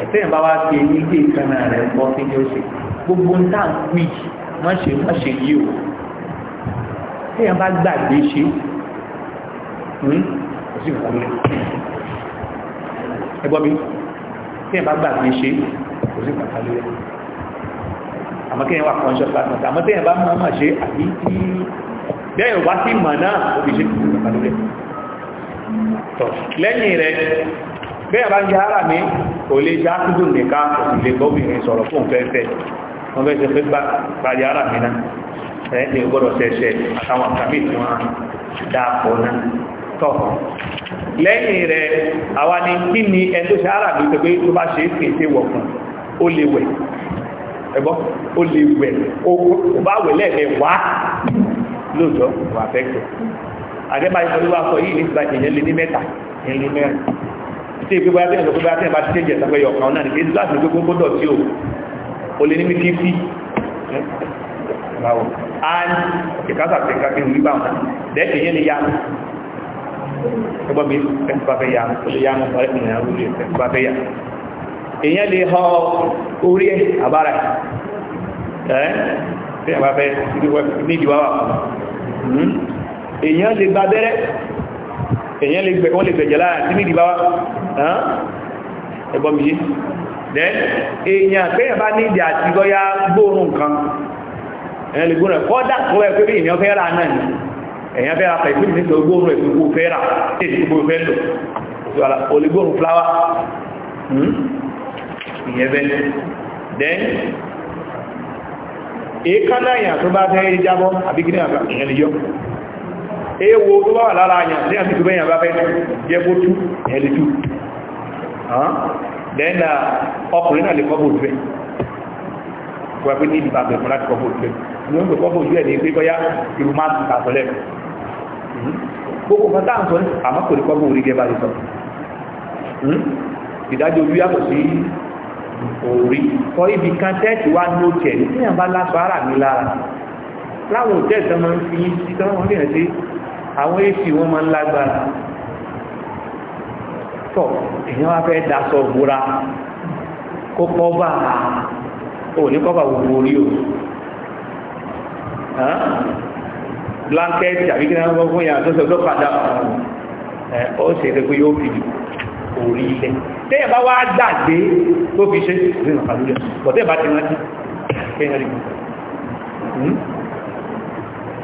àtẹ̀yìn bá wá ṣe ilé ìkànnà rẹ̀ ń bọ́ kíni ó ṣe gbogbo ń tà ń wí wọ́n ṣe wọ́n ṣe yí o tẹ̀yìn hmm, bá gbàgbé ṣe kò sí nǹkan lẹ̀ ẹgbọ́n mi tẹ̀yìn bá gbàgbé ṣe kò sí nǹkan lẹ̀ àmọ́ kẹ́yìn wà conscious last month àmọ́ tẹ́yìn bá mọ́ mọ́ ṣe àbí tí bẹ́ẹ̀ wá sí mọ̀ náà ó fi ṣe kò sí nǹkan lẹ́yìn rẹ̀ bẹ́ẹ̀ bá ń jẹ́ ara mi kò lè jẹ́ ákùdùn nìkan kò sì lè gbọ́bìnrin sọ̀rọ̀ fún fẹ́fẹ́ wọ́n fẹ́ ṣe pé parí ara mi náà ẹ̀ ní ni kí ni ẹni tó ṣe ara mi pé tó bá ṣe é sì ṣe wọ̀ fún ó lè wẹ̀ ẹ̀gbọ́ ó lè wẹ̀ ó bá wẹ̀ lẹ́ẹ̀mẹ̀ wá lóòjọ́ tí ìgbégbé àti ẹ̀sọ̀ gbégbé àti ẹ̀bá ti tẹ́jẹ̀ sàpẹ́yọ̀ kan náà ní kí láti gbogbo gbọ́dọ̀ tí ó o lè ní mi fífí and ìkásà ti ká kí n rígbà wọn dẹ́kẹ̀ yẹ́ ni yá ẹgbọ́n mi ẹgbàfẹ́ yá olè yá mọ́ ẹgbìnrin arúgbó ẹgbàfẹ́ yá èyàn lè họ orí ẹ̀ àbára ẹ̀ tí ẹgbàfẹ́ nídìí wá wà èyàn hmm? lè gbàbẹ́rẹ́ èyàn lè gbẹ̀jẹ̀ láàrín nídìí wá wà ẹgbọ́n mi yé dẹ́ èèyàn pẹ́yàn bá ní ìdí àti lọ́yá gbóòrùn kan ẹ̀yàn lè gbóòrùn ẹ̀kọ́ dàkọ́ ẹ̀ pé èèyàn fẹ́ ra náà ni èèyàn fẹ́ ra pẹ̀lú nítorí gbóòrùn ẹ̀ gbogbo fẹ́ rà èdè gbogbo fẹ́ lò olùgbóòrùn fláwà hmm? ìyẹn bẹ́ẹ̀ dẹ́ èékánná èèyàn tó bá fẹ́ jábọ́ àbí gíní àgbà èèyàn lè yọ èèwò tó bá wà lára àyàn tí àti ìgbẹ́yàn bá fẹ́ jẹ́ bó tú ẹ̀lẹ́tú dẹ́nà uh, ọkùnrin náà lè kọ́bù jù ẹ̀ wà pé ní ìdìbà bẹ̀rẹ̀ láti kọ́bù jù ẹ̀ ní oúnjẹ kọ́bù jù ẹ̀ ní pé bọ́yá ìlú máa ti tà sọ́lẹ̀ hmm? gbogbo kan táà ń sọ àmọ́ kò ní kọ́bù orí gẹ́bà lè sọ hmm? ìdájọ́ orí yàtọ̀ sí orí kọ ibi kan tẹ́ẹ̀tì wá ní oúnjẹ ní tí yàn bá òtẹ́ẹ̀tì wọ́n máa ń lágbára tọ̀ èyàn wá fẹ́ daṣọ bora kó kọ́bà ò ní kọ́bà gbogbo orí o blanketi àbí kí náà wọ́n fún yàrá tó sọ padà ó ṣe é pé yóò fi orí ilẹ̀ tẹ́yẹ̀ bá wá dàgbé tó fi ṣe ìrìnà kàlúrẹ̀ bọ̀tẹ́ bá ti rántí kẹ́yàn rí hmm?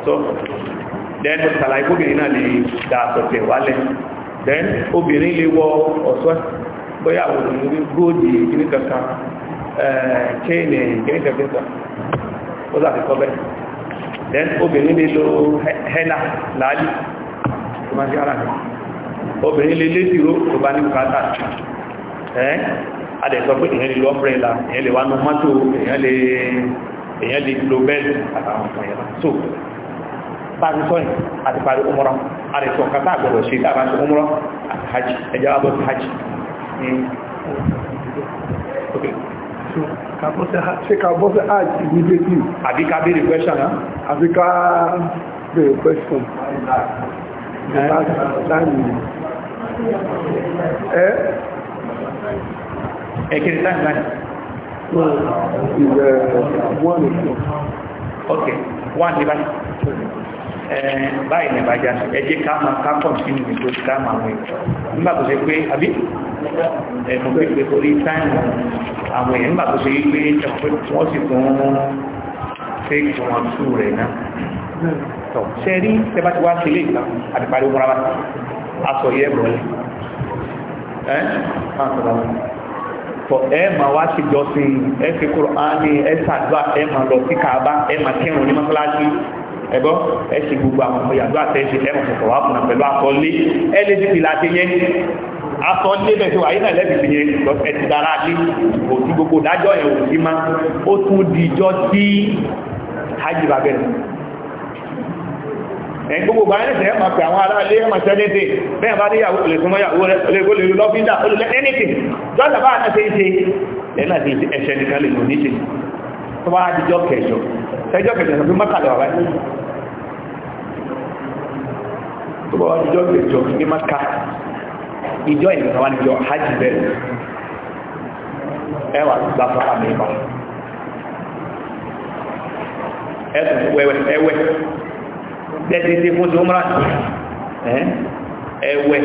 so then sàlàyé kóbìnrin náà lè dà sọ̀tẹ̀ wálẹ̀ then obìnrin lè wọ ọ̀ṣọ́ bóyá àwọn obìnrin góòdì kìíní kankan eh, chain kìíní kankan ó láti kọ́ bẹ́ẹ̀ then obìnrin lè lo henna láàájú tó máa ṣe ara rẹ̀ obìnrin lè lé tìró tó bá ní bùkátà ẹ́ eh, adẹ̀sọ pé èyàn lè lo umbrella èyàn lè wá nu mọ́tò èyàn lè lo bẹ́ẹ̀lì àtàwọn ọ̀pọ̀ yẹn so parí sọ́yìn àti parí umrah àti sọ̀kan tá àgbọ̀rọ̀ ṣe tàbá sí umrah àti hajj ẹjọ́ abọ́ sí hajj hmm. ṣe ká bọ́ sí hajj immediately àbí ká béèrè question náà àbí ká béèrè question ẹ́ ẹ̀kẹ́rẹ́ uh, Okay, one device. Eh, báyìí ní ìbájá ẹjẹ́ ká máa ká kọ̀tínú ní tó ká máa wọ̀ nígbà tó ṣe pé àbí eh, mo fẹ́ pé torí táìmù àwọn èèyàn nígbà tó ṣe yí pé wọ́n sì tún fake wọn tú rẹ̀ náà tọ̀ ṣe rí tẹ́bá ti wá sí ilé ìgbà àti parí rárá aṣọ yẹ bọ̀ọ́lẹ̀ ẹ́ máa sọ̀rọ̀ wá sí jọ́sìn ẹ fi Kùránì ẹ ṣàdúrà ẹ ma lọ sí Kaaba ẹ ma kírun ní mọ́sálásí ẹgbọ́ ẹṣin gbogbo àwọn ìyàgbó àtẹ́ṣe ẹmọ̀sọ̀tọ̀ wà fún pẹ̀lú akọ́lé ẹlẹ́dìbì láti yẹ akọ́lé bẹ̀ tó wà yìí náà lẹ́bìbì yẹn ẹ̀tì dára lé òtún gbogbo dájọ́ yẹn òtí má ó tún di ijọ́ tí hajj bá bẹ̀rẹ̀ ẹ̀yìn gbogbo bá ẹ̀rẹ́sẹ̀ ẹ̀ máa pẹ̀ àwọn ará ilé ẹ̀mà sẹ́dẹ́dẹ́ bẹ́ẹ̀ bá níyàwó lè súnmọ́ yàwó rẹ̀ olèkó lè lọ́fíńdà olùlẹ́ anything jọ́sà bá àtàṣe ìṣe ẹ̀nà ẹ̀ṣẹ̀ nìkan lè tó wá àdìjọ́ kẹjọ ẹjọ́ kẹjọ sọ pé mọ́kàlẹ̀ wà báyìí tó bá àdìjọ́ kẹjọ ní mọ́kà ìjọ ìrìnàwà níjọ hajj bẹ̀rẹ̀ ẹwà gbà fọ́pá mẹ́fà ẹ̀sùn ẹwẹ́ tẹ́tẹ́tẹ́ fún jọmọ́ra ẹwẹ́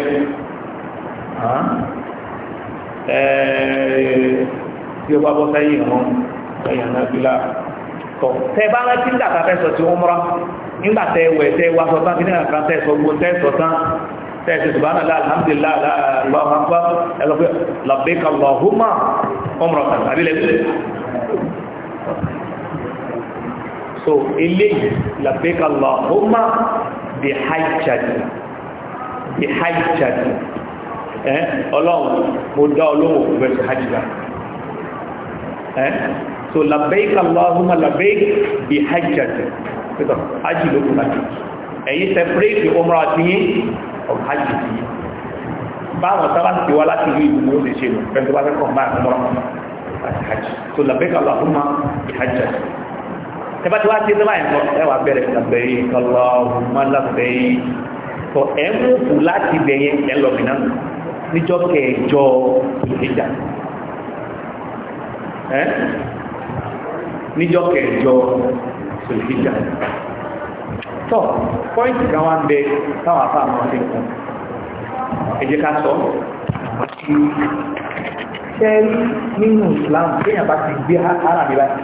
tí ó bá bọ́ sáyé ìrànwọ́ ẹ̀yàn nàbílà tọ́ tẹ́ bá rántí nígbà tá fẹ́ sọ ti umra nígbà tẹ́ wẹ̀ tẹ́ wá sọ tán kí nígbà kan tẹ́ sọ gbogbo tẹ́ tán tẹ́ sọ subhana allah alhamdulillah allahu akbar ẹlọ́pẹ́ labbaika allahumma umra kan àbílẹ̀ so eléyìí labbaika allahumma bi hajjati bi hajjati ẹ́ ọlọ́run mo dá ọlọ́run òkú bẹ́ẹ̀ sí hajjati ẹ́ so labbaik allahumma labbaik bi hajjati pẹ̀tọ̀ hajji ló kúrò àti ẹ̀yìn separate the umrah ti yín of hajji ti yín báwọn sábà ti wá láti rí ìlú ó lè ṣe lò pẹ̀lú wá fẹ́kọ̀ọ́ máa mọ́ra àti hajji so labbaik allahumma bi hajjati tẹ́bá ti wá sí ẹ̀sẹ̀ báyìí ẹ wá bẹ̀rẹ̀ labbaik allahumma labbaik so ẹ̀ mú kù láti bẹ̀yẹ ẹ̀ lọ́mìnà níjọ́ kẹjọ ìjà ẹ́ níjọ́ kẹjọ sòlìfíjà tọ́ pọ́ìntì kan wá ń bẹ táwọn afá àmọ́ sí nǹkan ẹ jẹ́ ká sọ àti sẹ́rí nínú Islam kéèyàn bá ti gbé ara mi báyìí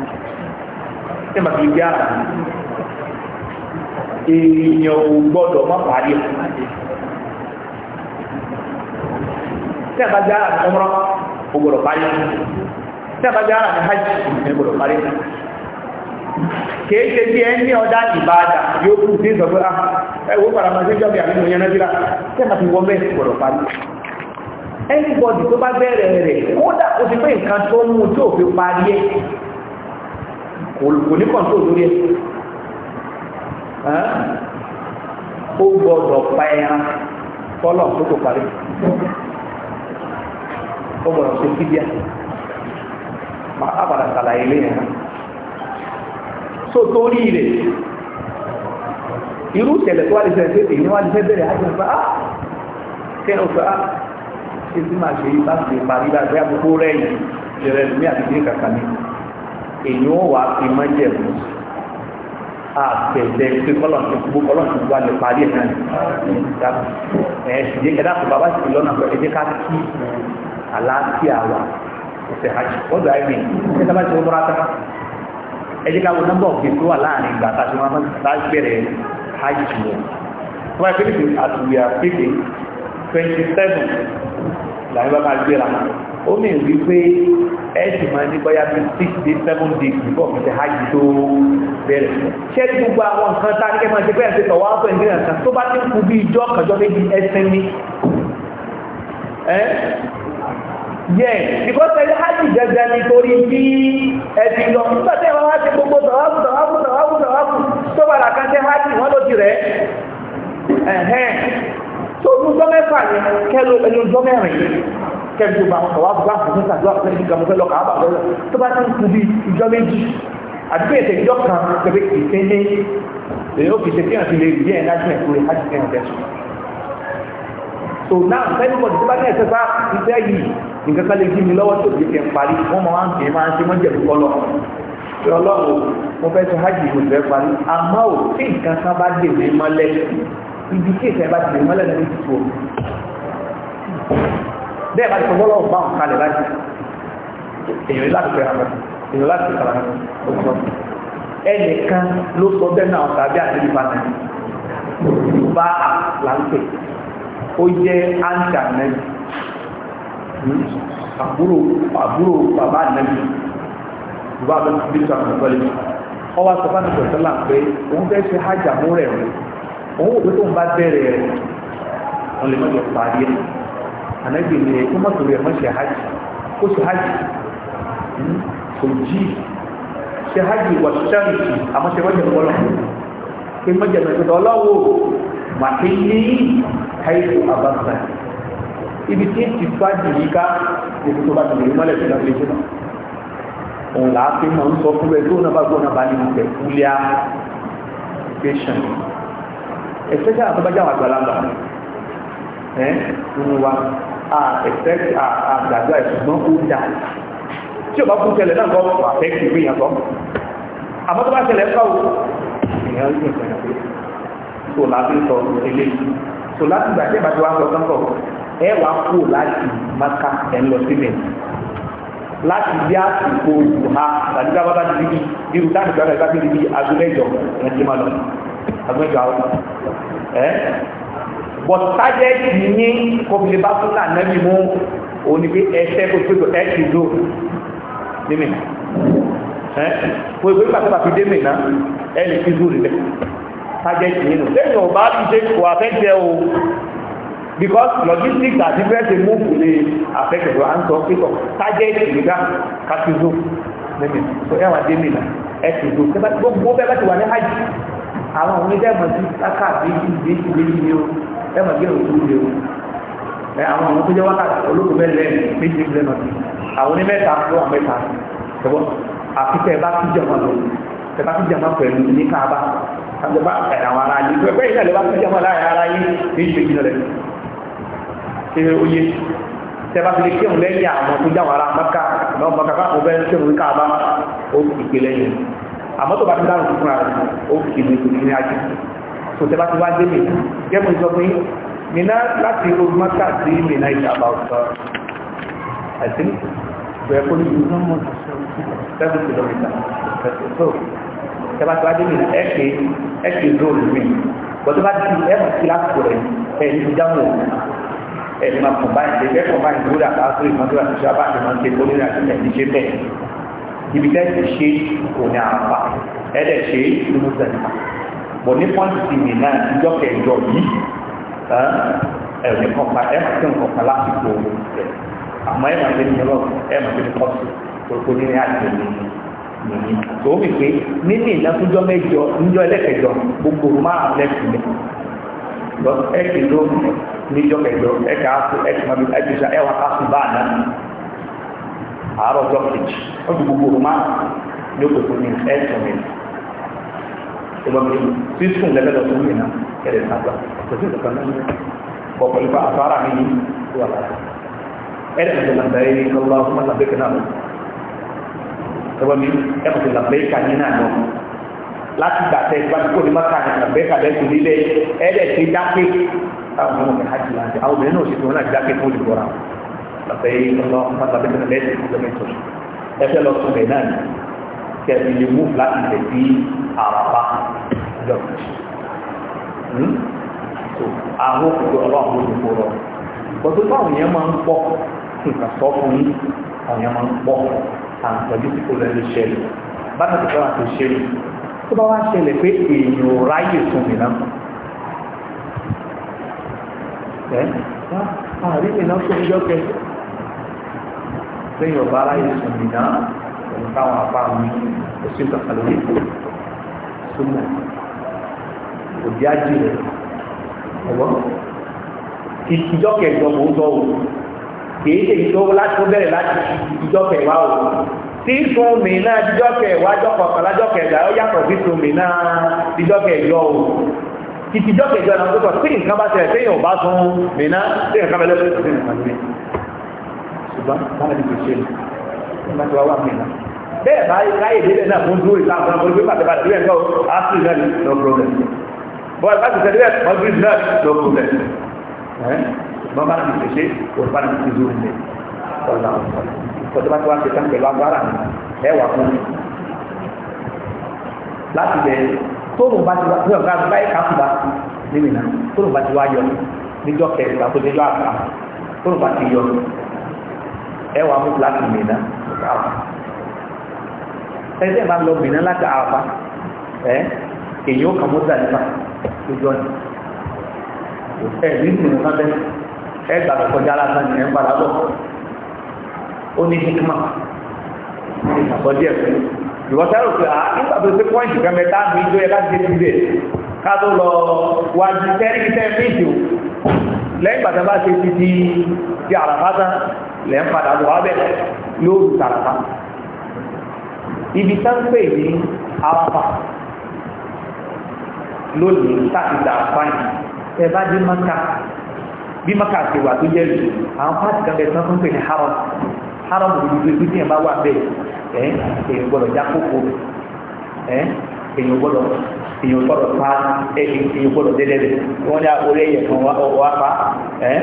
kéèyàn bá ti gbé ara mi èèyàn ò gbọ́dọ̀ má parí ẹ̀ tí a bá gbé ara mi ọmọ ò gbọ́dọ̀ parí tí a bá gbé ara mi hajj ò gbọ́dọ̀ parí ẹ̀ kìí ṣe bí ẹni ọ̀dá ìbáadà yóò kú sí ìsọ̀gbọ́ ah, ẹwọ́ paramọ́sí jọ́bí àmínú yẹn náà tẹ́mà ti wọ́n mẹ́rin pọ̀rọ̀ parí ẹnibọ̀dì tó bá bẹ̀rẹ̀ rẹ̀ kódà ó ti pé nǹkan tó mú tí ò fi parí ẹ̀ kò ní kọ̀ǹtò lórí ẹ̀ ó gbọ́dọ̀ pa ẹran fọ́lọ̀ tó kò parí ó gbọ́dọ̀ ṣe kídíà máa bàrà sàlàyé náà so torí rẹ̀ irú ìṣẹ̀lẹ̀ tó wà lè ṣẹlẹ̀ pé èyí wà lè fẹ́ bẹ̀rẹ̀ á ti fà á ah! kẹ́nu fà ah! á ṣe tí máa ṣe yìí bá ti parí bá gbé àkókò rẹ̀ yìí ìṣẹ̀lẹ̀ lómi àti ìdílé kàkà mi èyí ó wà á fi mọ́ jẹ̀bù àtẹ̀tẹ̀ pé kọ́lọ̀ ti gbogbo kọ́lọ̀ ti gbogbo alẹ́ parí ẹ̀ náà ẹ̀ ṣìdí ẹ̀dá kò bàbá sì lọ́nà pẹ̀lú ẹ̀dẹ́ ká kí àlàáfíà wà ọ̀sẹ̀ hajj ọ̀dọ̀ àìmì ẹ̀ sábà ti wọ́n mọ́ra tán ẹjẹ́ káwọn nọ́mbà ọ̀gbìn tó wà láàrin ìgbà tàbí wọn bá bẹ̀rẹ̀ hajj wọn tó wáyé pẹ́lú àtúwì àpéjì 27 làwọn bá máa gbéra ó mì rí pé ẹ̀sì máa ní bọ́yá bí 6 days 7 days before mi ti hajj tó bẹ̀rẹ̀ ṣé ní gbogbo àwọn nǹkan tá a nígbà máa ṣe bẹ́ẹ̀ ṣe tọ̀wọ́ àpò ìgbéra kan tó bá ti yẹ because ẹni hajj gẹ́gẹ́ nítorí bí ẹbí lọ nígbà tí ẹwà hajj gbogbo tàwáfù tàwáfù tàwáfù tàwáfù tó bára kan tẹ hajj wọn ló ti rẹ ẹhẹn tó lùjọ mẹ́fà ni kẹlu ẹlùjọ mẹ́rin kẹlu tó bá wọn tàwáfù bá fún sàdó àfẹn ní gàmọfẹ lọ kàá bà lọ tó bá ti ń kú bí ìjọ méjì àdúgbò ètò ìjọ kan kẹfẹ kìí tẹ ní èyí ó fi ṣe kí so now sẹ́nìbọ̀dì tó bá ní ẹ̀sẹ̀ sáà iṣẹ́ yìí nǹkan kan lè jí mi lọ́wọ́ tó fi kẹ́ ń parí wọ́n máa ń kì í máa ń ṣe wọ́n jẹ̀bi kọ́ lọ. ṣé ọlọ́run mo fẹ́ ṣe hajj mo fẹ́ parí àmọ́ ò tí nǹkan kan bá dè mí mọ́lẹ̀ ibi tí ìfẹ́ bá dè mí mọ́lẹ̀ lórí títù omi. bẹ́ẹ̀ bá ti sọ bọ́lọ́ bá òun kalẹ̀ láti èèyàn láti fẹ́ ẹnìkan ló sọ bẹ́ẹ̀ náà tàbí ó jẹ́ áńtà nẹ́bì àbúrò àbúrò bàbá nẹ́bì bàbá bẹ́ẹ̀ bí sọ àwọn ọ̀pọ̀lẹ́ ọwọ́ sọ fún àwọn ọ̀sán pé òun fẹ́ ṣe hajj àmú rẹ̀ o òun ò pé tóun bá bẹ̀rẹ̀ rẹ̀ wọn lè mọ̀jọ parí ẹ̀ ànẹ́bì ni ẹ̀ kó mọ̀tò rẹ̀ mọ̀ ṣe hajj kó ṣe hajj kò jí ṣe hajj wà ṣẹ́rìṣì àmọ́ ṣe mọ̀jọ màtílì káyìsù àbáfà ibi tí ti fájì yìí ká ibi tó bá ti lè mọ́lẹ̀ tó dábìlì tó náà òun là á fi máa ń sọ fún bẹ́ẹ̀ tó náà bá gbọ́ náà bá ní ìfẹ́ fúlíà patient ẹ̀fẹ́ sáà tó bá jáwọ́ àgbàlagbà ẹ̀ nínú wa ẹ̀fẹ́ àgbàdo ẹ̀sùnmọ́ ó dà tí o bá kú tẹ́lẹ̀ náà gbọ́ àfẹ́ kìí gbìyànjọ́ àmọ́ tó bá tẹ́lẹ̀ fáwọn èèyàn ń gbìyànjọ́ tó láti sọ ilé tó láti gbàgbé ìbàdí wa sọ sọ́kọ̀ ẹ wà kú láti maka ẹ̀ ń lọ sílẹ̀ láti bí àsìkò ìhà tàbí bá bá ti di irú táàbí bá bá ti di aago mẹ́jọ ẹ ti máa lọ aago mẹ́jọ àwọn ẹ bọ̀t tájẹ́ẹ̀tì ní kọ́bílẹ̀ bá fún náà nẹ́bí mú òní pé ẹsẹ̀ kó tó ẹ ti dó nímì ẹ kó ìgbésí pàtàkì dé mìíràn ẹ lè fi dúró lẹ target nínú lẹ́yìn ọba ti ṣe kò affect ẹ o because logistics àti fẹ́ẹ̀sì move lè affect ẹ̀ à ń sọ pé target nígbà katizo lẹ́mi so ẹ̀wà dé mi là ẹ̀ ti zo gbogbo bẹ́ẹ̀ bá ti wà ní hajj àwọn òun ilé ẹ̀mọ̀ sí káká méjì méjì méjì ni o ẹ̀mọ̀ gé òkú ni o ẹ̀ àwọn àwọn tó jẹ́ wákàtí olóko mẹ́lẹ̀ méjì méjì lọ́nà àwọn onímẹ́ta ló wà mẹ́ta àfikẹ́ bá ti jẹ́ ọmọ lọ tẹ bá ti jẹ́ ọmọ pẹ̀lú ní káàbá àjọba àkàdà àwọn ará yìí pẹ́pẹ́ ìlẹ̀ lọ́wọ́ tó jẹ́mọ́ láàrin ara yìí ní ìṣe ìjìnlẹ̀ rẹ̀ ṣe oyè tẹ́bá fi lè kírun lẹ́yìn àwọn tó jáwọn ará mọ́ká lọ́wọ́ mọ́ká fún àwọn bẹ́ẹ̀ kírun ká bá ó kìkì lẹ́yìn àmọ́ tó bá ti dáhùn fún ara ó kìkì ní ìṣòkì ní ajé tó tẹ́bá ti I think we are going to 7 kilometers. So, tẹ́bá tó bá dé nìyí ẹ̀kẹ́ ẹ̀kẹ́ róòlù mi bọ́ tó bá ti ẹ̀mù sí lásìkò rẹ̀ ẹ̀yìn ti dáhùn ẹ̀mí máa kàn báyìí ṣe ẹ̀kọ́ báyìí lórí àtàkùn ìmọ̀tòrò àti ṣábà àti máa ń ṣe lórí àti ẹ̀mí ṣe bẹ́ẹ̀ ibi tẹ́sí ṣe kò ní àpá ẹ̀dẹ̀ ṣe lórí sẹ́ńtà bọ̀ ní pọ́ǹtì mi náà ìjọ kẹjọ yìí ẹ̀rọ kọ̀ọ̀kan ẹ̀mọ̀ sí nǹkan lásìkò rẹ̀ àmọ́ ẹ̀mọ̀ sí ní ọlọ́run ẹ̀mọ̀ sí ní kọ́ọ̀tù kò ní ní àjẹ́ nìyí tòun mi pé nínú ìlàkújọ́ mẹ́jọ níjọ́ ẹlẹ́kẹjọ gbogbo máa lẹ́sìn lẹ́ lọ ẹ̀kì ló níjọ́ kẹjọ ẹ̀kà ápù ẹ̀kì mọ́bí ẹ̀kì sọ ẹwà ápù bá àná àárọ̀ ọjọ́ kejì ó ti gbogbo máa ní òkè fún mi ẹ̀sùn mi ìgbọ́n mi sísùn lẹ́lẹ́dọ̀ fún mi náà kẹlẹ̀ nàgbà ọ̀pẹ̀sẹ̀ ìdọ̀kan náà ọ̀pọ̀ ìfà àfárá mi yìí wà lára ẹ̀rẹ̀ ìjọba ìdáyé ní kọlọ́ ẹwọ́n mi ẹ̀kọ́ tó làbẹ́ẹ̀kà yín náà lọ láti gbà tẹ ìgbà tó ní mọ́ta ní làbẹ́ẹ̀kà bẹ́ẹ̀ tó nílẹ̀ ẹ̀ẹ́dẹ̀ ti dáké táwọn ọmọ mi hajj láti àwọn obìnrin náà sì tó wọn láti dáké fún olùkọ́ra làbẹ́ẹ̀kà hmm? àwọn ọlọ́run olùkọ́ra gbọ́dọ̀ báwọn yẹn máa ń pọ̀ nǹkan sọ fún yín àwọn yẹn máa ń pọ̀ àǹfààní tí kò lẹ́nu ṣẹlẹ̀ bákan tó bá tó ṣẹlẹ̀ tó bá wá ṣẹlẹ̀ pé èèyàn ò ráyè fún mi náà ẹ àárín mi náà fún mi jọ́kẹ́ lẹ́yìn ọba ráyè fún mi náà òun táwọn apá mi kò sí kankan lórí súnmọ́ òbí ájì rẹ̀ ọ̀gbọ́n ìjọ́kẹ́ ìjọba ó dọ́wọ́ kìí ṣe ìṣòwò láti ó bẹ̀rẹ̀ láti ìjọ kẹwàá o tí sun mi náà jíjọ kẹwàá jọ kọkànlá jọ kẹgbà ó yàtọ̀ sí sun mi náà jíjọ kẹjọ o títí jọ kẹjọ náà tó sọ pé nǹkan bá ṣẹlẹ̀ sẹ́yìn ò bá sun mi náà sí nǹkan bẹ́ẹ̀ lọ́sẹ̀ sí nǹkan mi ṣùgbọ́n báyìí ni kò ṣe ní bá ti wá wà mí náà bẹ́ẹ̀ bá láyé délé náà fún dúró ìta àwọn olùgbé no problem bàbá di sisi, ṣe di bá mi ti zoro ní ọ̀la ọ̀tọ́ bá ti wá ṣe tán pẹ̀lú agbára ẹ wà fún mi láti bẹ̀ tóun bá ti wá bí ọ̀gá báyìí káfíńbà nínú ìná tóun bá ti wá yọ níjọ́ kẹrìnlá tó níjọ́ àgbà tóun bá ti yọ ẹ wà fún láti mìíràn ẹgbẹ́ bá lọ mìíràn láti àpá ẹgbà tó kọjá lásán ní ẹgbà lábọ̀ ó ní hikma ìsàkọ́ díẹ̀ fún ìwọ́sẹ̀ rò pé àá ah, nígbà tó ṣe pọ́ǹtì kẹmẹta mi tó yẹ láti ṣe ti ká tó lọ wájú tẹ́rí tẹ́ méjì o lẹ́yìn gbàtà bá ṣe ti di ti àràfá tán lẹ́ ń padà bọ̀ wábẹ̀ tàràfá ibi tá ń pè ní àràfá lónìí tá ìdàfáyì ẹ bá dé mọ́ta bí maka àti ìwà tó jẹ́ jù àwọn pàtì kan bẹ̀ tán fún pé ní haram haram òbí gbé gbé tíyẹn bá wà bẹ́ẹ̀ ẹ́ èèyàn gbọ́dọ̀ já kókó ẹ́ èèyàn gbọ́dọ̀ èèyàn gbọ́dọ̀ pa èèyàn gbọ́dọ̀ délẹ̀ rẹ̀ wọ́n ní orí ẹ̀yẹ̀ kan wá pa ẹ́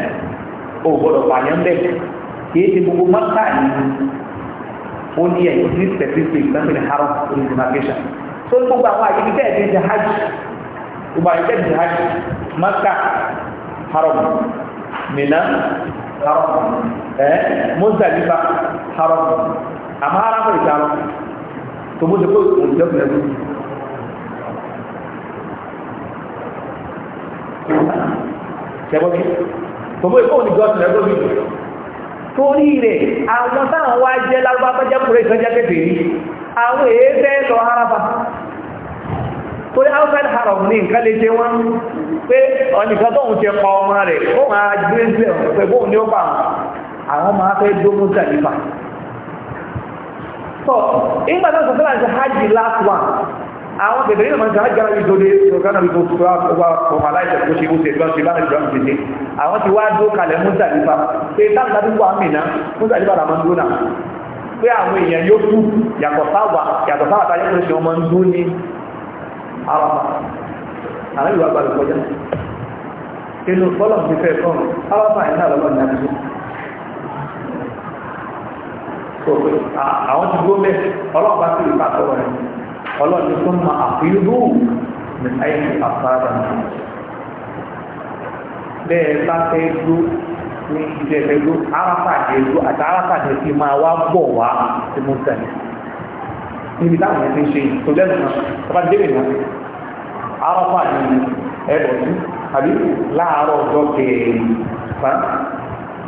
ó gbọ́dọ̀ pààyàn bẹ́ẹ̀ kì í ṣe gbogbo maka yìí ó ní ẹ̀ ní specific tán fún ní haram òbí demarcation tó gbogbo àwọn àyè bí bẹ́ẹ̀ ti haram mina haram ɛɛ eh? Muzdalifa haram àmọ́ haram kò ìta lọ tó bó ṣe kó òun jẹ́ fún ẹ̀rú. sẹ́wọ́n bí tó bó ṣe kó òun jọ fún ẹ̀rú mi torí rẹ̀ àwọn táwọn wá jẹ́ lágbàbájá kúrẹ́ àwọn èébẹ́ lọ haraba. torí outside haram ní nǹkan lè ṣe wọ́n pé ọ̀nìkan pa ọmọ rẹ̀ ó máa gbé pé so ìgbà tó sọ́sọ́lá hajj last one àwọn bèbè nínú mọ̀sán hajj ara ìdóde ọ̀gánà ìbò tó wà aláìsẹ̀ tó ṣe ìjọba àwọn ti wá dó kalẹ̀ pé làwọn pé àwọn àràbà àrẹ ìwà àgbàlù kọjá inú bọ́lọ̀ ti fẹ́ kọ́ àràbà iná lọ́wọ́ ní àdúgbò àwọn ti gbó bẹ́ẹ̀ ọlọ́pàá sì rí pàtó rẹ̀ ọlọ́ọ̀ni tó máa àfihàn ní àìsí àfárá bẹ́ẹ̀ bá fẹ́ dú ní ìjẹ́fẹ́ dú àràbà dé àti àràbà ti máa wá bọ̀ wá sí mú sẹ́yìn níbi táwọn ẹni ṣe ìtòlẹ́nu náà tọ́ba dé ìlànà arọ́pà ní ẹ̀bọ̀ sí àbí láàárọ̀ ọjọ́ kẹrin fa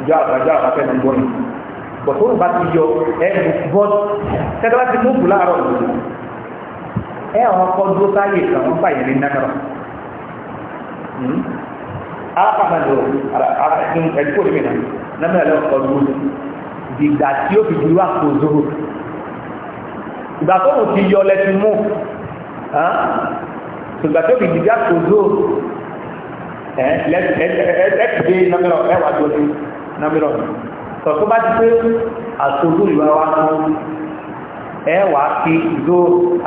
ìjọ àgbàjọ àbáfẹ́ ní gbọ́nà bọ̀ tó ń bá ti yọ ẹ̀bù bọ́ọ̀dù tẹ́tẹ́ bá ti múùkù láàárọ̀ ẹ̀ àwọn ọkọ̀ dúró sáyè kan wọ́n fàyè ní nákàrà arapa hmm? náà lọ ara ẹ̀dínkò lè mìíràn náà tí ó fi dúró àpò zoro ìgbà tó mú ti yọ lẹ́tí mú ṣùgbà tó fi dìgbà tó dó ẹ̀ẹ́dẹ́gbẹ́ námírọ̀ ẹwà tó ní námírọ̀ sọ tó bá ti pé àtòlú ìwà wa mú ẹwà fi dó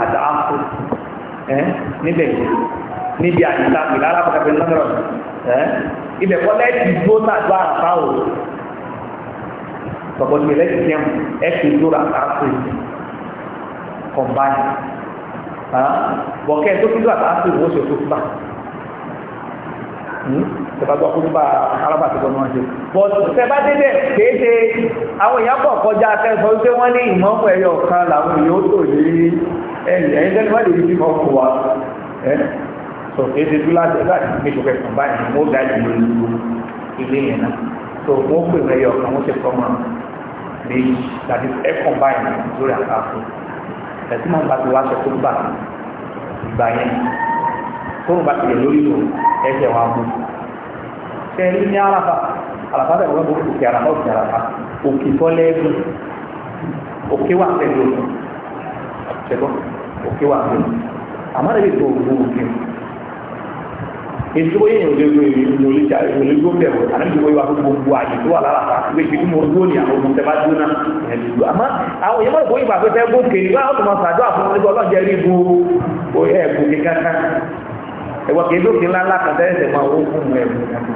àtàkù níbẹ̀ níbi àyíká ìlà alábàtàkì námírọ̀ ilẹ̀ kọ́lẹ́ẹ̀tì dó tàdó àràfáwò sọ̀bọ̀dì ẹlẹ́tì jẹun ẹ̀kì dó àtàkù combine bọ̀kẹ́ tó kí ló àtàkì ìwọ́n ṣe tó kúbà hmm? tẹ̀bàgbà kúrúbà arábà tó gbọ́nà ṣe but tẹ̀bà dédé kéèṣe àwọn èèyàn pọ̀ kọjá akẹ́kọ̀ọ́ wípé wọ́n ní ìmọ̀ọ́mù ẹ̀yọ kan làwọn èèyàn tó lé ẹ̀yìn ẹ̀yìn tẹ́lẹ̀ wọ́n lè fi mọ́ kó wa ẹ́ so kéèṣe tó láti ẹ̀dá ìgbésò kẹsàn báyìí mo ga ìlú ilé yẹn náà so wọ́n pè mẹ́yọ kan wọ́n ṣe fọ́mọ méjì tàbí ẹ̀kọ́ báyìí lórí àkáàkùn ẹtí máa ń bá ti wá aṣọ tó gbà ìgbà yẹn tó ń bá ti lè lórí lò ẹsẹ̀ wa mú kẹrí ní àràfà àràfà tẹ̀ wọ́n bó òkè àràfà òkè àràfà òkè tọ́lẹ́ẹ̀dù òkè wà pẹ̀lú òkè wà pẹ̀lú àmọ́ ẹ̀rí tó gbó òkè ìdúró yẹn ò lè lo èyí mo lè jà mo lè gbóbẹ̀ wọ̀ àná ìdúró yẹn wà fún gbogbo àyè tó wà lára ta pé ibi tí mo dúró ní àwọn ọmọọ̀tẹ́ bá dúró náà ẹ̀ lè lo àwọn èèyàn mọ̀ ìbòyìn bàbá gòkè ní wàá tó máa sàdúrà fún wọn nípa ọlọ́jẹ́ rí bu ẹ̀ẹ́gùn kankan ẹ̀wọ̀n kì í lókè ńláńlá kan tẹ́lẹ̀ máa wó fún mu ẹ̀ẹ́gùn kankan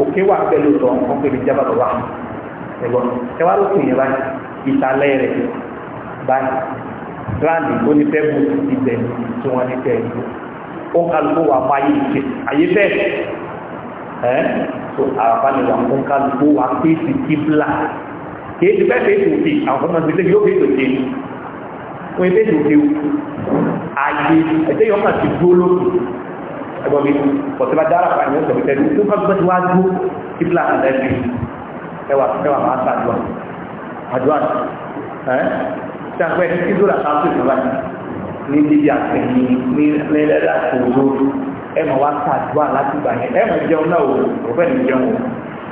òkè wà pẹ̀lú tọ̀ wọn pè ní jábàtọ̀ wà ẹ̀wọ̀n ẹ̀wọ̀n ló kù yẹn báyìí ìsàlẹ̀ rẹ̀ báyìí gíláàdì ó ní fẹ́ bu ó kálukú wà fún ayé ìfẹ́ ayé apa ẹ́ tó àràfà ni wà fún kálukú wà fèsì kíbla kìí ti fẹ́ fèsì òkè àwọn ọmọ ìgbésẹ̀ yóò fèsì òkè fún ẹgbẹ́ ìdòkè ayé ẹ̀tẹ́ yóò kàn ti dúró lókè ẹgbọ́n mi pọ̀tẹ́bá dára fún àwọn ọ̀sẹ̀ tẹ́lú tó kọ́ gbọ́dọ̀ wá dúró kíbla àtàlẹ́bí ẹwà ẹwà máa sàdúrà àdúrà ẹ́ tí a pẹ́ kí dúró àtàkùn ìgbà yìí ní bíbí àtẹ̀yìn ní lẹ́lẹ́dà tòró ẹmọ wá sàdúrà láti gbà yẹn ẹmọ jẹun náà o kò fẹ́ ní jẹun o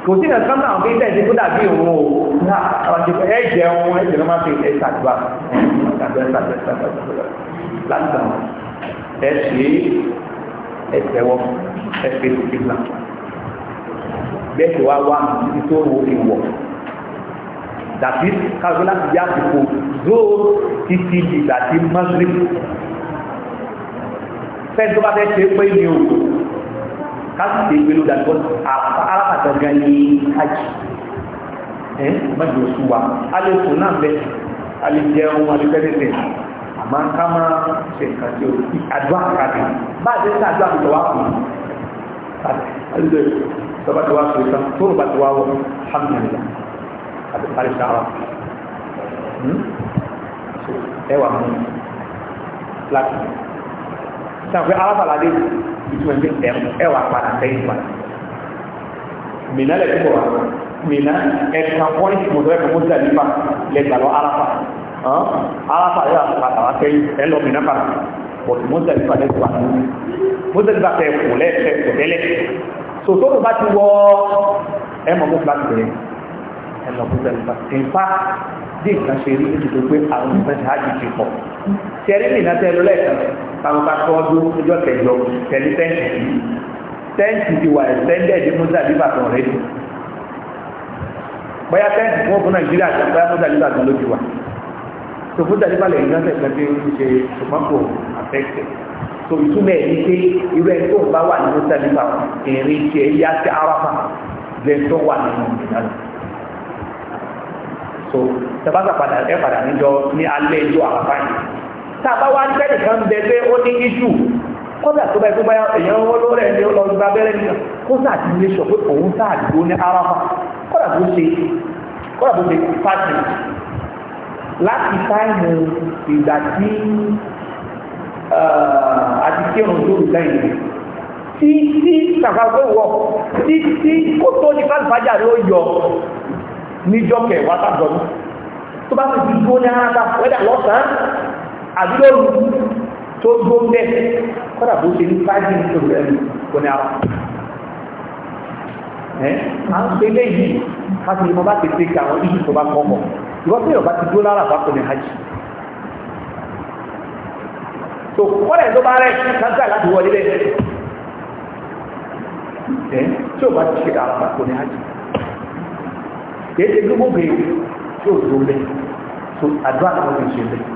kò sí ẹ̀ka náà àwọn bíi tẹ̀sí kó dàbí òun o náà àwọn ti fẹ́ ẹ jẹun ẹ jẹun máa fi ẹ sàdúrà láti gbà ẹ ṣe ẹ tẹwọ ẹ fi tìkìlà bẹ́ẹ̀ ti wá wá títí tó wo ìwọ dàbí káwọn láti yá àsìkò dóò títí ìgbà tí mọ́sílì fẹ́ẹ́ tó bá fẹ́ ṣe pé ní o káàkiri ṣe ìgbélú dàgbọ́ alápàtà gan ní hajj ẹ́ mọ́jú oṣù wa alẹ́kùn náà bẹ́ alẹ́jẹun alẹ́fẹ́lẹ́fẹ́ àmọ́ ká máa ṣe nǹkan tí o àdúrà kàdé bá a ṣe ń ṣàdúrà tó wá kù alẹ́jọ́ ìjọba tó wá kù tán tó tó wá wọ alhamdulillah àti parí ṣàrà ẹwà mú láti sàfẹ́ alábàládé ìtumọ̀ ní ẹwà padà sẹ́yìn padà mìíràn lẹ́tí bọ̀ wá mìíràn ẹ̀ka pọ́ìntì mọ̀tò ẹ̀kọ́ mọ́tò àdìpá lẹ́gbà lọ alápà alápà yóò àpàtà wá sẹ́yìn ẹlọ mìíràn padà bọ̀tù mọ́tò àdìpá lẹ́gbà lọ mọ́tò àdìpá kẹ kò lẹ́ẹ̀kẹ́ kò tẹ́lẹ̀ sòtò tó bá ti wọ ẹ̀mọ̀ mọ́tò láti bẹ̀rẹ̀ ẹlọ́kúta ìgbà ìfá bí nǹkan ṣe rí ètò pé àwọn ìfẹ́ ṣáájú ti pọ̀ tẹ̀rí nìyà tẹ́lú lẹ́ẹ̀kan táwọn bá tọ́ ọdún ọjọ́ kẹjọ tẹ̀lé tẹ́ǹtì yìí tẹ́ǹtì ti wà ẹ̀sẹ́ndẹ̀ẹ́dì mọ́sálíbà kan rẹ̀ dùn bóyá tẹ́ǹtì fún ọkùnrin nàìjíríà àti àbáyá mọ́sálíbà kan ló ti wà tó mọ́sálíbà lẹ́yìn náà tẹ̀sán tí ó ṣe ṣùgbọ́n kò àfẹ́kẹ̀ tó ìtumọ̀ ẹ̀ ní pé irú ẹni tó so tẹ́bátà padà ẹ padà níjọ ní alẹ́ ìjọ àpapá yìí tá a bá wá tẹ́lẹ̀ kan bẹ pé ó ní iṣu kọ́dà tó bá ẹgbẹ́ bá èèyàn wọ́n lórí ẹni lọ gba abẹ́rẹ́ ní kọ́dà ti lè sọ pé òun tá àdúgbò ní arafa kọ́dà tó ṣe kọ́dà tó ṣe pàṣẹ láti táìmù ìgbà tí àti kírun tó rí lẹ́yìn tí tí kàkà pé wọ tí tí kó tó ní kálífàjà ló yọ níjọ́ kẹwàá tàbí tó bá ti dúró ní ara wẹ́dà lọ́sàn-án àdúgbò tó dúró ń bẹ̀ kọ́dà bó ṣe ní fájì ní tòun ẹ̀rù kò ní ara ẹ̀ à ń pe léyìí káfí ni mo bá ti tẹ́ka àwọn ibi tó bá kọ́ mọ̀ ìwọ́n tó yọ̀ bá ti dúró lára bá kò ní hajj tó kọ́lẹ̀ tó bá rẹ̀ kágbà láti wọlé bẹ́ẹ̀ tí ó bá ti ṣe àràbà kò ní hajj kéde gbogbo bèè tí ó tó bẹ́ẹ̀ tó àdúrà tó fi ṣe bẹ́ẹ̀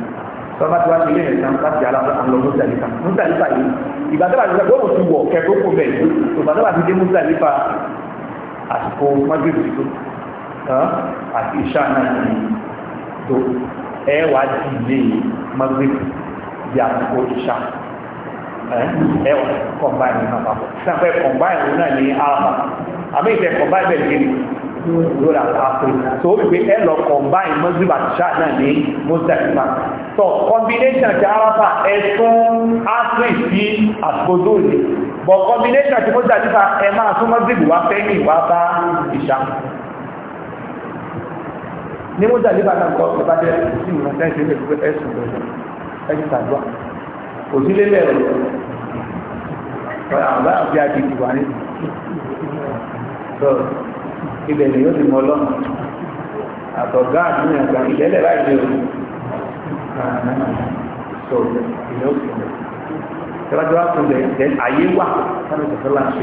sọba tí wàá ṣe ilé ìrìnsà láti aláàbò àlọ mùsàlífà mùsàlífà yìí ìgbà tó bá ti sọ ti wọ kẹtó kó bẹ́ẹ̀ ìgbà tó bá ti dé mùsàlífà àsìkò mágbèrè tó àti ìṣá náà ní tó ẹ wàá di ilé mágbèrè di àsìkò ìṣá ẹ wàá kọmbáìnì náà papọ̀ sísan fẹ́ náà ní àlàfà àmì ìfẹ́ kọmbáìnì bẹ́ẹ̀ lórí àtàkùn tó wípé ẹ lọ kọ̀ǹbáìn mọ́sílùmí àtìṣà náà ní mọ́sílùmí so combination ti arafa ẹ̀sùn asiri sí àtìkòdó òní but combination ti mọ́sílùmí ẹ máa tún mọ́sílùmí wá fẹ́mi wá bá ìṣà ní mọ́sílùmí náà kọ́ ẹ bá jẹ́ sí ìwọ̀n tẹ́sí ilé ìwé ẹ̀sùn lọ́sọ̀ ẹ̀sùn tàdúrà kò sí lélẹ̀ rẹ̀ àwọn àbí àti ìwà ní ibẹ̀ ni yóò ti mọ lọ́nà àtọ̀gá àti àgbà ìdẹ́lẹ̀ láì lè so ìyẹn ó sì lọ tẹ́lájú wá tó lẹ̀ tẹ́ ayé wà sáré tẹ̀sẹ̀ là ń ṣe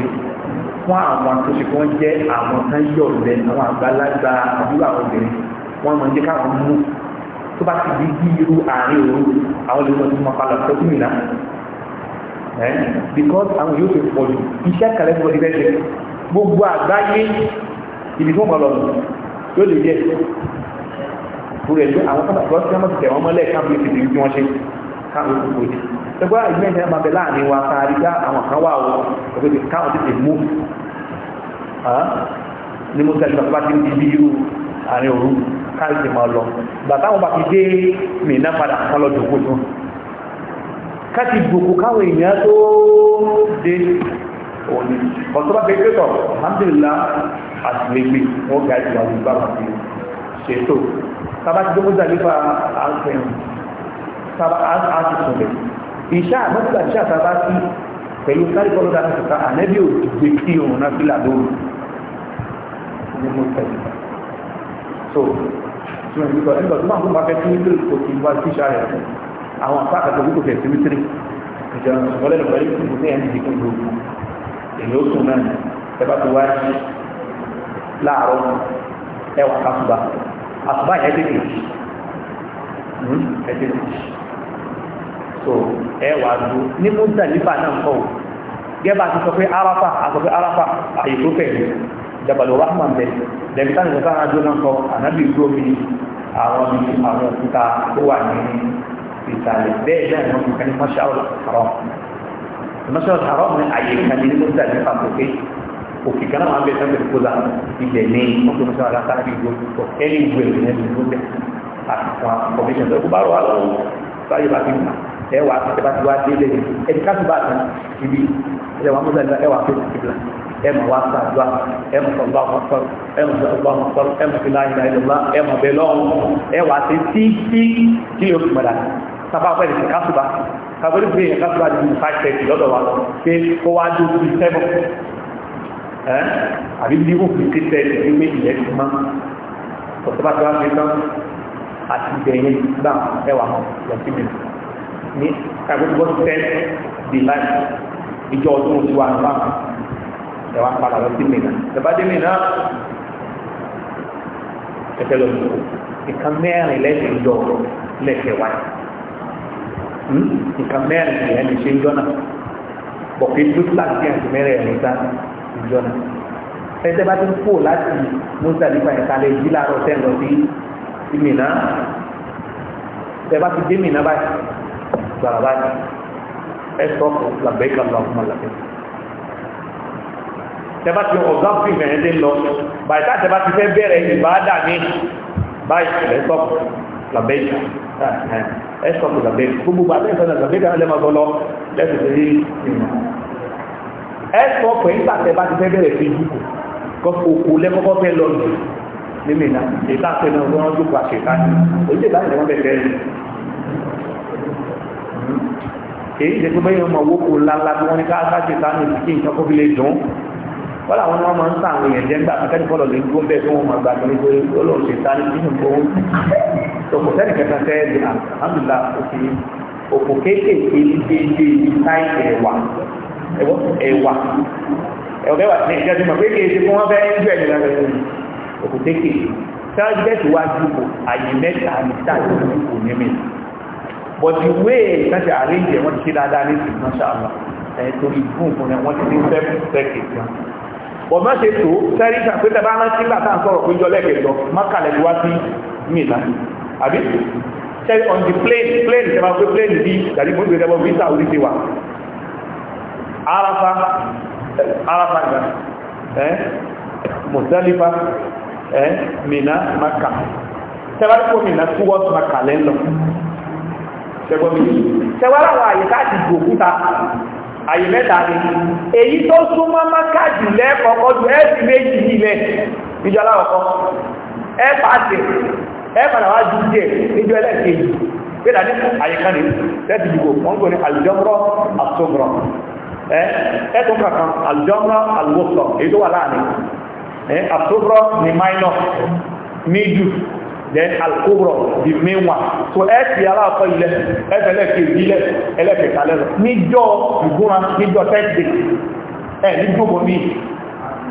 fún àwọn tó ṣe kí wọ́n jẹ́ àwọn tán yọ̀ lẹ̀ àwọn àgbàlagbà àbúrò àwọn obìnrin wọ́n máa ń jẹ́ káwọn mú tó bá ti di bí irú àárín òru àwọn olè wọn ti máa palọ̀ tó kúrò náà because àwọn yóò fi pọ̀ jù iṣẹ́ kàlẹ́ fún ọdún bẹ́ẹ̀ gbogbo àgbáyé ibi tó mọ̀ lọ yóò lè jẹ́ kúrò ẹ̀jọ́ àwọn sábà tó ti mọ̀ tẹ̀wọ́n mọ́lẹ̀ káàpù ti di bí wọ́n ṣe káàpù tó kò jù ṣùgbọ́n ìlú ẹ̀jẹ̀ máa bẹ láàrin wa ká rí dá àwọn kan wà ó ọ̀gbẹ́ ti káwọn tètè mú ní mo tẹ̀lé bàbá ti di bí irú àárín òru káàpù máa lọ bàtà wọn bá ti dé mìíràn òní ọ̀tọ́bá kékeré tọ̀ alhamdulilá àtìlẹ́gbẹ̀ wọ́n ga ìwà ìgbà àti ṣètò tábà ti gbogbo ìdàlífà àṣẹyìn tábà àṣìṣùnlẹ̀ ìṣá àmọ́tíkà ìṣá tábà sí pẹ̀lú sáré kọ́ lọ́dà àṣìṣà ànẹ́bí ò dìde kí òun náà fílà lóru ní mo so tí wọ́n ń gbọ́ ẹgbẹ́ tó máa fún bàbá tí wítírì kò ti wá sí ìṣá rẹ̀ àwọn àpá àkàtà orí kò tẹ̀ sí wítírì ìjọba ọlẹ́nu pẹ̀lú ìfúnpọ̀ èyí ó sùn náà ẹ bá ti wá sí láàárọ̀ ẹ wà kásùbà àsùbà yẹn ti kejì hmm? ẹ ti kejì so ẹ wà dúró ní mọ́tà nípa náà ń kọ́ o gẹ́gẹ́ bá ti sọ pé arafa àsọ pé arafa àyè tó fẹ̀ ní jabalu rahman bẹ lẹ́bi táwọn ìjọba náà jóná sọ ànábì dúró mi àwọn mi àwọn òkúta tó wà ní ìsàlẹ̀ bẹ́ẹ̀ náà ni wọ́n fi kẹ́ ní mọ́ṣáláà national haram ní àyè kan ní mọ́tà ní pàtàkì òkè kan náà máa bẹ̀rẹ̀ sẹ́ńtẹ̀ kódà ibẹ̀ ní mọ́tò national haram sára bí gbogbo sọ ẹni gbogbo ẹ̀rọ ní ẹni gbogbo àtàkùn àkọ́míṣọ̀n tó kó bá rọ̀ wá lọ́wọ́ báyìí bá ti mú ẹ wà á bá ti wá dé lẹ́yìn ẹni ká tó bá tán ibi ẹ wà mọ́tò ẹ wà fẹ́ẹ́ ti bila ẹ mọ̀ wá sàdúrà ẹ mọ̀ sọ̀rọ̀ báwọn sọ̀rọ̀ ẹ mọ̀ sọ̀rọ̀ báwọn sọ̀rọ̀ ẹ mọ̀ fi láyé láyé lọ́wọ́ ẹ mọ̀ bẹ́ẹ̀ lọ́wọ́ ẹ wà á ti tí tí tí yóò fi mọ̀ dáadáa sábà pẹ̀lú sí kásùbà kàgbẹ́lú pé èèyàn kásùbà di five thirty lọ́dọ̀ wa pé kó wá dé ojú seven ẹ́ àbí bí wọ́n fi ké tẹ̀sí ní pé ìyẹn ti mọ́ ọ̀sọ́bà fi tán àti ìgbẹ̀yìn gbà ẹwà lọ́sí mi ní kàgbẹ́lú di láì ìjọ ọdún oṣù àgbà ẹwà padà lọ sí mìíràn ẹ̀bá dé mìíràn ẹ̀fẹ́ wáyé. Hmm? nǹkan mẹ́rin ni ẹni ṣe ń jọ́nà bọ̀ pé dúkìá sí àti mẹ́rin ẹ̀rí sá ń jọ́nà ẹsẹ̀ bá ti ń pò láti musa nípa ẹ̀ka lè yí láàárọ̀ tẹ́ ń lọ sí ìmìnà ẹ bá ti dé ìmìnà báyìí gbàrà báyìí ẹ sọ́ọ̀kù làbẹ́kà lọ́kùnmọ́ làbẹ́kà tẹ́bá ti ọ̀gá fún ìbẹ̀rẹ̀ dé lọ báyìí tá tẹ́bá ti fẹ́ bẹ̀rẹ̀ ìbáadà ní que ẹ̀ṣọ́ kò zàbẹ́ gbogbo àbẹ́sọ̀ zàbẹ́ kan lẹ́mọ̀ sọ lọ lẹ́sùn sí ẹ̀ṣọ́ pẹ̀ ń pàtẹ bá ti fẹ́ bẹ̀rẹ̀ sí ìdúkù kòkò lẹ́kọ́kọ́ fẹ́ lọ jù ní mìíràn ìta pẹ̀ náà wọ́n jókòó àṣẹ̀ká ojú ìbá ìrẹ̀wọ̀n bẹ̀rẹ̀ rẹ̀ èyí ìdẹ́gbẹ́ yẹn mọ̀ wókò ńláńlá tí wọ́n ní ká wọ́n làwọn ọmọ máa ń sá àwọn èèyàn jẹ́ gbà kẹ́kẹ́ nìkọ́lọ̀ lè dúró bẹ́ẹ̀ tó wọ́n máa gbà tó ní pé ọlọ́run ṣe sáré nínú gbowó tó kò sẹ́nì kẹta fẹ́ di àmìlà òkè òkò kéékèèké ní déédé ní táì ẹ̀wà ẹ̀wà ẹ̀wà ní ìjọba ìmọ̀ kéékèèké fún wọn fẹ́ ń jẹ́ ìlànà rẹ̀ òkò kéékèèké sáájú bẹ́ẹ̀ ti wá dúpọ̀ but the way ìtàṣà àríjẹ wọn ti ṣe dáadáa ní ìsìn náà ṣáà lọ ẹ̀ torí gún fún ẹ wọn ti ní o má ṣe tó sẹ́rí ìṣàpẹ́tẹ̀ bá rántí ńgbà tá à ń sọ̀rọ̀ pé jọ lẹ́kẹ̀ẹ́jọ mákàlẹ̀ ti wá sí mìíràn àbí sẹ́rí on the plane plane tẹ́lá pé plane bí dàbí mo ń gbé dẹ́gbọ́n visa orí ti wà arafa arafa ìgbà ẹ́ mọ̀sálífà ẹ́ mìíràn maka tẹ́lá pé mìíràn towards maka lẹ́ńlọ tẹ́gbọ́n mi tẹ́wọ́ láwọn àyè àyè mẹ́ta ni èyí tó súnmọ́ mọ́ká jù lẹ́ẹ̀kọ́kọ́ ju ẹ́ẹ̀sì méjì nílẹ̀ níjọ aláwọ̀kọ́ ẹ pàṣẹ ẹ padà wá ju díẹ̀ níjọ ẹlẹ́ẹ̀kejì pé dàní àyè kan ní lẹ́ẹ̀tì dìbò wọ́n ń gbọ́ ní àlùjọ́mọ́rọ́ àtúngbọ̀rọ̀ ẹ ẹ tó kankan àlùjọ́mọ́rọ́ àlùwọ̀sọ̀ èyí tó wà láàrin àtúngbọ̀rọ̀ ní minor middle then al-kubra the main one so ẹ̀ẹ́sì aláàkọ́ ilẹ̀ ẹ̀fẹ̀lẹ́kì ìbílẹ̀ ẹlẹ́kẹta lẹ́rọ níjọ́ ìgúnra níjọ́ tẹ́sì ẹ̀ ní gbogbo mi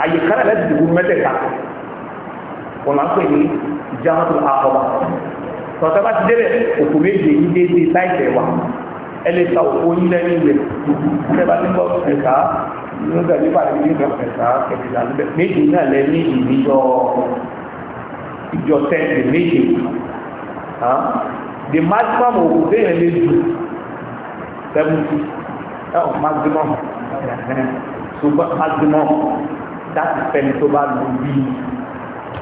àyíkára lẹ́sì ìgbó mẹ́tẹ̀ẹ̀ta ọ̀nà ń pè ní ìjáwọ́tò àkọ́bà tọ́tẹ́ bá ti débẹ̀ òkú méje yí déédé láìpẹ́ wa ẹlẹ́ta òkú onílẹ̀ nílẹ̀ tẹ́ bá ti gbọ́ ẹ̀ka nígbà nípa ìdíjọ́ ẹ̀ka kẹ̀kẹ́ ìjọ tẹ́sì méje the maximum òkú téèyàn lè ju seventy ẹ ọ maximum so maximum that is fẹ́ni tó bá lu bíi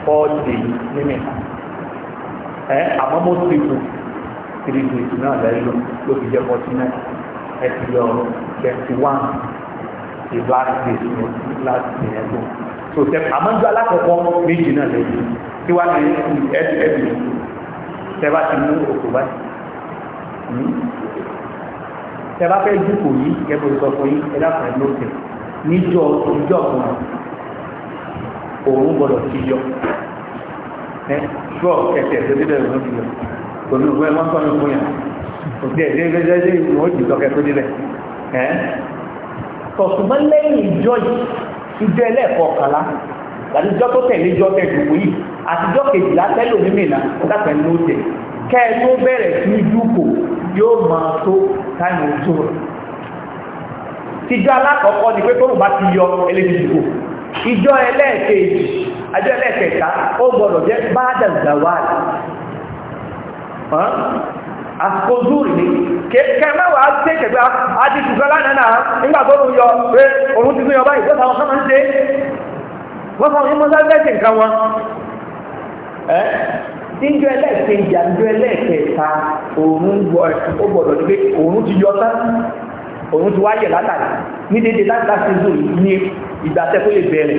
four days nínú ẹ àmọ́ mo ti kù three days náà lẹ́yìn ló fi jẹ́ forty nine ẹ ti twenty one the last day last day ẹ so àmọ́ ju alákọ̀ọ́kọ́ méjì náà tí wá ní ẹ̀sì ẹ̀sì tẹ́bá ti mú òkú báyìí hmm? tẹ́bá fẹ́ dúkò yìí gẹ́gbẹ́ ìsọ fún yìí ẹ̀dá kan lókè níjọ ìjọ kan òun gbọdọ̀ ti yọ ẹ ṣọ ẹsẹ̀ tó dé bẹ̀rẹ̀ lókè yọ tòun ìwé wọn sọ ní fún yà òtí ẹ̀ dé dé dé ìwọ̀n jù sọkẹ́ tó délẹ̀ ẹ tọ̀sùnmọ́ lẹ́yìn ìjọ yìí ìjọ ẹlẹ́ẹ̀kọ̀ọ̀kàlá àtijọ́ tó tẹ̀lé jọ́ tẹ̀dùnkù yìí àtijọ́ kejìlá tẹ́lò mímìnà dápẹ́ ló tẹ̀ kẹ́ ẹ tó bẹ̀rẹ̀ sí dúkò yóò máa tó táìmù tó rẹ̀ ìjọ alákọ̀ọ́kọ́ ni pé tóòrùn bá ti yọ ẹlẹ́bí dìbò ìjọ ẹlẹ́ẹ̀kejì àjọ ẹlẹ́ẹ̀kẹta ó gbọ́dọ̀ jẹ́ bádàgbàwàdì àkójúrì ní kẹ́kẹ́ mẹ́wàá tí kẹ̀kẹ́ adìsùgbọ́lá náà nígbà tó rú yọ pé òun ti fún yọ báyìí tó sàwọn sọ́mọ́ ń ṣe wọ́n fọ ní mọ́sálásí nǹkan wọn ẹ́ díjọ́ ẹlẹ́ẹ̀kejì àdíjọ́ ẹlẹ́ẹ̀kẹta òun ó gbọ́dọ̀ ní pé òun ti yọ tán òun ti wáyẹ̀ látàrí ní dédé láti láti zò ní ìgbà tẹ́kọ́ lè bẹ̀rẹ̀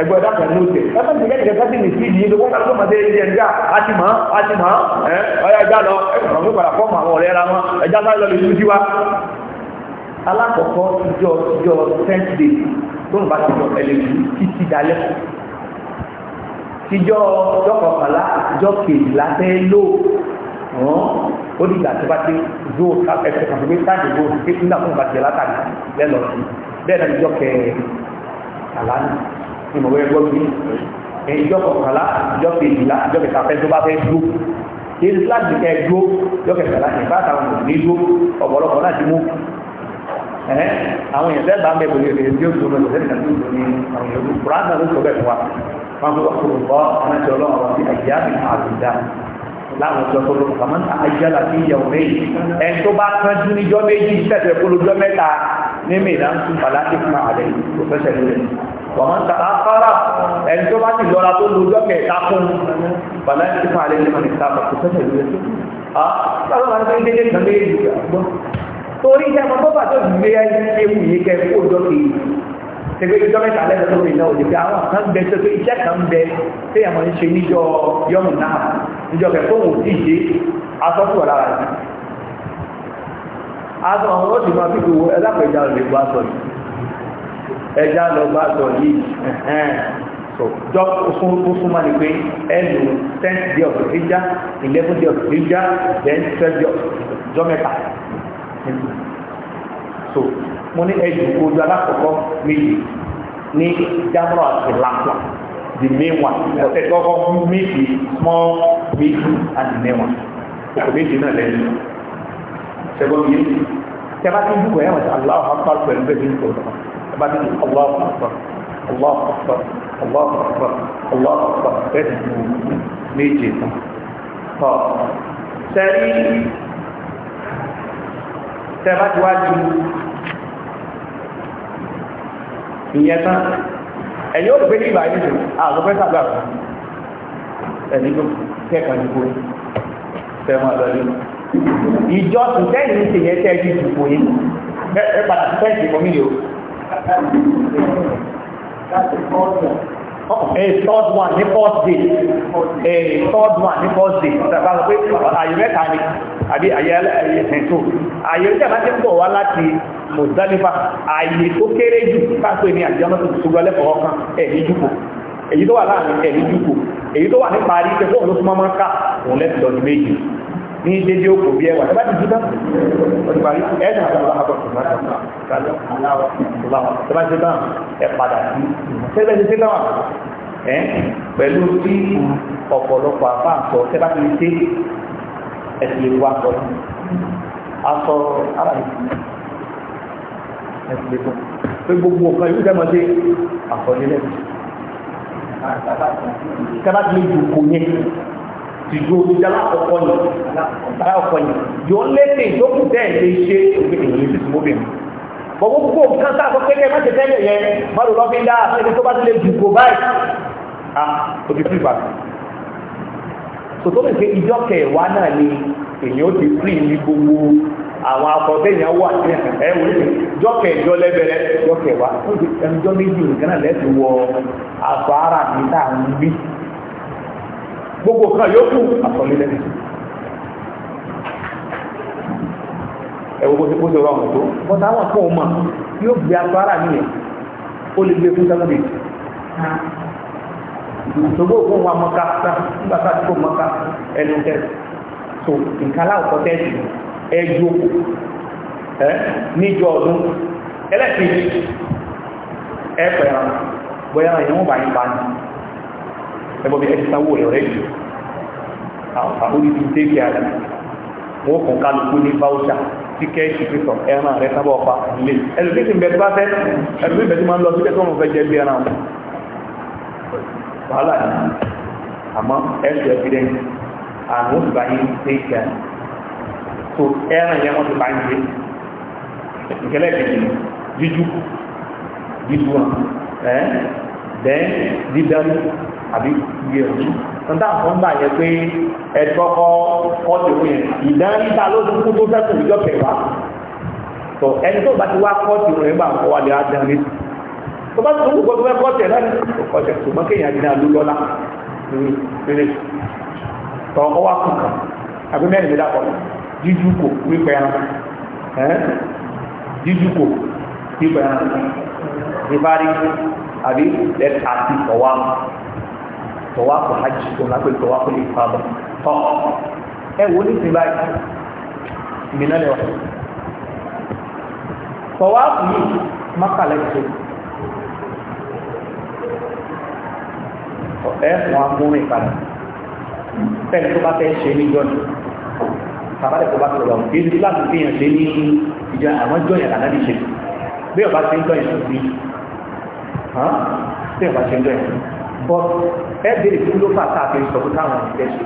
ẹgbẹ́ ọ̀dà kan ló tẹ̀ ẹgbẹ́ ìgbẹ́ ìgbẹ́ kẹ́sì ní sí ìdí ìdókòwò kan tó máa tẹ́lẹ̀ ìdíyẹ nígbà àti mọ́ àti mọ́ ẹ ọ̀yà ìgbà lọ ẹgbẹ́ ìgbà padà fọ́ọ̀mù àwọn ọ̀rẹ́ ra wọn ẹjá sáré lọ lè lójú wa alákọ̀ọ́kọ́ ìjọ ìjọ sẹ́ńtìdè tó ń bá ti jọ ẹlẹ́gbẹ̀ẹ́ títí dalẹ́ tíjọ ọjọ́ kọkànlá àtijọ́ kejìlá fẹ́ lò wọ́n ó ní ìgbà tó bá ti zó ẹsẹ̀ kan fún mi táàgì zó pé nígbà fún ìgbà tiẹ̀ látàgì lẹ́lọ sí bẹ́ẹ̀ ni ìjọ kẹkànlá ni mo wẹ́ gbọ́ mi ìjọ kọkànlá àtijọ́ kejìlá àtijọ́ kẹta fẹ́ tó bá fẹ́ dúró kí láti kẹ́ dúró ìjọ kẹkànlá ìfáàtàwọn ò ní dúró ọ̀pọ̀lọpọ̀ láti mú àwọn èèyàn tẹ́lẹ̀ bá mẹ́bò lè rèé yóò dúró lọ sẹ́ni àti ìlú ní àwọn èèyàn olú kúrán náà ló sọ bẹ́ẹ̀ fún wa wọn fi wọ́pọ̀ lọ́wọ́ anáṣẹ ọlọ́run àwọn ti àjẹ́ àmì àbùdá láwọn ọjọ́ tó lọ́wọ́ àmọ́ àjẹ́lá fi yẹ̀wò méjì ẹni tó bá kánjú níjọ́ méjì tẹ̀sẹ̀ kó lójọ́ mẹ́ta ní mìíràn tún bàlá ti fún àlẹ́ kò fẹsẹ̀ lulẹ̀ wọ́n ń tàbá fara ẹni tó bá ti lọ́ra tó lójọ́ kẹta fún bàlá ti fún àlẹ́ ní mọ̀nìkà kò fẹsẹ̀ torí ìjà ọmọ bọ́bà tó gbé ewu yìí kẹ kó ọjọ́ kejì tẹgbẹ́ ìjọ mẹ́ta lẹ́nu tó rìn náà òdìbí àwọn kan bẹ tó pé iṣẹ́ kan bẹ tí àwọn ń ṣe níjọ yọmù náà níjọ kẹfọ́ òun ò tí ì ṣe asọ́tù ọ̀la rẹ̀ aṣọ àwọn ọ̀sìn máa fi gbogbo ẹlápẹ̀já lè gbọ́ aṣọ yìí ẹja lọ bá aṣọ yìí jọ fún máa ní pé ẹnu 10th day of the Hijjah 11th day of the Hijjah then 12th day of so mo ní ẹ̀jú ojú alákọ̀ọ́kọ́ méjì ní jamuwa àti lakwa the main one ọ̀tẹ̀ méjì small méjì and the main one kò méjì náà lẹ́yìn ṣẹ́gun yìí tẹ́bá tí ń dúkọ̀ yẹn wọ́n ti aláwọ̀ akpọ̀ pẹ̀lú bẹ́ẹ̀ bí ń sọ̀rọ̀ tẹ́bá tí aláwọ̀ akpọ̀ aláwọ̀ akpọ̀ aláwọ̀ akpọ̀ aláwọ̀ akpọ̀ bẹ́ẹ̀ ti dùn méjì náà tọ́ sẹ́yìn tẹ́bá ti wá ju ìyẹn tán ẹ̀yìn ó gbé ní ìbàyí nìyẹn àwọn fẹ́ sàgbà fún ẹni tó kẹ́kọ̀ọ́ ní kó tẹ́wọ́n lọ́lé ìjọ tùtẹ́yìn ní tèyẹ tẹ́ ju ìdìbò yìí ẹ padà tùtẹ́yìn fún mi yìí o a third one ní fourth day a third one ní fourth day ṣàbá lọ pé àyè mẹ́ta ni àbí àyè ẹ̀sìn tó àyè tí a bá ti ń bọ̀ wá láti Muzdalifa àyè tó kéré jù káàkiri ní àjọ mọ́tò ṣùgbọ́n lẹ́kọ̀ọ́ kan ẹ̀mí jùkò èyí tó wà láàrin ẹ̀mí jùkò èyí tó wà ní parí tẹ́fọ́ òun ló súnmọ́ mọ́ ká òun lẹ́sìn lọ́dún méjì ní dédé òkò bí ẹwà tẹ́bá ti jíbá ọdúnbàrí ẹ̀dà àbúrò tẹ́bá ti bá ẹ padà sí tẹ́bá ti tẹ́bá ẹ pẹ̀lú tí ọ̀pọ̀lọpọ̀ àbá àtọ̀ tẹ́bá ti tẹ́ ẹ̀sìn ewu àtọ̀ àtọ̀ aláì ẹ̀sìn ewu pé gbogbo ọ̀kan ìlú jẹ́ mọ́tẹ́ àtọ̀ nílẹ̀ tẹ́bá ti ní yẹn ìlú ojú alákọ̀ọ́kọ́ ni alákọ̀ọ́kọ́ ni yóò léde ìjókòó bẹ́ẹ̀ lè ṣe ògbé ìròyìn sí mọ́bìnrin gbogbo gbogbo nǹkan a sọ pé kẹ́ máa tẹ̀lé yẹn má lò lọ́fíń dá ẹni tó àwọn akọ̀tẹ́yìn wà ní ẹ̀wọ̀n ìjọ kẹjọ lẹ́bẹ̀rẹ̀ ìjọ kẹwàá ó ti ẹnjọ́ méjì nǹkan náà wọ àfọ ara ń gbé gbogbo kan yóò kú àtọ̀lélẹ̀ ẹ̀wọ̀n gbogbo ṣe rọrùn tó bọ́tà àwọn kan ọmọ yóò gbé agbára nìyẹn ó lè gbé fún sẹ́kọ̀dì ṣògbó òkun wa mọ́ká nígbà tá a ti kó mọ́ká ẹnu tẹ́ so nǹkan aláwọ̀ tẹ́ẹ̀tì ẹjọ́ ẹ níjọ ọdún ẹlẹ́kìnrin ẹ pẹ̀ràn bóyá ẹ̀yìn wọn bá yín pa ni ẹgbọ́ bí ẹ̀sì sanwó rẹ̀ rẹ̀ jù àwòrán ti dé bí ara wọn kàn kálukú ní báwùsà tíkẹ́ẹ̀tì pípọ̀ ẹran rẹ̀ sábà ọ̀pá ilé ẹlòmíkì bẹ bá fẹ́ ẹlòmíkì bẹ tí máa ń lọ síbẹ̀ tó wọn fẹ́ jẹ́ bí ara wọn wàhálà ni àmọ́ ẹ̀sì ẹ̀fídẹ́ǹtì àwọn òṣùbà yìí dé bí ara tó àbí iye ọ̀tún nígbà tó ń gbà yẹn pé ẹ̀tọ́ kọ́ kọ́ọ̀tù yẹn ìdánríta ló ti kú tó sẹ́kù ìjọ kẹwàá tó ẹni tó bá ti wá kọ́ọ̀tù rẹ̀ gbà kọ́ wálé adánrí tó bá tó ń gbọ́ tó fẹ́ kọ́ọ̀tù ẹ̀ lẹ́nu tó kọ́ọ̀tù tó mọ́ kéèyàn dín àlú lọ́lá nílé tó ọ wá kù kàn àbí mẹ́rin mi dàpọ̀ jíjú kò wípẹ́ ẹran jíjú kò wípẹ́ ẹran ìbárí àbí ẹ̀ka tọ̀wáfù hajj tó ń lápẹ́ tọ̀wáfù lè fa bọ̀ tọ́ ẹ wo ní ìsìn báyìí Mínà lẹ́wà tọ̀wáfù yìí Mákà lẹ́kẹ̀ẹ́ ẹ wọn amúrin padà fẹ́ni tó bá fẹ́ ṣe ní jọ́nù tàbálẹ̀ tó bá tó lọ kí ní láti fi hàn ṣe ní ìjà àwọn jọ́yìn àná bí ṣe bí ọba ṣe ń jọ́yìn sí bí ọba ṣe ń jọ́yìn sí but ẹ bèrè kí ló fà tá a fi sọ fún táwọn ìṣẹ́ ṣe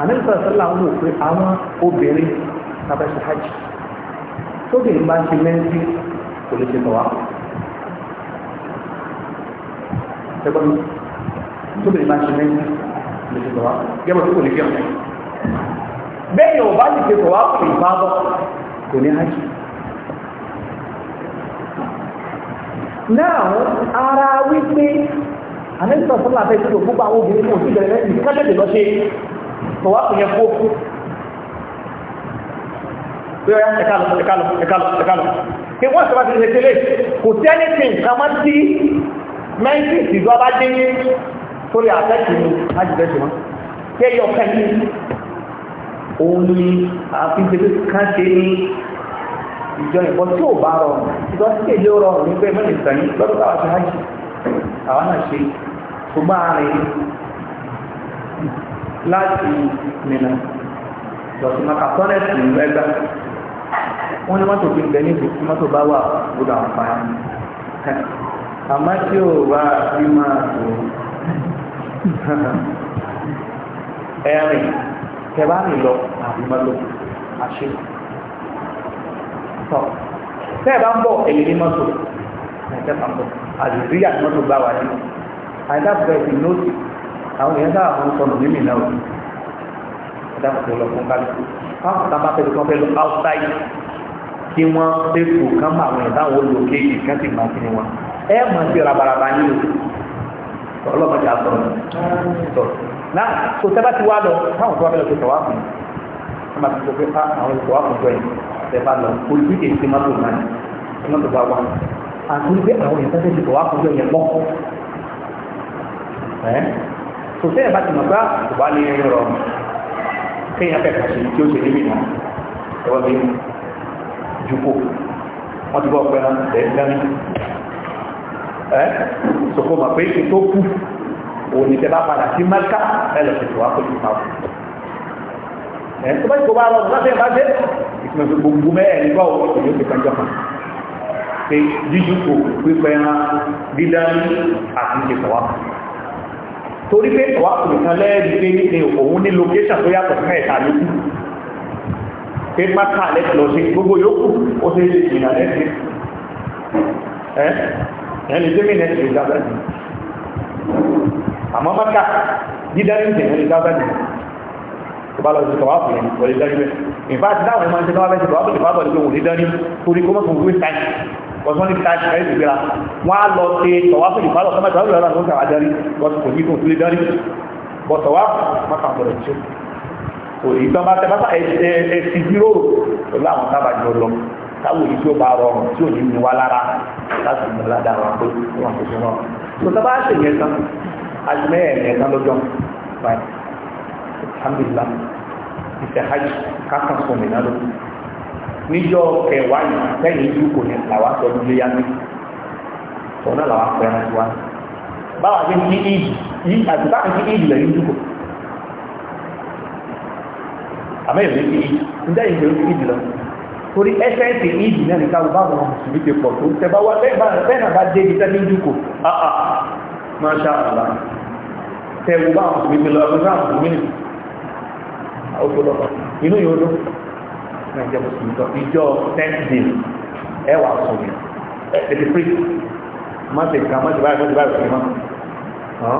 àmìlísọ̀ sọ́lá ń wò pé àwọn obìnrin tàbẹ́sẹ̀ hajj tóbìnrin bá ń ṣe mẹ́ńtì kò lè ṣe tọ̀wá ẹgbẹ́ mi tóbìnrin bá ṣe mẹ́ńtì kò lè ṣe tọ̀wá gẹ́gbẹ́ tó kò lè ni ò bá lè ṣe tọ̀wá kò now ara wípé àmẹ́sọ̀ sọ́lá fẹ́ tó gbogbo àwọn obìnrin kò sí bẹ̀rẹ̀ lẹ́yìn kẹ́tẹ̀tẹ̀ lọ ṣe tọ̀wá kò yẹ kó pé ọ̀yá ẹ̀kálọ̀ ẹ̀kálọ̀ ẹ̀kálọ̀ ẹ̀kálọ̀ pé wọ́n sọ́lá ti ṣe tẹ́lẹ̀ kò sí anything ká má sí mẹ́ńtì ìdíjọ́ bá dé ní sórí àfẹ́kì ní ajílẹ̀ ṣe wọ́n pé yọ kẹ́yìn òun ni àfihàn ká ṣe ní ìjọ ìbọn tí ò bá rọrùn ìjọ tí èlé rọrùn ní pé mẹ́rin sẹ́yìn lọ́dún táwọn ti hajj àwọn náà ṣe ṣùgbọ́n àárín láti mìíràn lọ́sùn máa kàtọ́nẹ̀tì ìlú ẹgbẹ́ wọ́n ní mọ́tò fi bẹ níbi tí mọ́tò bá wà gbọdọ̀ àǹfààní àmọ́ tí ò bá rí máa tó ẹ̀rìn kẹbàá nìlọ àbí mọ́tò àṣẹ tọ̀ tẹ́ẹ̀ bá ń bọ̀ èyí ní mọ́tò ẹ̀jẹ̀ kan bọ̀ àdìsí àti mọ́tò gbá wa ní àìdáàbò ẹ̀sìn nóòtì àwọn èèyàn sábà máa ń sọnù mímì náà àìdáàbò tó lọ fún kálukú káwọn kan bá fẹ́ẹ́ fẹ́ lọ outside kí wọ́n fẹ́ẹ́kù kán mọ àwọn ìdáwọ̀ olókèjì kán sì máa fi wọn ẹ mọ̀ sí rabaraba yín o ọlọ́mọdé àtọ̀rọ̀ náà kò sẹ́bà má ti sọ pé ká ah, àwọn ìkọ̀ wà kọjọ yìí ẹ bá lọ olùdíje ìṣe má tó náà ẹ má tó bá wà àti wípé àwọn ìyẹn tẹ́tẹ́ ìkọ̀ wà kọjọ yẹn pọ̀ ẹ́ kò sẹ́yìn bá ti mọ̀ bá ah, kò bá lè rọrọ kéèyàn fẹ́ kàṣe tí ó ṣe níbi náà ẹ̀wọ́n mi jùpọ̀ wọ́n ti bọ́ pẹ́ náà tẹ̀ dání ẹ́ sọ̀kọ́ mọ̀ pé ètò kù òní tẹ́ bá padà sí mẹ́ta ẹ̀ lọ́sẹ̀ tó wá kó ẹ̀ tó bá ti kó bá rọrùn láti ẹ̀ bá dé ìtumọ̀ fi gbogbo mẹ́ẹ̀ nígbà wo èyí ti kanjọ́ kan pé jíjú kò pípẹ́ ẹran dídání àti ìṣe tọ̀wá torí pé tọ̀wá kò nìkan lẹ́ẹ̀rí pé ní òun ní location tó yàtọ̀ fún ẹ̀ka lókù pé máka lẹ́tì lọ sí gbogbo yòókù ó ṣe é ṣe ìrìnà lẹ́sìn ẹ́ ẹ̀ lè tẹ́mìnà ìrìnà lẹ́sìn àmọ́ máka dídání ìrìnà lẹ́sìn tó bá lọ sí tọwá fún ẹni wọlé dání bẹ́ẹ̀ ìfá ti dáhùn máa ń ṣe tọwá bẹ́ẹ̀ sí tọwá bẹ́ẹ̀ bá lọ sí dání torí kó mọ́kùn wí táì ọ̀sán ní táì káyé ti gbéra wọ́n á lọ ṣe tọwá fún ìfá lọ sọ́mọ́ ìfá lọ sọ́mọ́ àdárí bọ́sù kò ní kò sílé dání bọ́tọ̀wá mọ́kàn bọ̀rọ̀ ṣe kò ní tọ́ bá tẹ bá ẹ̀sìn jíròrò pẹ̀lú àwọn sábà jọ lọ táwọn èyí tí ó bá rọrùn tí ò ní ní wá lára láti mú ládàá wọn pé wọn kò sí wọn. tó tọ́ bá ṣèyẹn tán àti mẹ́ẹ̀ẹ́mẹ́ẹ̀ẹ́ tán lọ́jọ́ báyìí alhamdulillah ìṣe hajj kákan sọ mìíràn ló níjọ kẹwàá yìí sẹ́yìn ìlú kò ní làwa sọ ní léyà ní sọ náà làwa ni ẹran tiwa báwa ti ń kí ìdì yìí àti báwa ni ń kí ìdì lẹ́yìn ìlú kò àmọ́ ìwé kí ni ń dẹ́yìn ìwé kí ìdì lọ torí ẹsẹ̀ǹsì ìdì náà nìkan bá wọn mùsùlùmí ti pọ̀ tó tẹ́bá wá bẹ́ẹ̀ náà bá dé ibi tẹ́lẹ̀ ìlú kò máa ṣá àlá tẹ́wọ́ bá wọn mùsùlùmí lọ ọdún sáà mùsùlùmí nìkan ọpọlọpọ inú yóò dún nàìjíríà mùsùlùmí tán ìjọ tẹ́ǹdì ẹ wà sùn mi ẹ tètè pé má ṣe nǹkan má ṣe báyìí má ṣe báyìí òṣèlú mọ́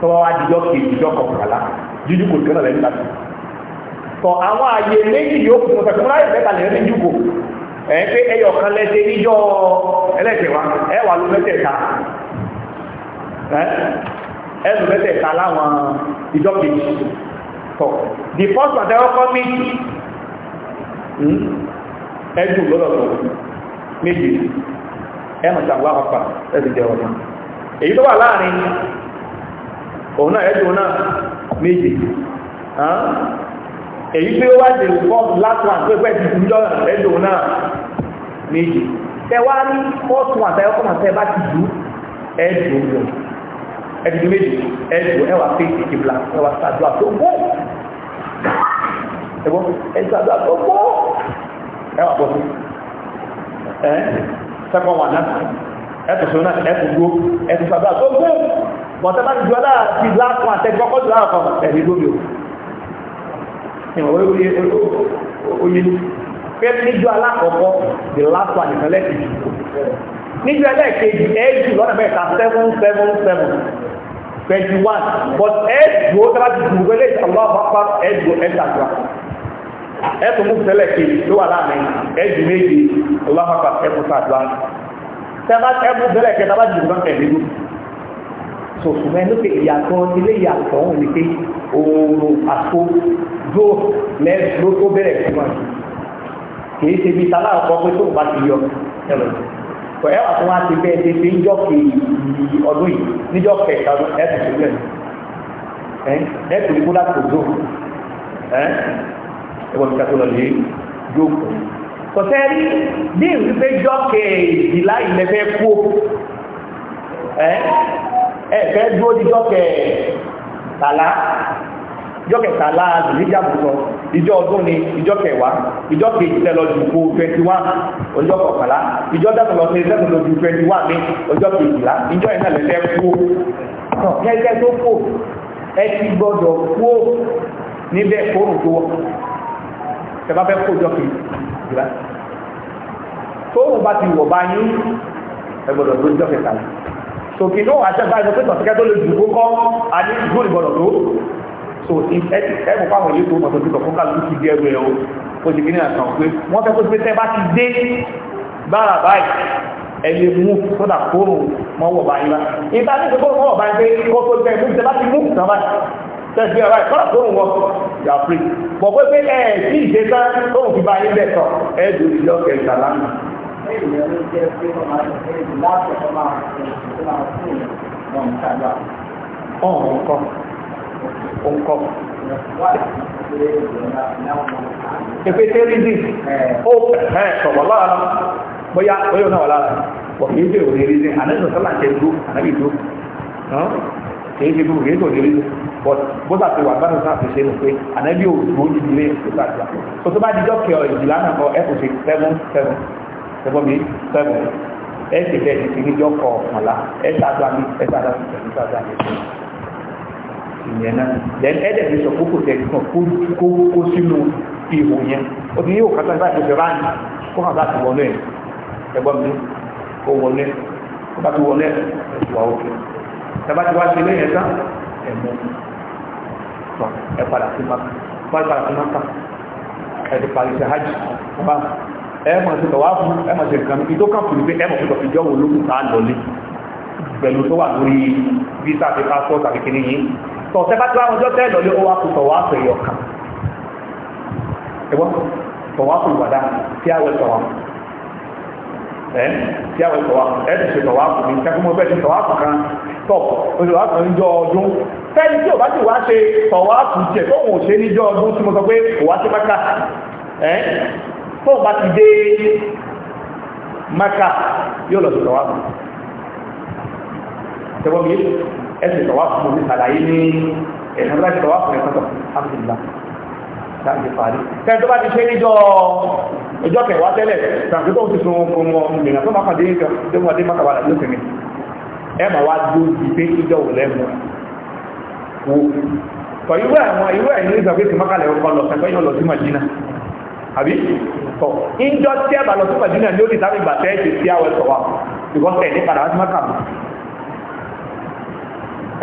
tọ́wọ́ wá jíjọ́ kejì jíjọ́ kọkànlá jíjú kò tẹ́lẹ̀ lẹ́yìn láti tọ àwọn àyè méjì yóò kù tó tẹ̀sán láyé mẹ́ta lè rí jùkò ẹ̀ pé ẹyọ kan lẹ́sẹ̀ níjọ́ ẹlẹ́kẹ̀wá ẹ wà ló mẹ́tẹ̀ẹ̀ta ẹ ló mẹ́tẹ̀ẹ̀ta láwọn ìjọ kejì tọ̀ the first one tẹ́wọ́ kọ́ me, ẹjù lọ́dọ̀ tó méjì hmm? ẹmọ̀ tàbí àpapà ẹ̀sì jẹ́ ọ̀nà èyí tó wà láàrin òun náà ẹjù náà méjì èyí pé ó wá jẹ́ fọ́ọ̀mù last one tó ẹgbẹ́ ti fún jọ ẹjù náà méjì tẹwàá ní first one tẹ́wọ́ kọ́ ẹ̀dìdì méjì ẹ̀dìdì ẹwà pé ìkìbìlà ẹwà sàdúrà tó gbọ́ ẹgbọ́ ẹ̀sàdúrà tó gbọ́ ẹwà pọ̀ sí ẹ̀ sẹ́kọ̀ wà náà ẹ̀tù sọ náà ẹ̀tù gbó ẹ̀tù sàdúrà tó gbọ́ bọ̀tẹ́ bá ti jọ láà ti láàkùn àtẹ́gbọ́kọ́ jù láàkùn ẹ̀rí lóbi o oye pé níjọ alákọ̀ọ́kọ́ the last one ìfẹ́lẹ́ ìjù níbi ẹlẹ́ẹ̀kejì ẹ́ẹ̀jù lọ́nà mẹ́ta seven seven seven twenty one but ẹ́ẹ̀jù ó dára ti dùn wẹ́lẹ́ ìṣàlọ́ àpapọ̀ ẹ́ẹ̀jù ẹ̀ẹ́dàgbà ẹ̀tún mú tẹ́lẹ̀ kejì ló wà láàrin ẹ́ẹ̀jù méje ọlọ́pàá ẹ̀kú sàdúrà tẹ́lá ẹ̀kú tẹ́lẹ̀ kẹta bá jù lọ́nà ẹ̀mí sòsùn mẹ́nu pé ìyàtọ̀ ilé ìyàtọ̀ òun ni pé oòrùn àtò dó lẹ́ẹ̀dó tó bẹ̀rẹ̀ fún wa kì í ṣe bí tálá ọkọ̀ pé tó bá ti yọ ẹ̀rọ ẹ wà tó wá ti bẹ́ẹ̀ ṣe fi níjọ́ kejì ọdún yìí níjọ́ kẹta ọdún ẹ̀ tún sílẹ̀ ẹ̀ tún kó láti kò dùn ẹ̀ ẹ̀wọ̀n mi kàtó lọ lè jókòó kọ̀tẹ́ rí bí ìwípé jọ́ kejìlá ilẹ̀ fẹ́ kú ẹ̀ ẹ̀ fẹ́ dúró níjọ́ kẹtàlá ìjọ kẹtàlá ìdíjàbù sọ ìjọ ọdún ni ìjọ kẹwàá ìjọ kejì tẹ́lọ ju kó twenty one ọjọ́ kọkànlá ìjọ dẹ́kun lọ sí dẹ́kun lọ ju twenty one ní ọjọ́ kejìlá ìjọ yẹn náà lẹ́sẹ̀ kú kẹ́kẹ́ tó kù ẹ ti gbọ́dọ̀ kú níbẹ̀ kórùn tó wọ́ tẹ́bá fẹ́ kó jọ kejìlá tóun bá ti wọ̀ bá yín ẹ gbọ́dọ̀ ló jọ kẹtàlá tòkì náà àtẹ́gbà ẹ̀ so ẹ̀bùn fáwọn ìlú tó mọ̀ tó ti kọ̀ fún kálukú ti di ẹrù ẹ̀ o ó ti kíní àtàn pé wọ́n fẹ́ kó ti pé tẹ́ bá ti dé bára báyìí ẹni mú sọ́dà kóòrò mọ́wọ́ báyìí wá ìgbà tí kò mọ́wọ́ báyìí pé kó tó jẹ́ ìlú tẹ́ bá ti mú sàn báyìí tẹ́sí ẹ̀rọ ìkọ́lá tó ń wọ yà fún mi bọ̀ pé pé ẹ̀ sí ìṣe tán tó ń fi ó ń kọ́ ìpè tẹ́lídì ó pẹ̀lẹ́ sọ̀rọ̀ lára bóyá bóyá náà wà lára wọ̀ kìí ṣe òní rí sí ànábì sọ́là ṣe dúró ànábì dúró kìí ṣe dúró kìí ṣe òní rí sí but bó sà ti wà bá sà ti ṣe nù pé ànábì ò dúró ní ilé tó sà ti wà tó tó bá di dọ́kẹ̀ ìjìlá náà kọ ẹ̀ kò ṣe seven seven seven bíi seven ẹ̀ ṣe ọ̀la ẹ̀ ìyẹn náà then ẹ̀dẹ̀ fi sọ kókò tẹ̀ kàn kó sínú ihò yẹn ó ti ní ìhò kátà nígbà tó fẹ́ ráàyè kó hàn láti wọlé ẹgbọ́n mi kó wọlé kó bá ti wọlé ẹ̀wà òkè tẹ́bá ti wá ṣe lẹ́yìn ẹ̀sán ẹ̀mọ́ sọ ẹ padà sí maka wọ́n padà sí maka ẹ̀dì parí ṣe hajj ọba ẹ̀mọ̀ sí tọ̀wá fún ẹ̀mọ̀ sí nǹkan ìtó kan fún ìgbé ẹ̀mọ̀ fún ìjọ wo lókùn tá lọlé pẹ̀lú tó wà lórí visa àti passport àti kìnnìyàn tọ̀tẹ́ bá ti wá ọjọ́ tẹ́ lọ́lé ó wá kù tọ̀wá pè yọ kan ẹ̀wọ́n tọ̀wá tí a wẹ̀ tọ̀wá ẹ̀ tí a wẹ̀ tọ̀wá ẹ̀ ti ṣe tọ̀wá ní kẹ́kọ́ mọ́ bẹ́ẹ̀ ti tọ̀wá kù kan tọ̀ olùwà kan níjọ́ ọdún fẹ́ni tí ò bá ti wá ṣe tọ̀wá tiẹ̀ tó wọ́n ṣe níjọ́ ọdún tí mo sọ pé òwá sí mẹ́ka ẹ̀ tó bá ti dé mẹ́ka yóò lọ sí tọ̀wá ẹsẹ̀ tọ̀wá fún omi sàlàyé ní ẹ̀sán bá ti tọ̀wá fún ẹ̀sán tọ̀ alhamdulillah láti parí kẹ́ni tó bá ti ṣe níjọ́ ọjọ́ kẹwàá tẹ́lẹ̀ tàbí tó ti sun ohun ọmọ di pé ìjọ wò lẹ́mu wo tọ̀ irú àwọn irú ẹ̀ ní ìgbà pé ti mákàlẹ̀ ọkọ̀ lọ sẹ́kọ̀ yóò lọ sí màjínà àbí tọ̀ ìjọ tí ẹ bá lọ sí màjínà ní ó lè sábì gbà tẹ́ ẹ̀ ti sí àwẹ̀ sọ̀wà ìgbọ́sẹ̀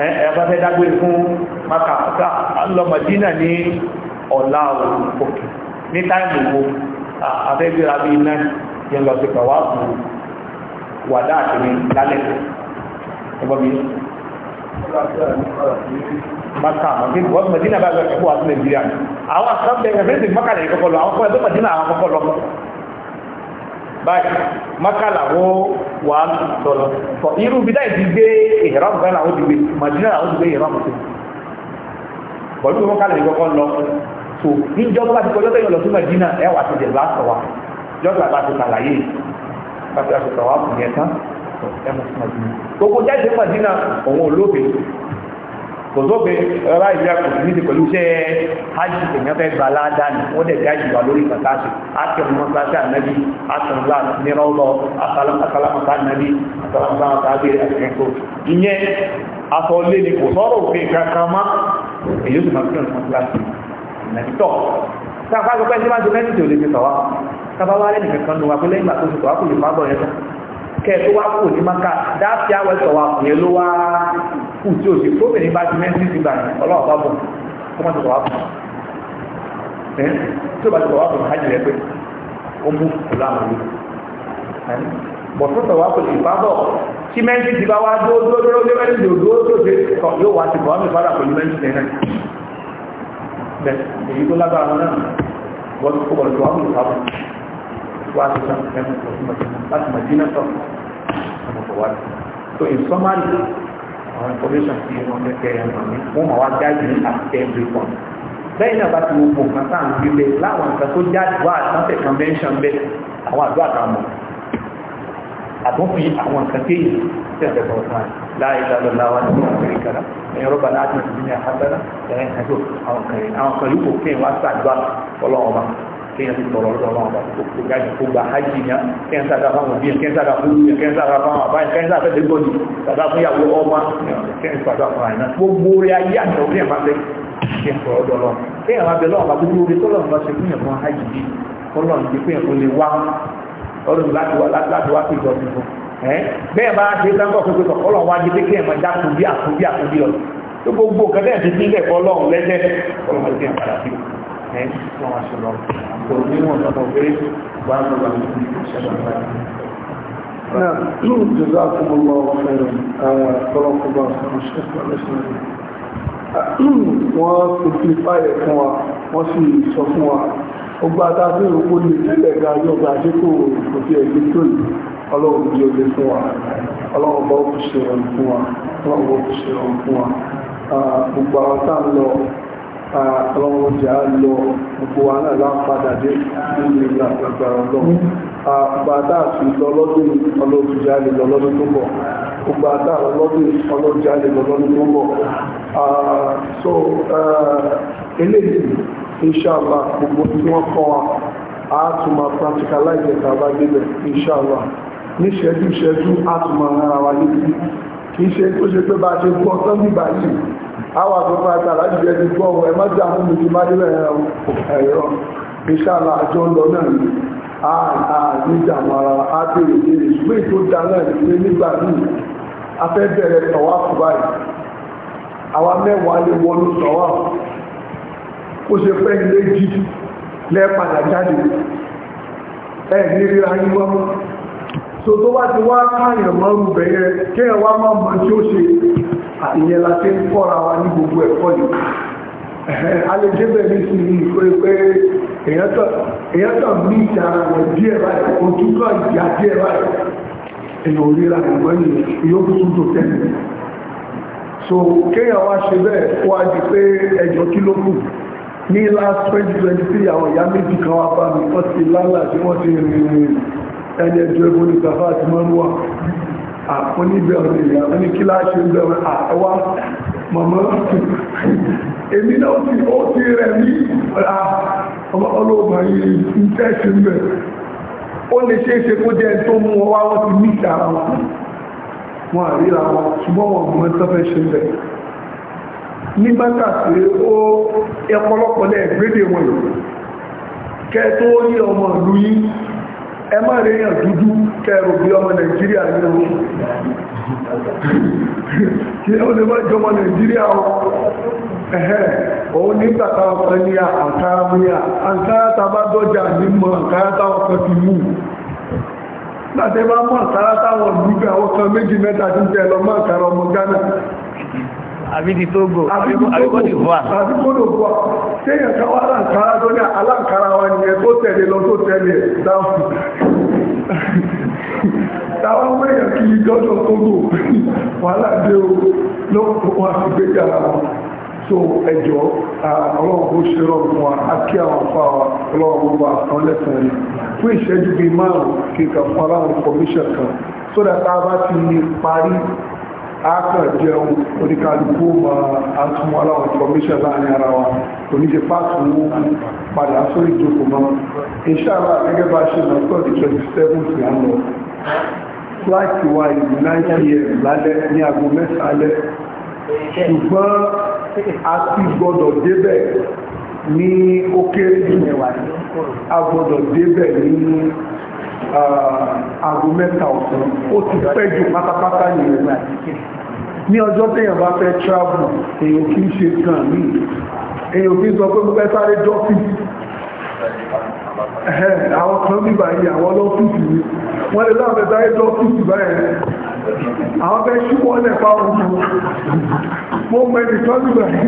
ẹ̀yàbá fẹ́ dágbére fún maka lọ Madina ní ọ̀la òkè ní táìmù wo afẹ́gbéra bí iná yẹn lọ sí pẹ̀wà fún wàdá àtìrí lálẹ́ ẹgbọ́bí maka mọ̀kí wọ́n Madina bá gbẹ̀kẹ́ fún wa sí Nàìjíríà àwọn àkọ́bẹ̀rẹ̀ fẹ́sì maka lẹ́yìn kọ́kọ́ lọ àwọn kọ́ báyìí makala wo wà á sọlọ tọ irú bí dáì ti gbé ìhìrán kan làwọn ti gbé madina làwọn ti gbé ìhìrán kan bọ̀dú wọn kálẹ̀ ìkọ̀kọ́ lọ so níjọba bá ti kọjọ́ tẹ́yìn lọ sí madina ẹ wà ti dẹ̀ bá sọ wa jọ́gbà bá ti kàlàyé bá ti sọ wa fún yẹn tán ẹ mọ̀ sí madina gbogbo jáde madina òun olóògbé kò sófin ọba ìjọba kò sí níbi pẹ̀lú iṣẹ́ hajj èèyàn fẹ́ gba aládàáni wọ́n dẹ̀ já ìwà lórí kàkàṣe akẹ́mu mọ́sáṣí ànábì akẹ́mu láti ní rọ́lọ́ asálámọ́sá ànábì asálámọ́sá àbẹ̀rẹ̀ akẹ́kọ̀ọ́ ìyẹn asọ́lé ni kò sọ́rọ̀ òfin kankan mọ́ èyí tó máa fi hàn mọ́sáṣí ànábì tọ́ sáfà sọ pé ẹni máa ti mẹ́rin tí ò lè fi sọ̀wá sábà wá lẹ́nìkan kan nù kẹ́ tó wá kò ní maka dáàfí àwẹ̀ sọ̀wà fún yẹn ló wá kù tí o sì fóbìnrin bá ti mẹ́sì ti gbà ní ọlọ́ọ̀bá bọ̀ kó má ti sọ̀wà fún ẹ tí o bá ti sọ̀wà fún hajj rẹ pé ó mú pẹ̀lú àwọn ìlú bọ̀tún sọ̀wà fún ìfábọ̀ tí mẹ́sì ti bá wá dúró lé mẹ́sì dòdó tó ṣe kọ̀ yóò wá ti bọ̀ wá mi fara pẹ̀lú mẹ́sì rẹ náà bẹ́ẹ̀ èyí tó lágbára náà wọ́n wá sí sàmùkánì lọ sí màjínà láti màjínà sọ ọmọ tó wá sí. so in summary àwọn information tí wọ́n fẹ́ kẹ́ ẹ̀rọ mi wọ́n máa wá gáàjì ní àtẹ every point. lẹ́yìn náà bá ti wo nǹkan tá à ń gbélé láwọn nǹkan tó jáde wá àtúntẹ̀ convention bẹ́ẹ̀ àwọn àdó àtàwọn àtúnfin àwọn nǹkan kéyìí tí a bẹ̀rẹ̀ ọ̀sán láàyè lọ́lọ́ láwa ní àfẹ́ríkàrà ẹ̀yìn rọ́bà láti ìdílé àhábẹ́rẹ́ ẹ̀yìn àjò àwọn kan àwọn kan yìí kò kéyìn wá sáà gbà ọlọ́wọ́ máa kéèyàn ti tọrọ lọ́dọ̀ ọlọ́run bá kò kò gáàjì kó gba hajj ní kéèyàn sára fáwọn òbí kéèyàn sára fún ìyẹn kéèyàn sára fáwọn àbáyé kéèyàn sára fẹ́ẹ́ gbọ́dì sára fún ìyàwó ọmọ kéèyàn sára fún àìná gbogbo orí ayé àti òbí ẹ̀ máa fẹ́ kéèyàn tọrọ lọ́dọ̀ ọlọ́run kéèyàn máa bẹ lọ́wọ́ bá gbogbo orí tọ́lọ́run bá ṣe fún ìyẹn fún hajj bí ọlọ́run ti pé ẹ̀kọ́ lè wá ọlọ́run láti wá pèjọ tuntun bẹ́ẹ̀ bá ṣe sáńkọ̀ pé pẹ̀tọ̀ ọlọ́run wá di pé kí ẹ̀ máa dá kùbí àkùbí àkùbí lọ gbogbo nǹkan bẹ́ẹ̀ ti sílẹ̀ fọlọ́run lẹ́jẹ́ ọlọ́run ti ń padà sí i ẹ̀ wọ́n wá ṣọlọ kò ní wọn sọ pé wọ́n lọ wà ní ìṣẹ̀lẹ̀ náà. náà jùlọ àkùnmọ́ lọ fẹ́ràn tọ́lọ́kùnbà fún ṣẹ́fà lẹ́sìn wọ́n tòfin fáyẹ̀ fún wa wọ́n sì sọ fún wa ó gbá dájú òkú ní tẹ́lẹ̀ ga yọba àdínkù kò fi ẹ̀gbẹ́ tó yìí ọlọ́run bí oge fún wa ọlọ́run bá ó fi ṣe ọ̀run fún wa ọlọ́run bá ó fi ṣe ọ̀run fún wa gbogbo àwọn tá ń lọ ọlọ́wọ́ jẹ́ á lọ gbogbo wa náà lápadà dé nínú ìlú àgbàgbàrà lọ àgbàdá àti ìlọlọ́dún ọlọ́dúnjẹ́ á lè lọ lọ́dún tó bọ̀ ògbàdá ọlọ́dún ọlọ́dúnjẹ́ á lè lọ lọ́dún tó bọ̀ so eléyìí inṣàlá gbogbo tí wọ́n kọ́ wa a tún máa practicalize ẹ̀ka bá débẹ̀ inṣàlá ní ṣẹ́jú ṣẹ́jú a tún máa rárá wa létí kì í ṣe tó ṣe pé bá a ṣe gbọ́ tán àwọn àgbẹ̀fọ́ àtàrà jẹ́ ti gbọ́ ọ̀hún ẹ̀mọ́ tí àwọn olùsí máa nílẹ̀ ẹ̀rọ àjọ lọ náà ní àníjàmọ́ ara ṣùgbọ́n ètò da náà ní pé nígbà míì afẹ́ bẹ̀rẹ̀ tọ̀wá fúbáì àwa mẹ́wàá lè wọnú tọ̀wá ṣe pẹ́ ilé jí lẹ́ẹ̀padà jáde ẹ̀ ní ríra yín tó tó bá ti wá káyàn bẹ̀yẹ kéèyàn wá tí ó ṣe ìyẹn la ti ń fọ́ra wa ní gbogbo ẹ̀kọ́ yìí alẹ́dẹ́bẹ̀ ní sí ní pé èyàn tàn ní ìtara wọn díẹ̀ báyìí ojúkọ̀ ìjà díẹ̀ báyìí èyàn ò ríra ìwọ̀n yìí yóò kú tó tẹ́lẹ̀ so kéèyàn wá ṣe bẹ́ẹ̀ wá di pé ẹjọ́ kí ló kù ní last 2023 àwọn ìyá méjì kan wá bá mi wọ́n ti lálà tí wọ́n ti rìn ẹni ẹjọ́ ẹgbẹ́ oníkàfà àti mọ́núwà àfoníbẹ̀rún ìyá ní kíláṣì bẹ̀rún àtẹwà mọ̀mọ́ èmi náà ti ó ti rẹ̀ ní ọlọ́ọ̀mọ̀ yìí ń tẹ́ṣì ń bẹ̀ ó lè ṣe é ṣe kó jẹ́ tó mú ọwá wọ́n ti mí ìtara wọn wọn àríra wọn ṣùgbọ́n wọn mọ̀ tó fẹ́ ṣe bẹ̀ nígbàtà pé ó ẹpọlọpọlẹ gbédè wọn kẹ tó yí ọmọ ìlú yìí ẹ maara rí èèyàn dúdú kẹrù bí ọmọ nàìjíríà ní ọmọ kí ó lè má jọmọ nàìjíríà ọ ẹ̀hẹ́ òun ní àǹkára múyà àǹkára tàbá dọ́jà nímọ̀ àǹkára táwọn kan ti mú láti bá mọ̀ táwọn dúdú àwọn kan méjì mẹ́ta tẹ́ lọ mọ́ ọmọ Ghana àbí di Togo àbí kò di Voa. àbí kò di Voa téèyàn kan wá láǹkárá tó ní aláǹkárá wa nìyẹn tó tẹ̀lé lọ tó tẹ̀lé dáhùn táwọn mẹ́yàn kí dọ́dọ̀ Togo wàhálà dé o ló wà sí gbéjà wọn so ẹjọ́ ọlọ́ọ̀bù ṣe rọrùn wa á kí àwọn afá wa ọlọ́ọ̀bù wa àwọn lẹ́sàn-án rẹ̀ fún ìṣẹ́jú bíi márùn-ún kíkà fún aláwọn kọmíṣọ̀ akẹ́jẹun oníkàlùkù ma a tún wọ́n láwọn information láàrin ara wa oníṣe pàtó padà sórí ìjókòó mọ́ ìṣàlá gẹ́gẹ́ bá ṣe lọ sọ́ọ̀dì 27th ní àná flight wa ìlú 9pm lálẹ́ ní aago mẹ́sàálẹ́ ṣùgbọ́n a ti gbọ́dọ̀ débẹ̀ ní ó kéré jù a gbọ́dọ̀ débẹ̀ ní Ah, aago mẹ́ta ọ̀sán ó ti pẹ́ jù pátápátá nìyẹn náà ní ọjọ́ téèyàn bá fẹ́ travel èèyàn kì í ṣe gan mí èèyàn kì í sọ pé mo fẹ́ sáré dọ́fíìsì àwọn kan bí báyìí àwọn lọ́fíìsì ni wọ́n lè láwọn ẹ̀dá ẹ̀dọ́ ọ́fíìsì báyìí àwọn bẹ́ẹ̀ ṣíwọ́lẹ̀ fáwọn ọmọ mo mẹ́rin tọ́jú báyìí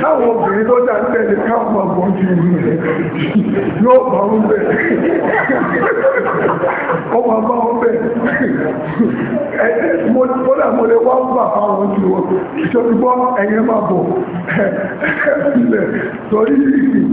káwọn obìnrin tó dá tẹ́lẹ̀ káwọn ọgbọ̀n ti rí rẹ̀ yóò bá ń bẹ̀ ọmọ bá ń bẹ̀ mọ́dà mo lè wá ń bà fáwọn ti wọ́n ìṣòdúgbọ́ ẹ̀yẹ máa bọ̀ ẹ̀ torí ìsìn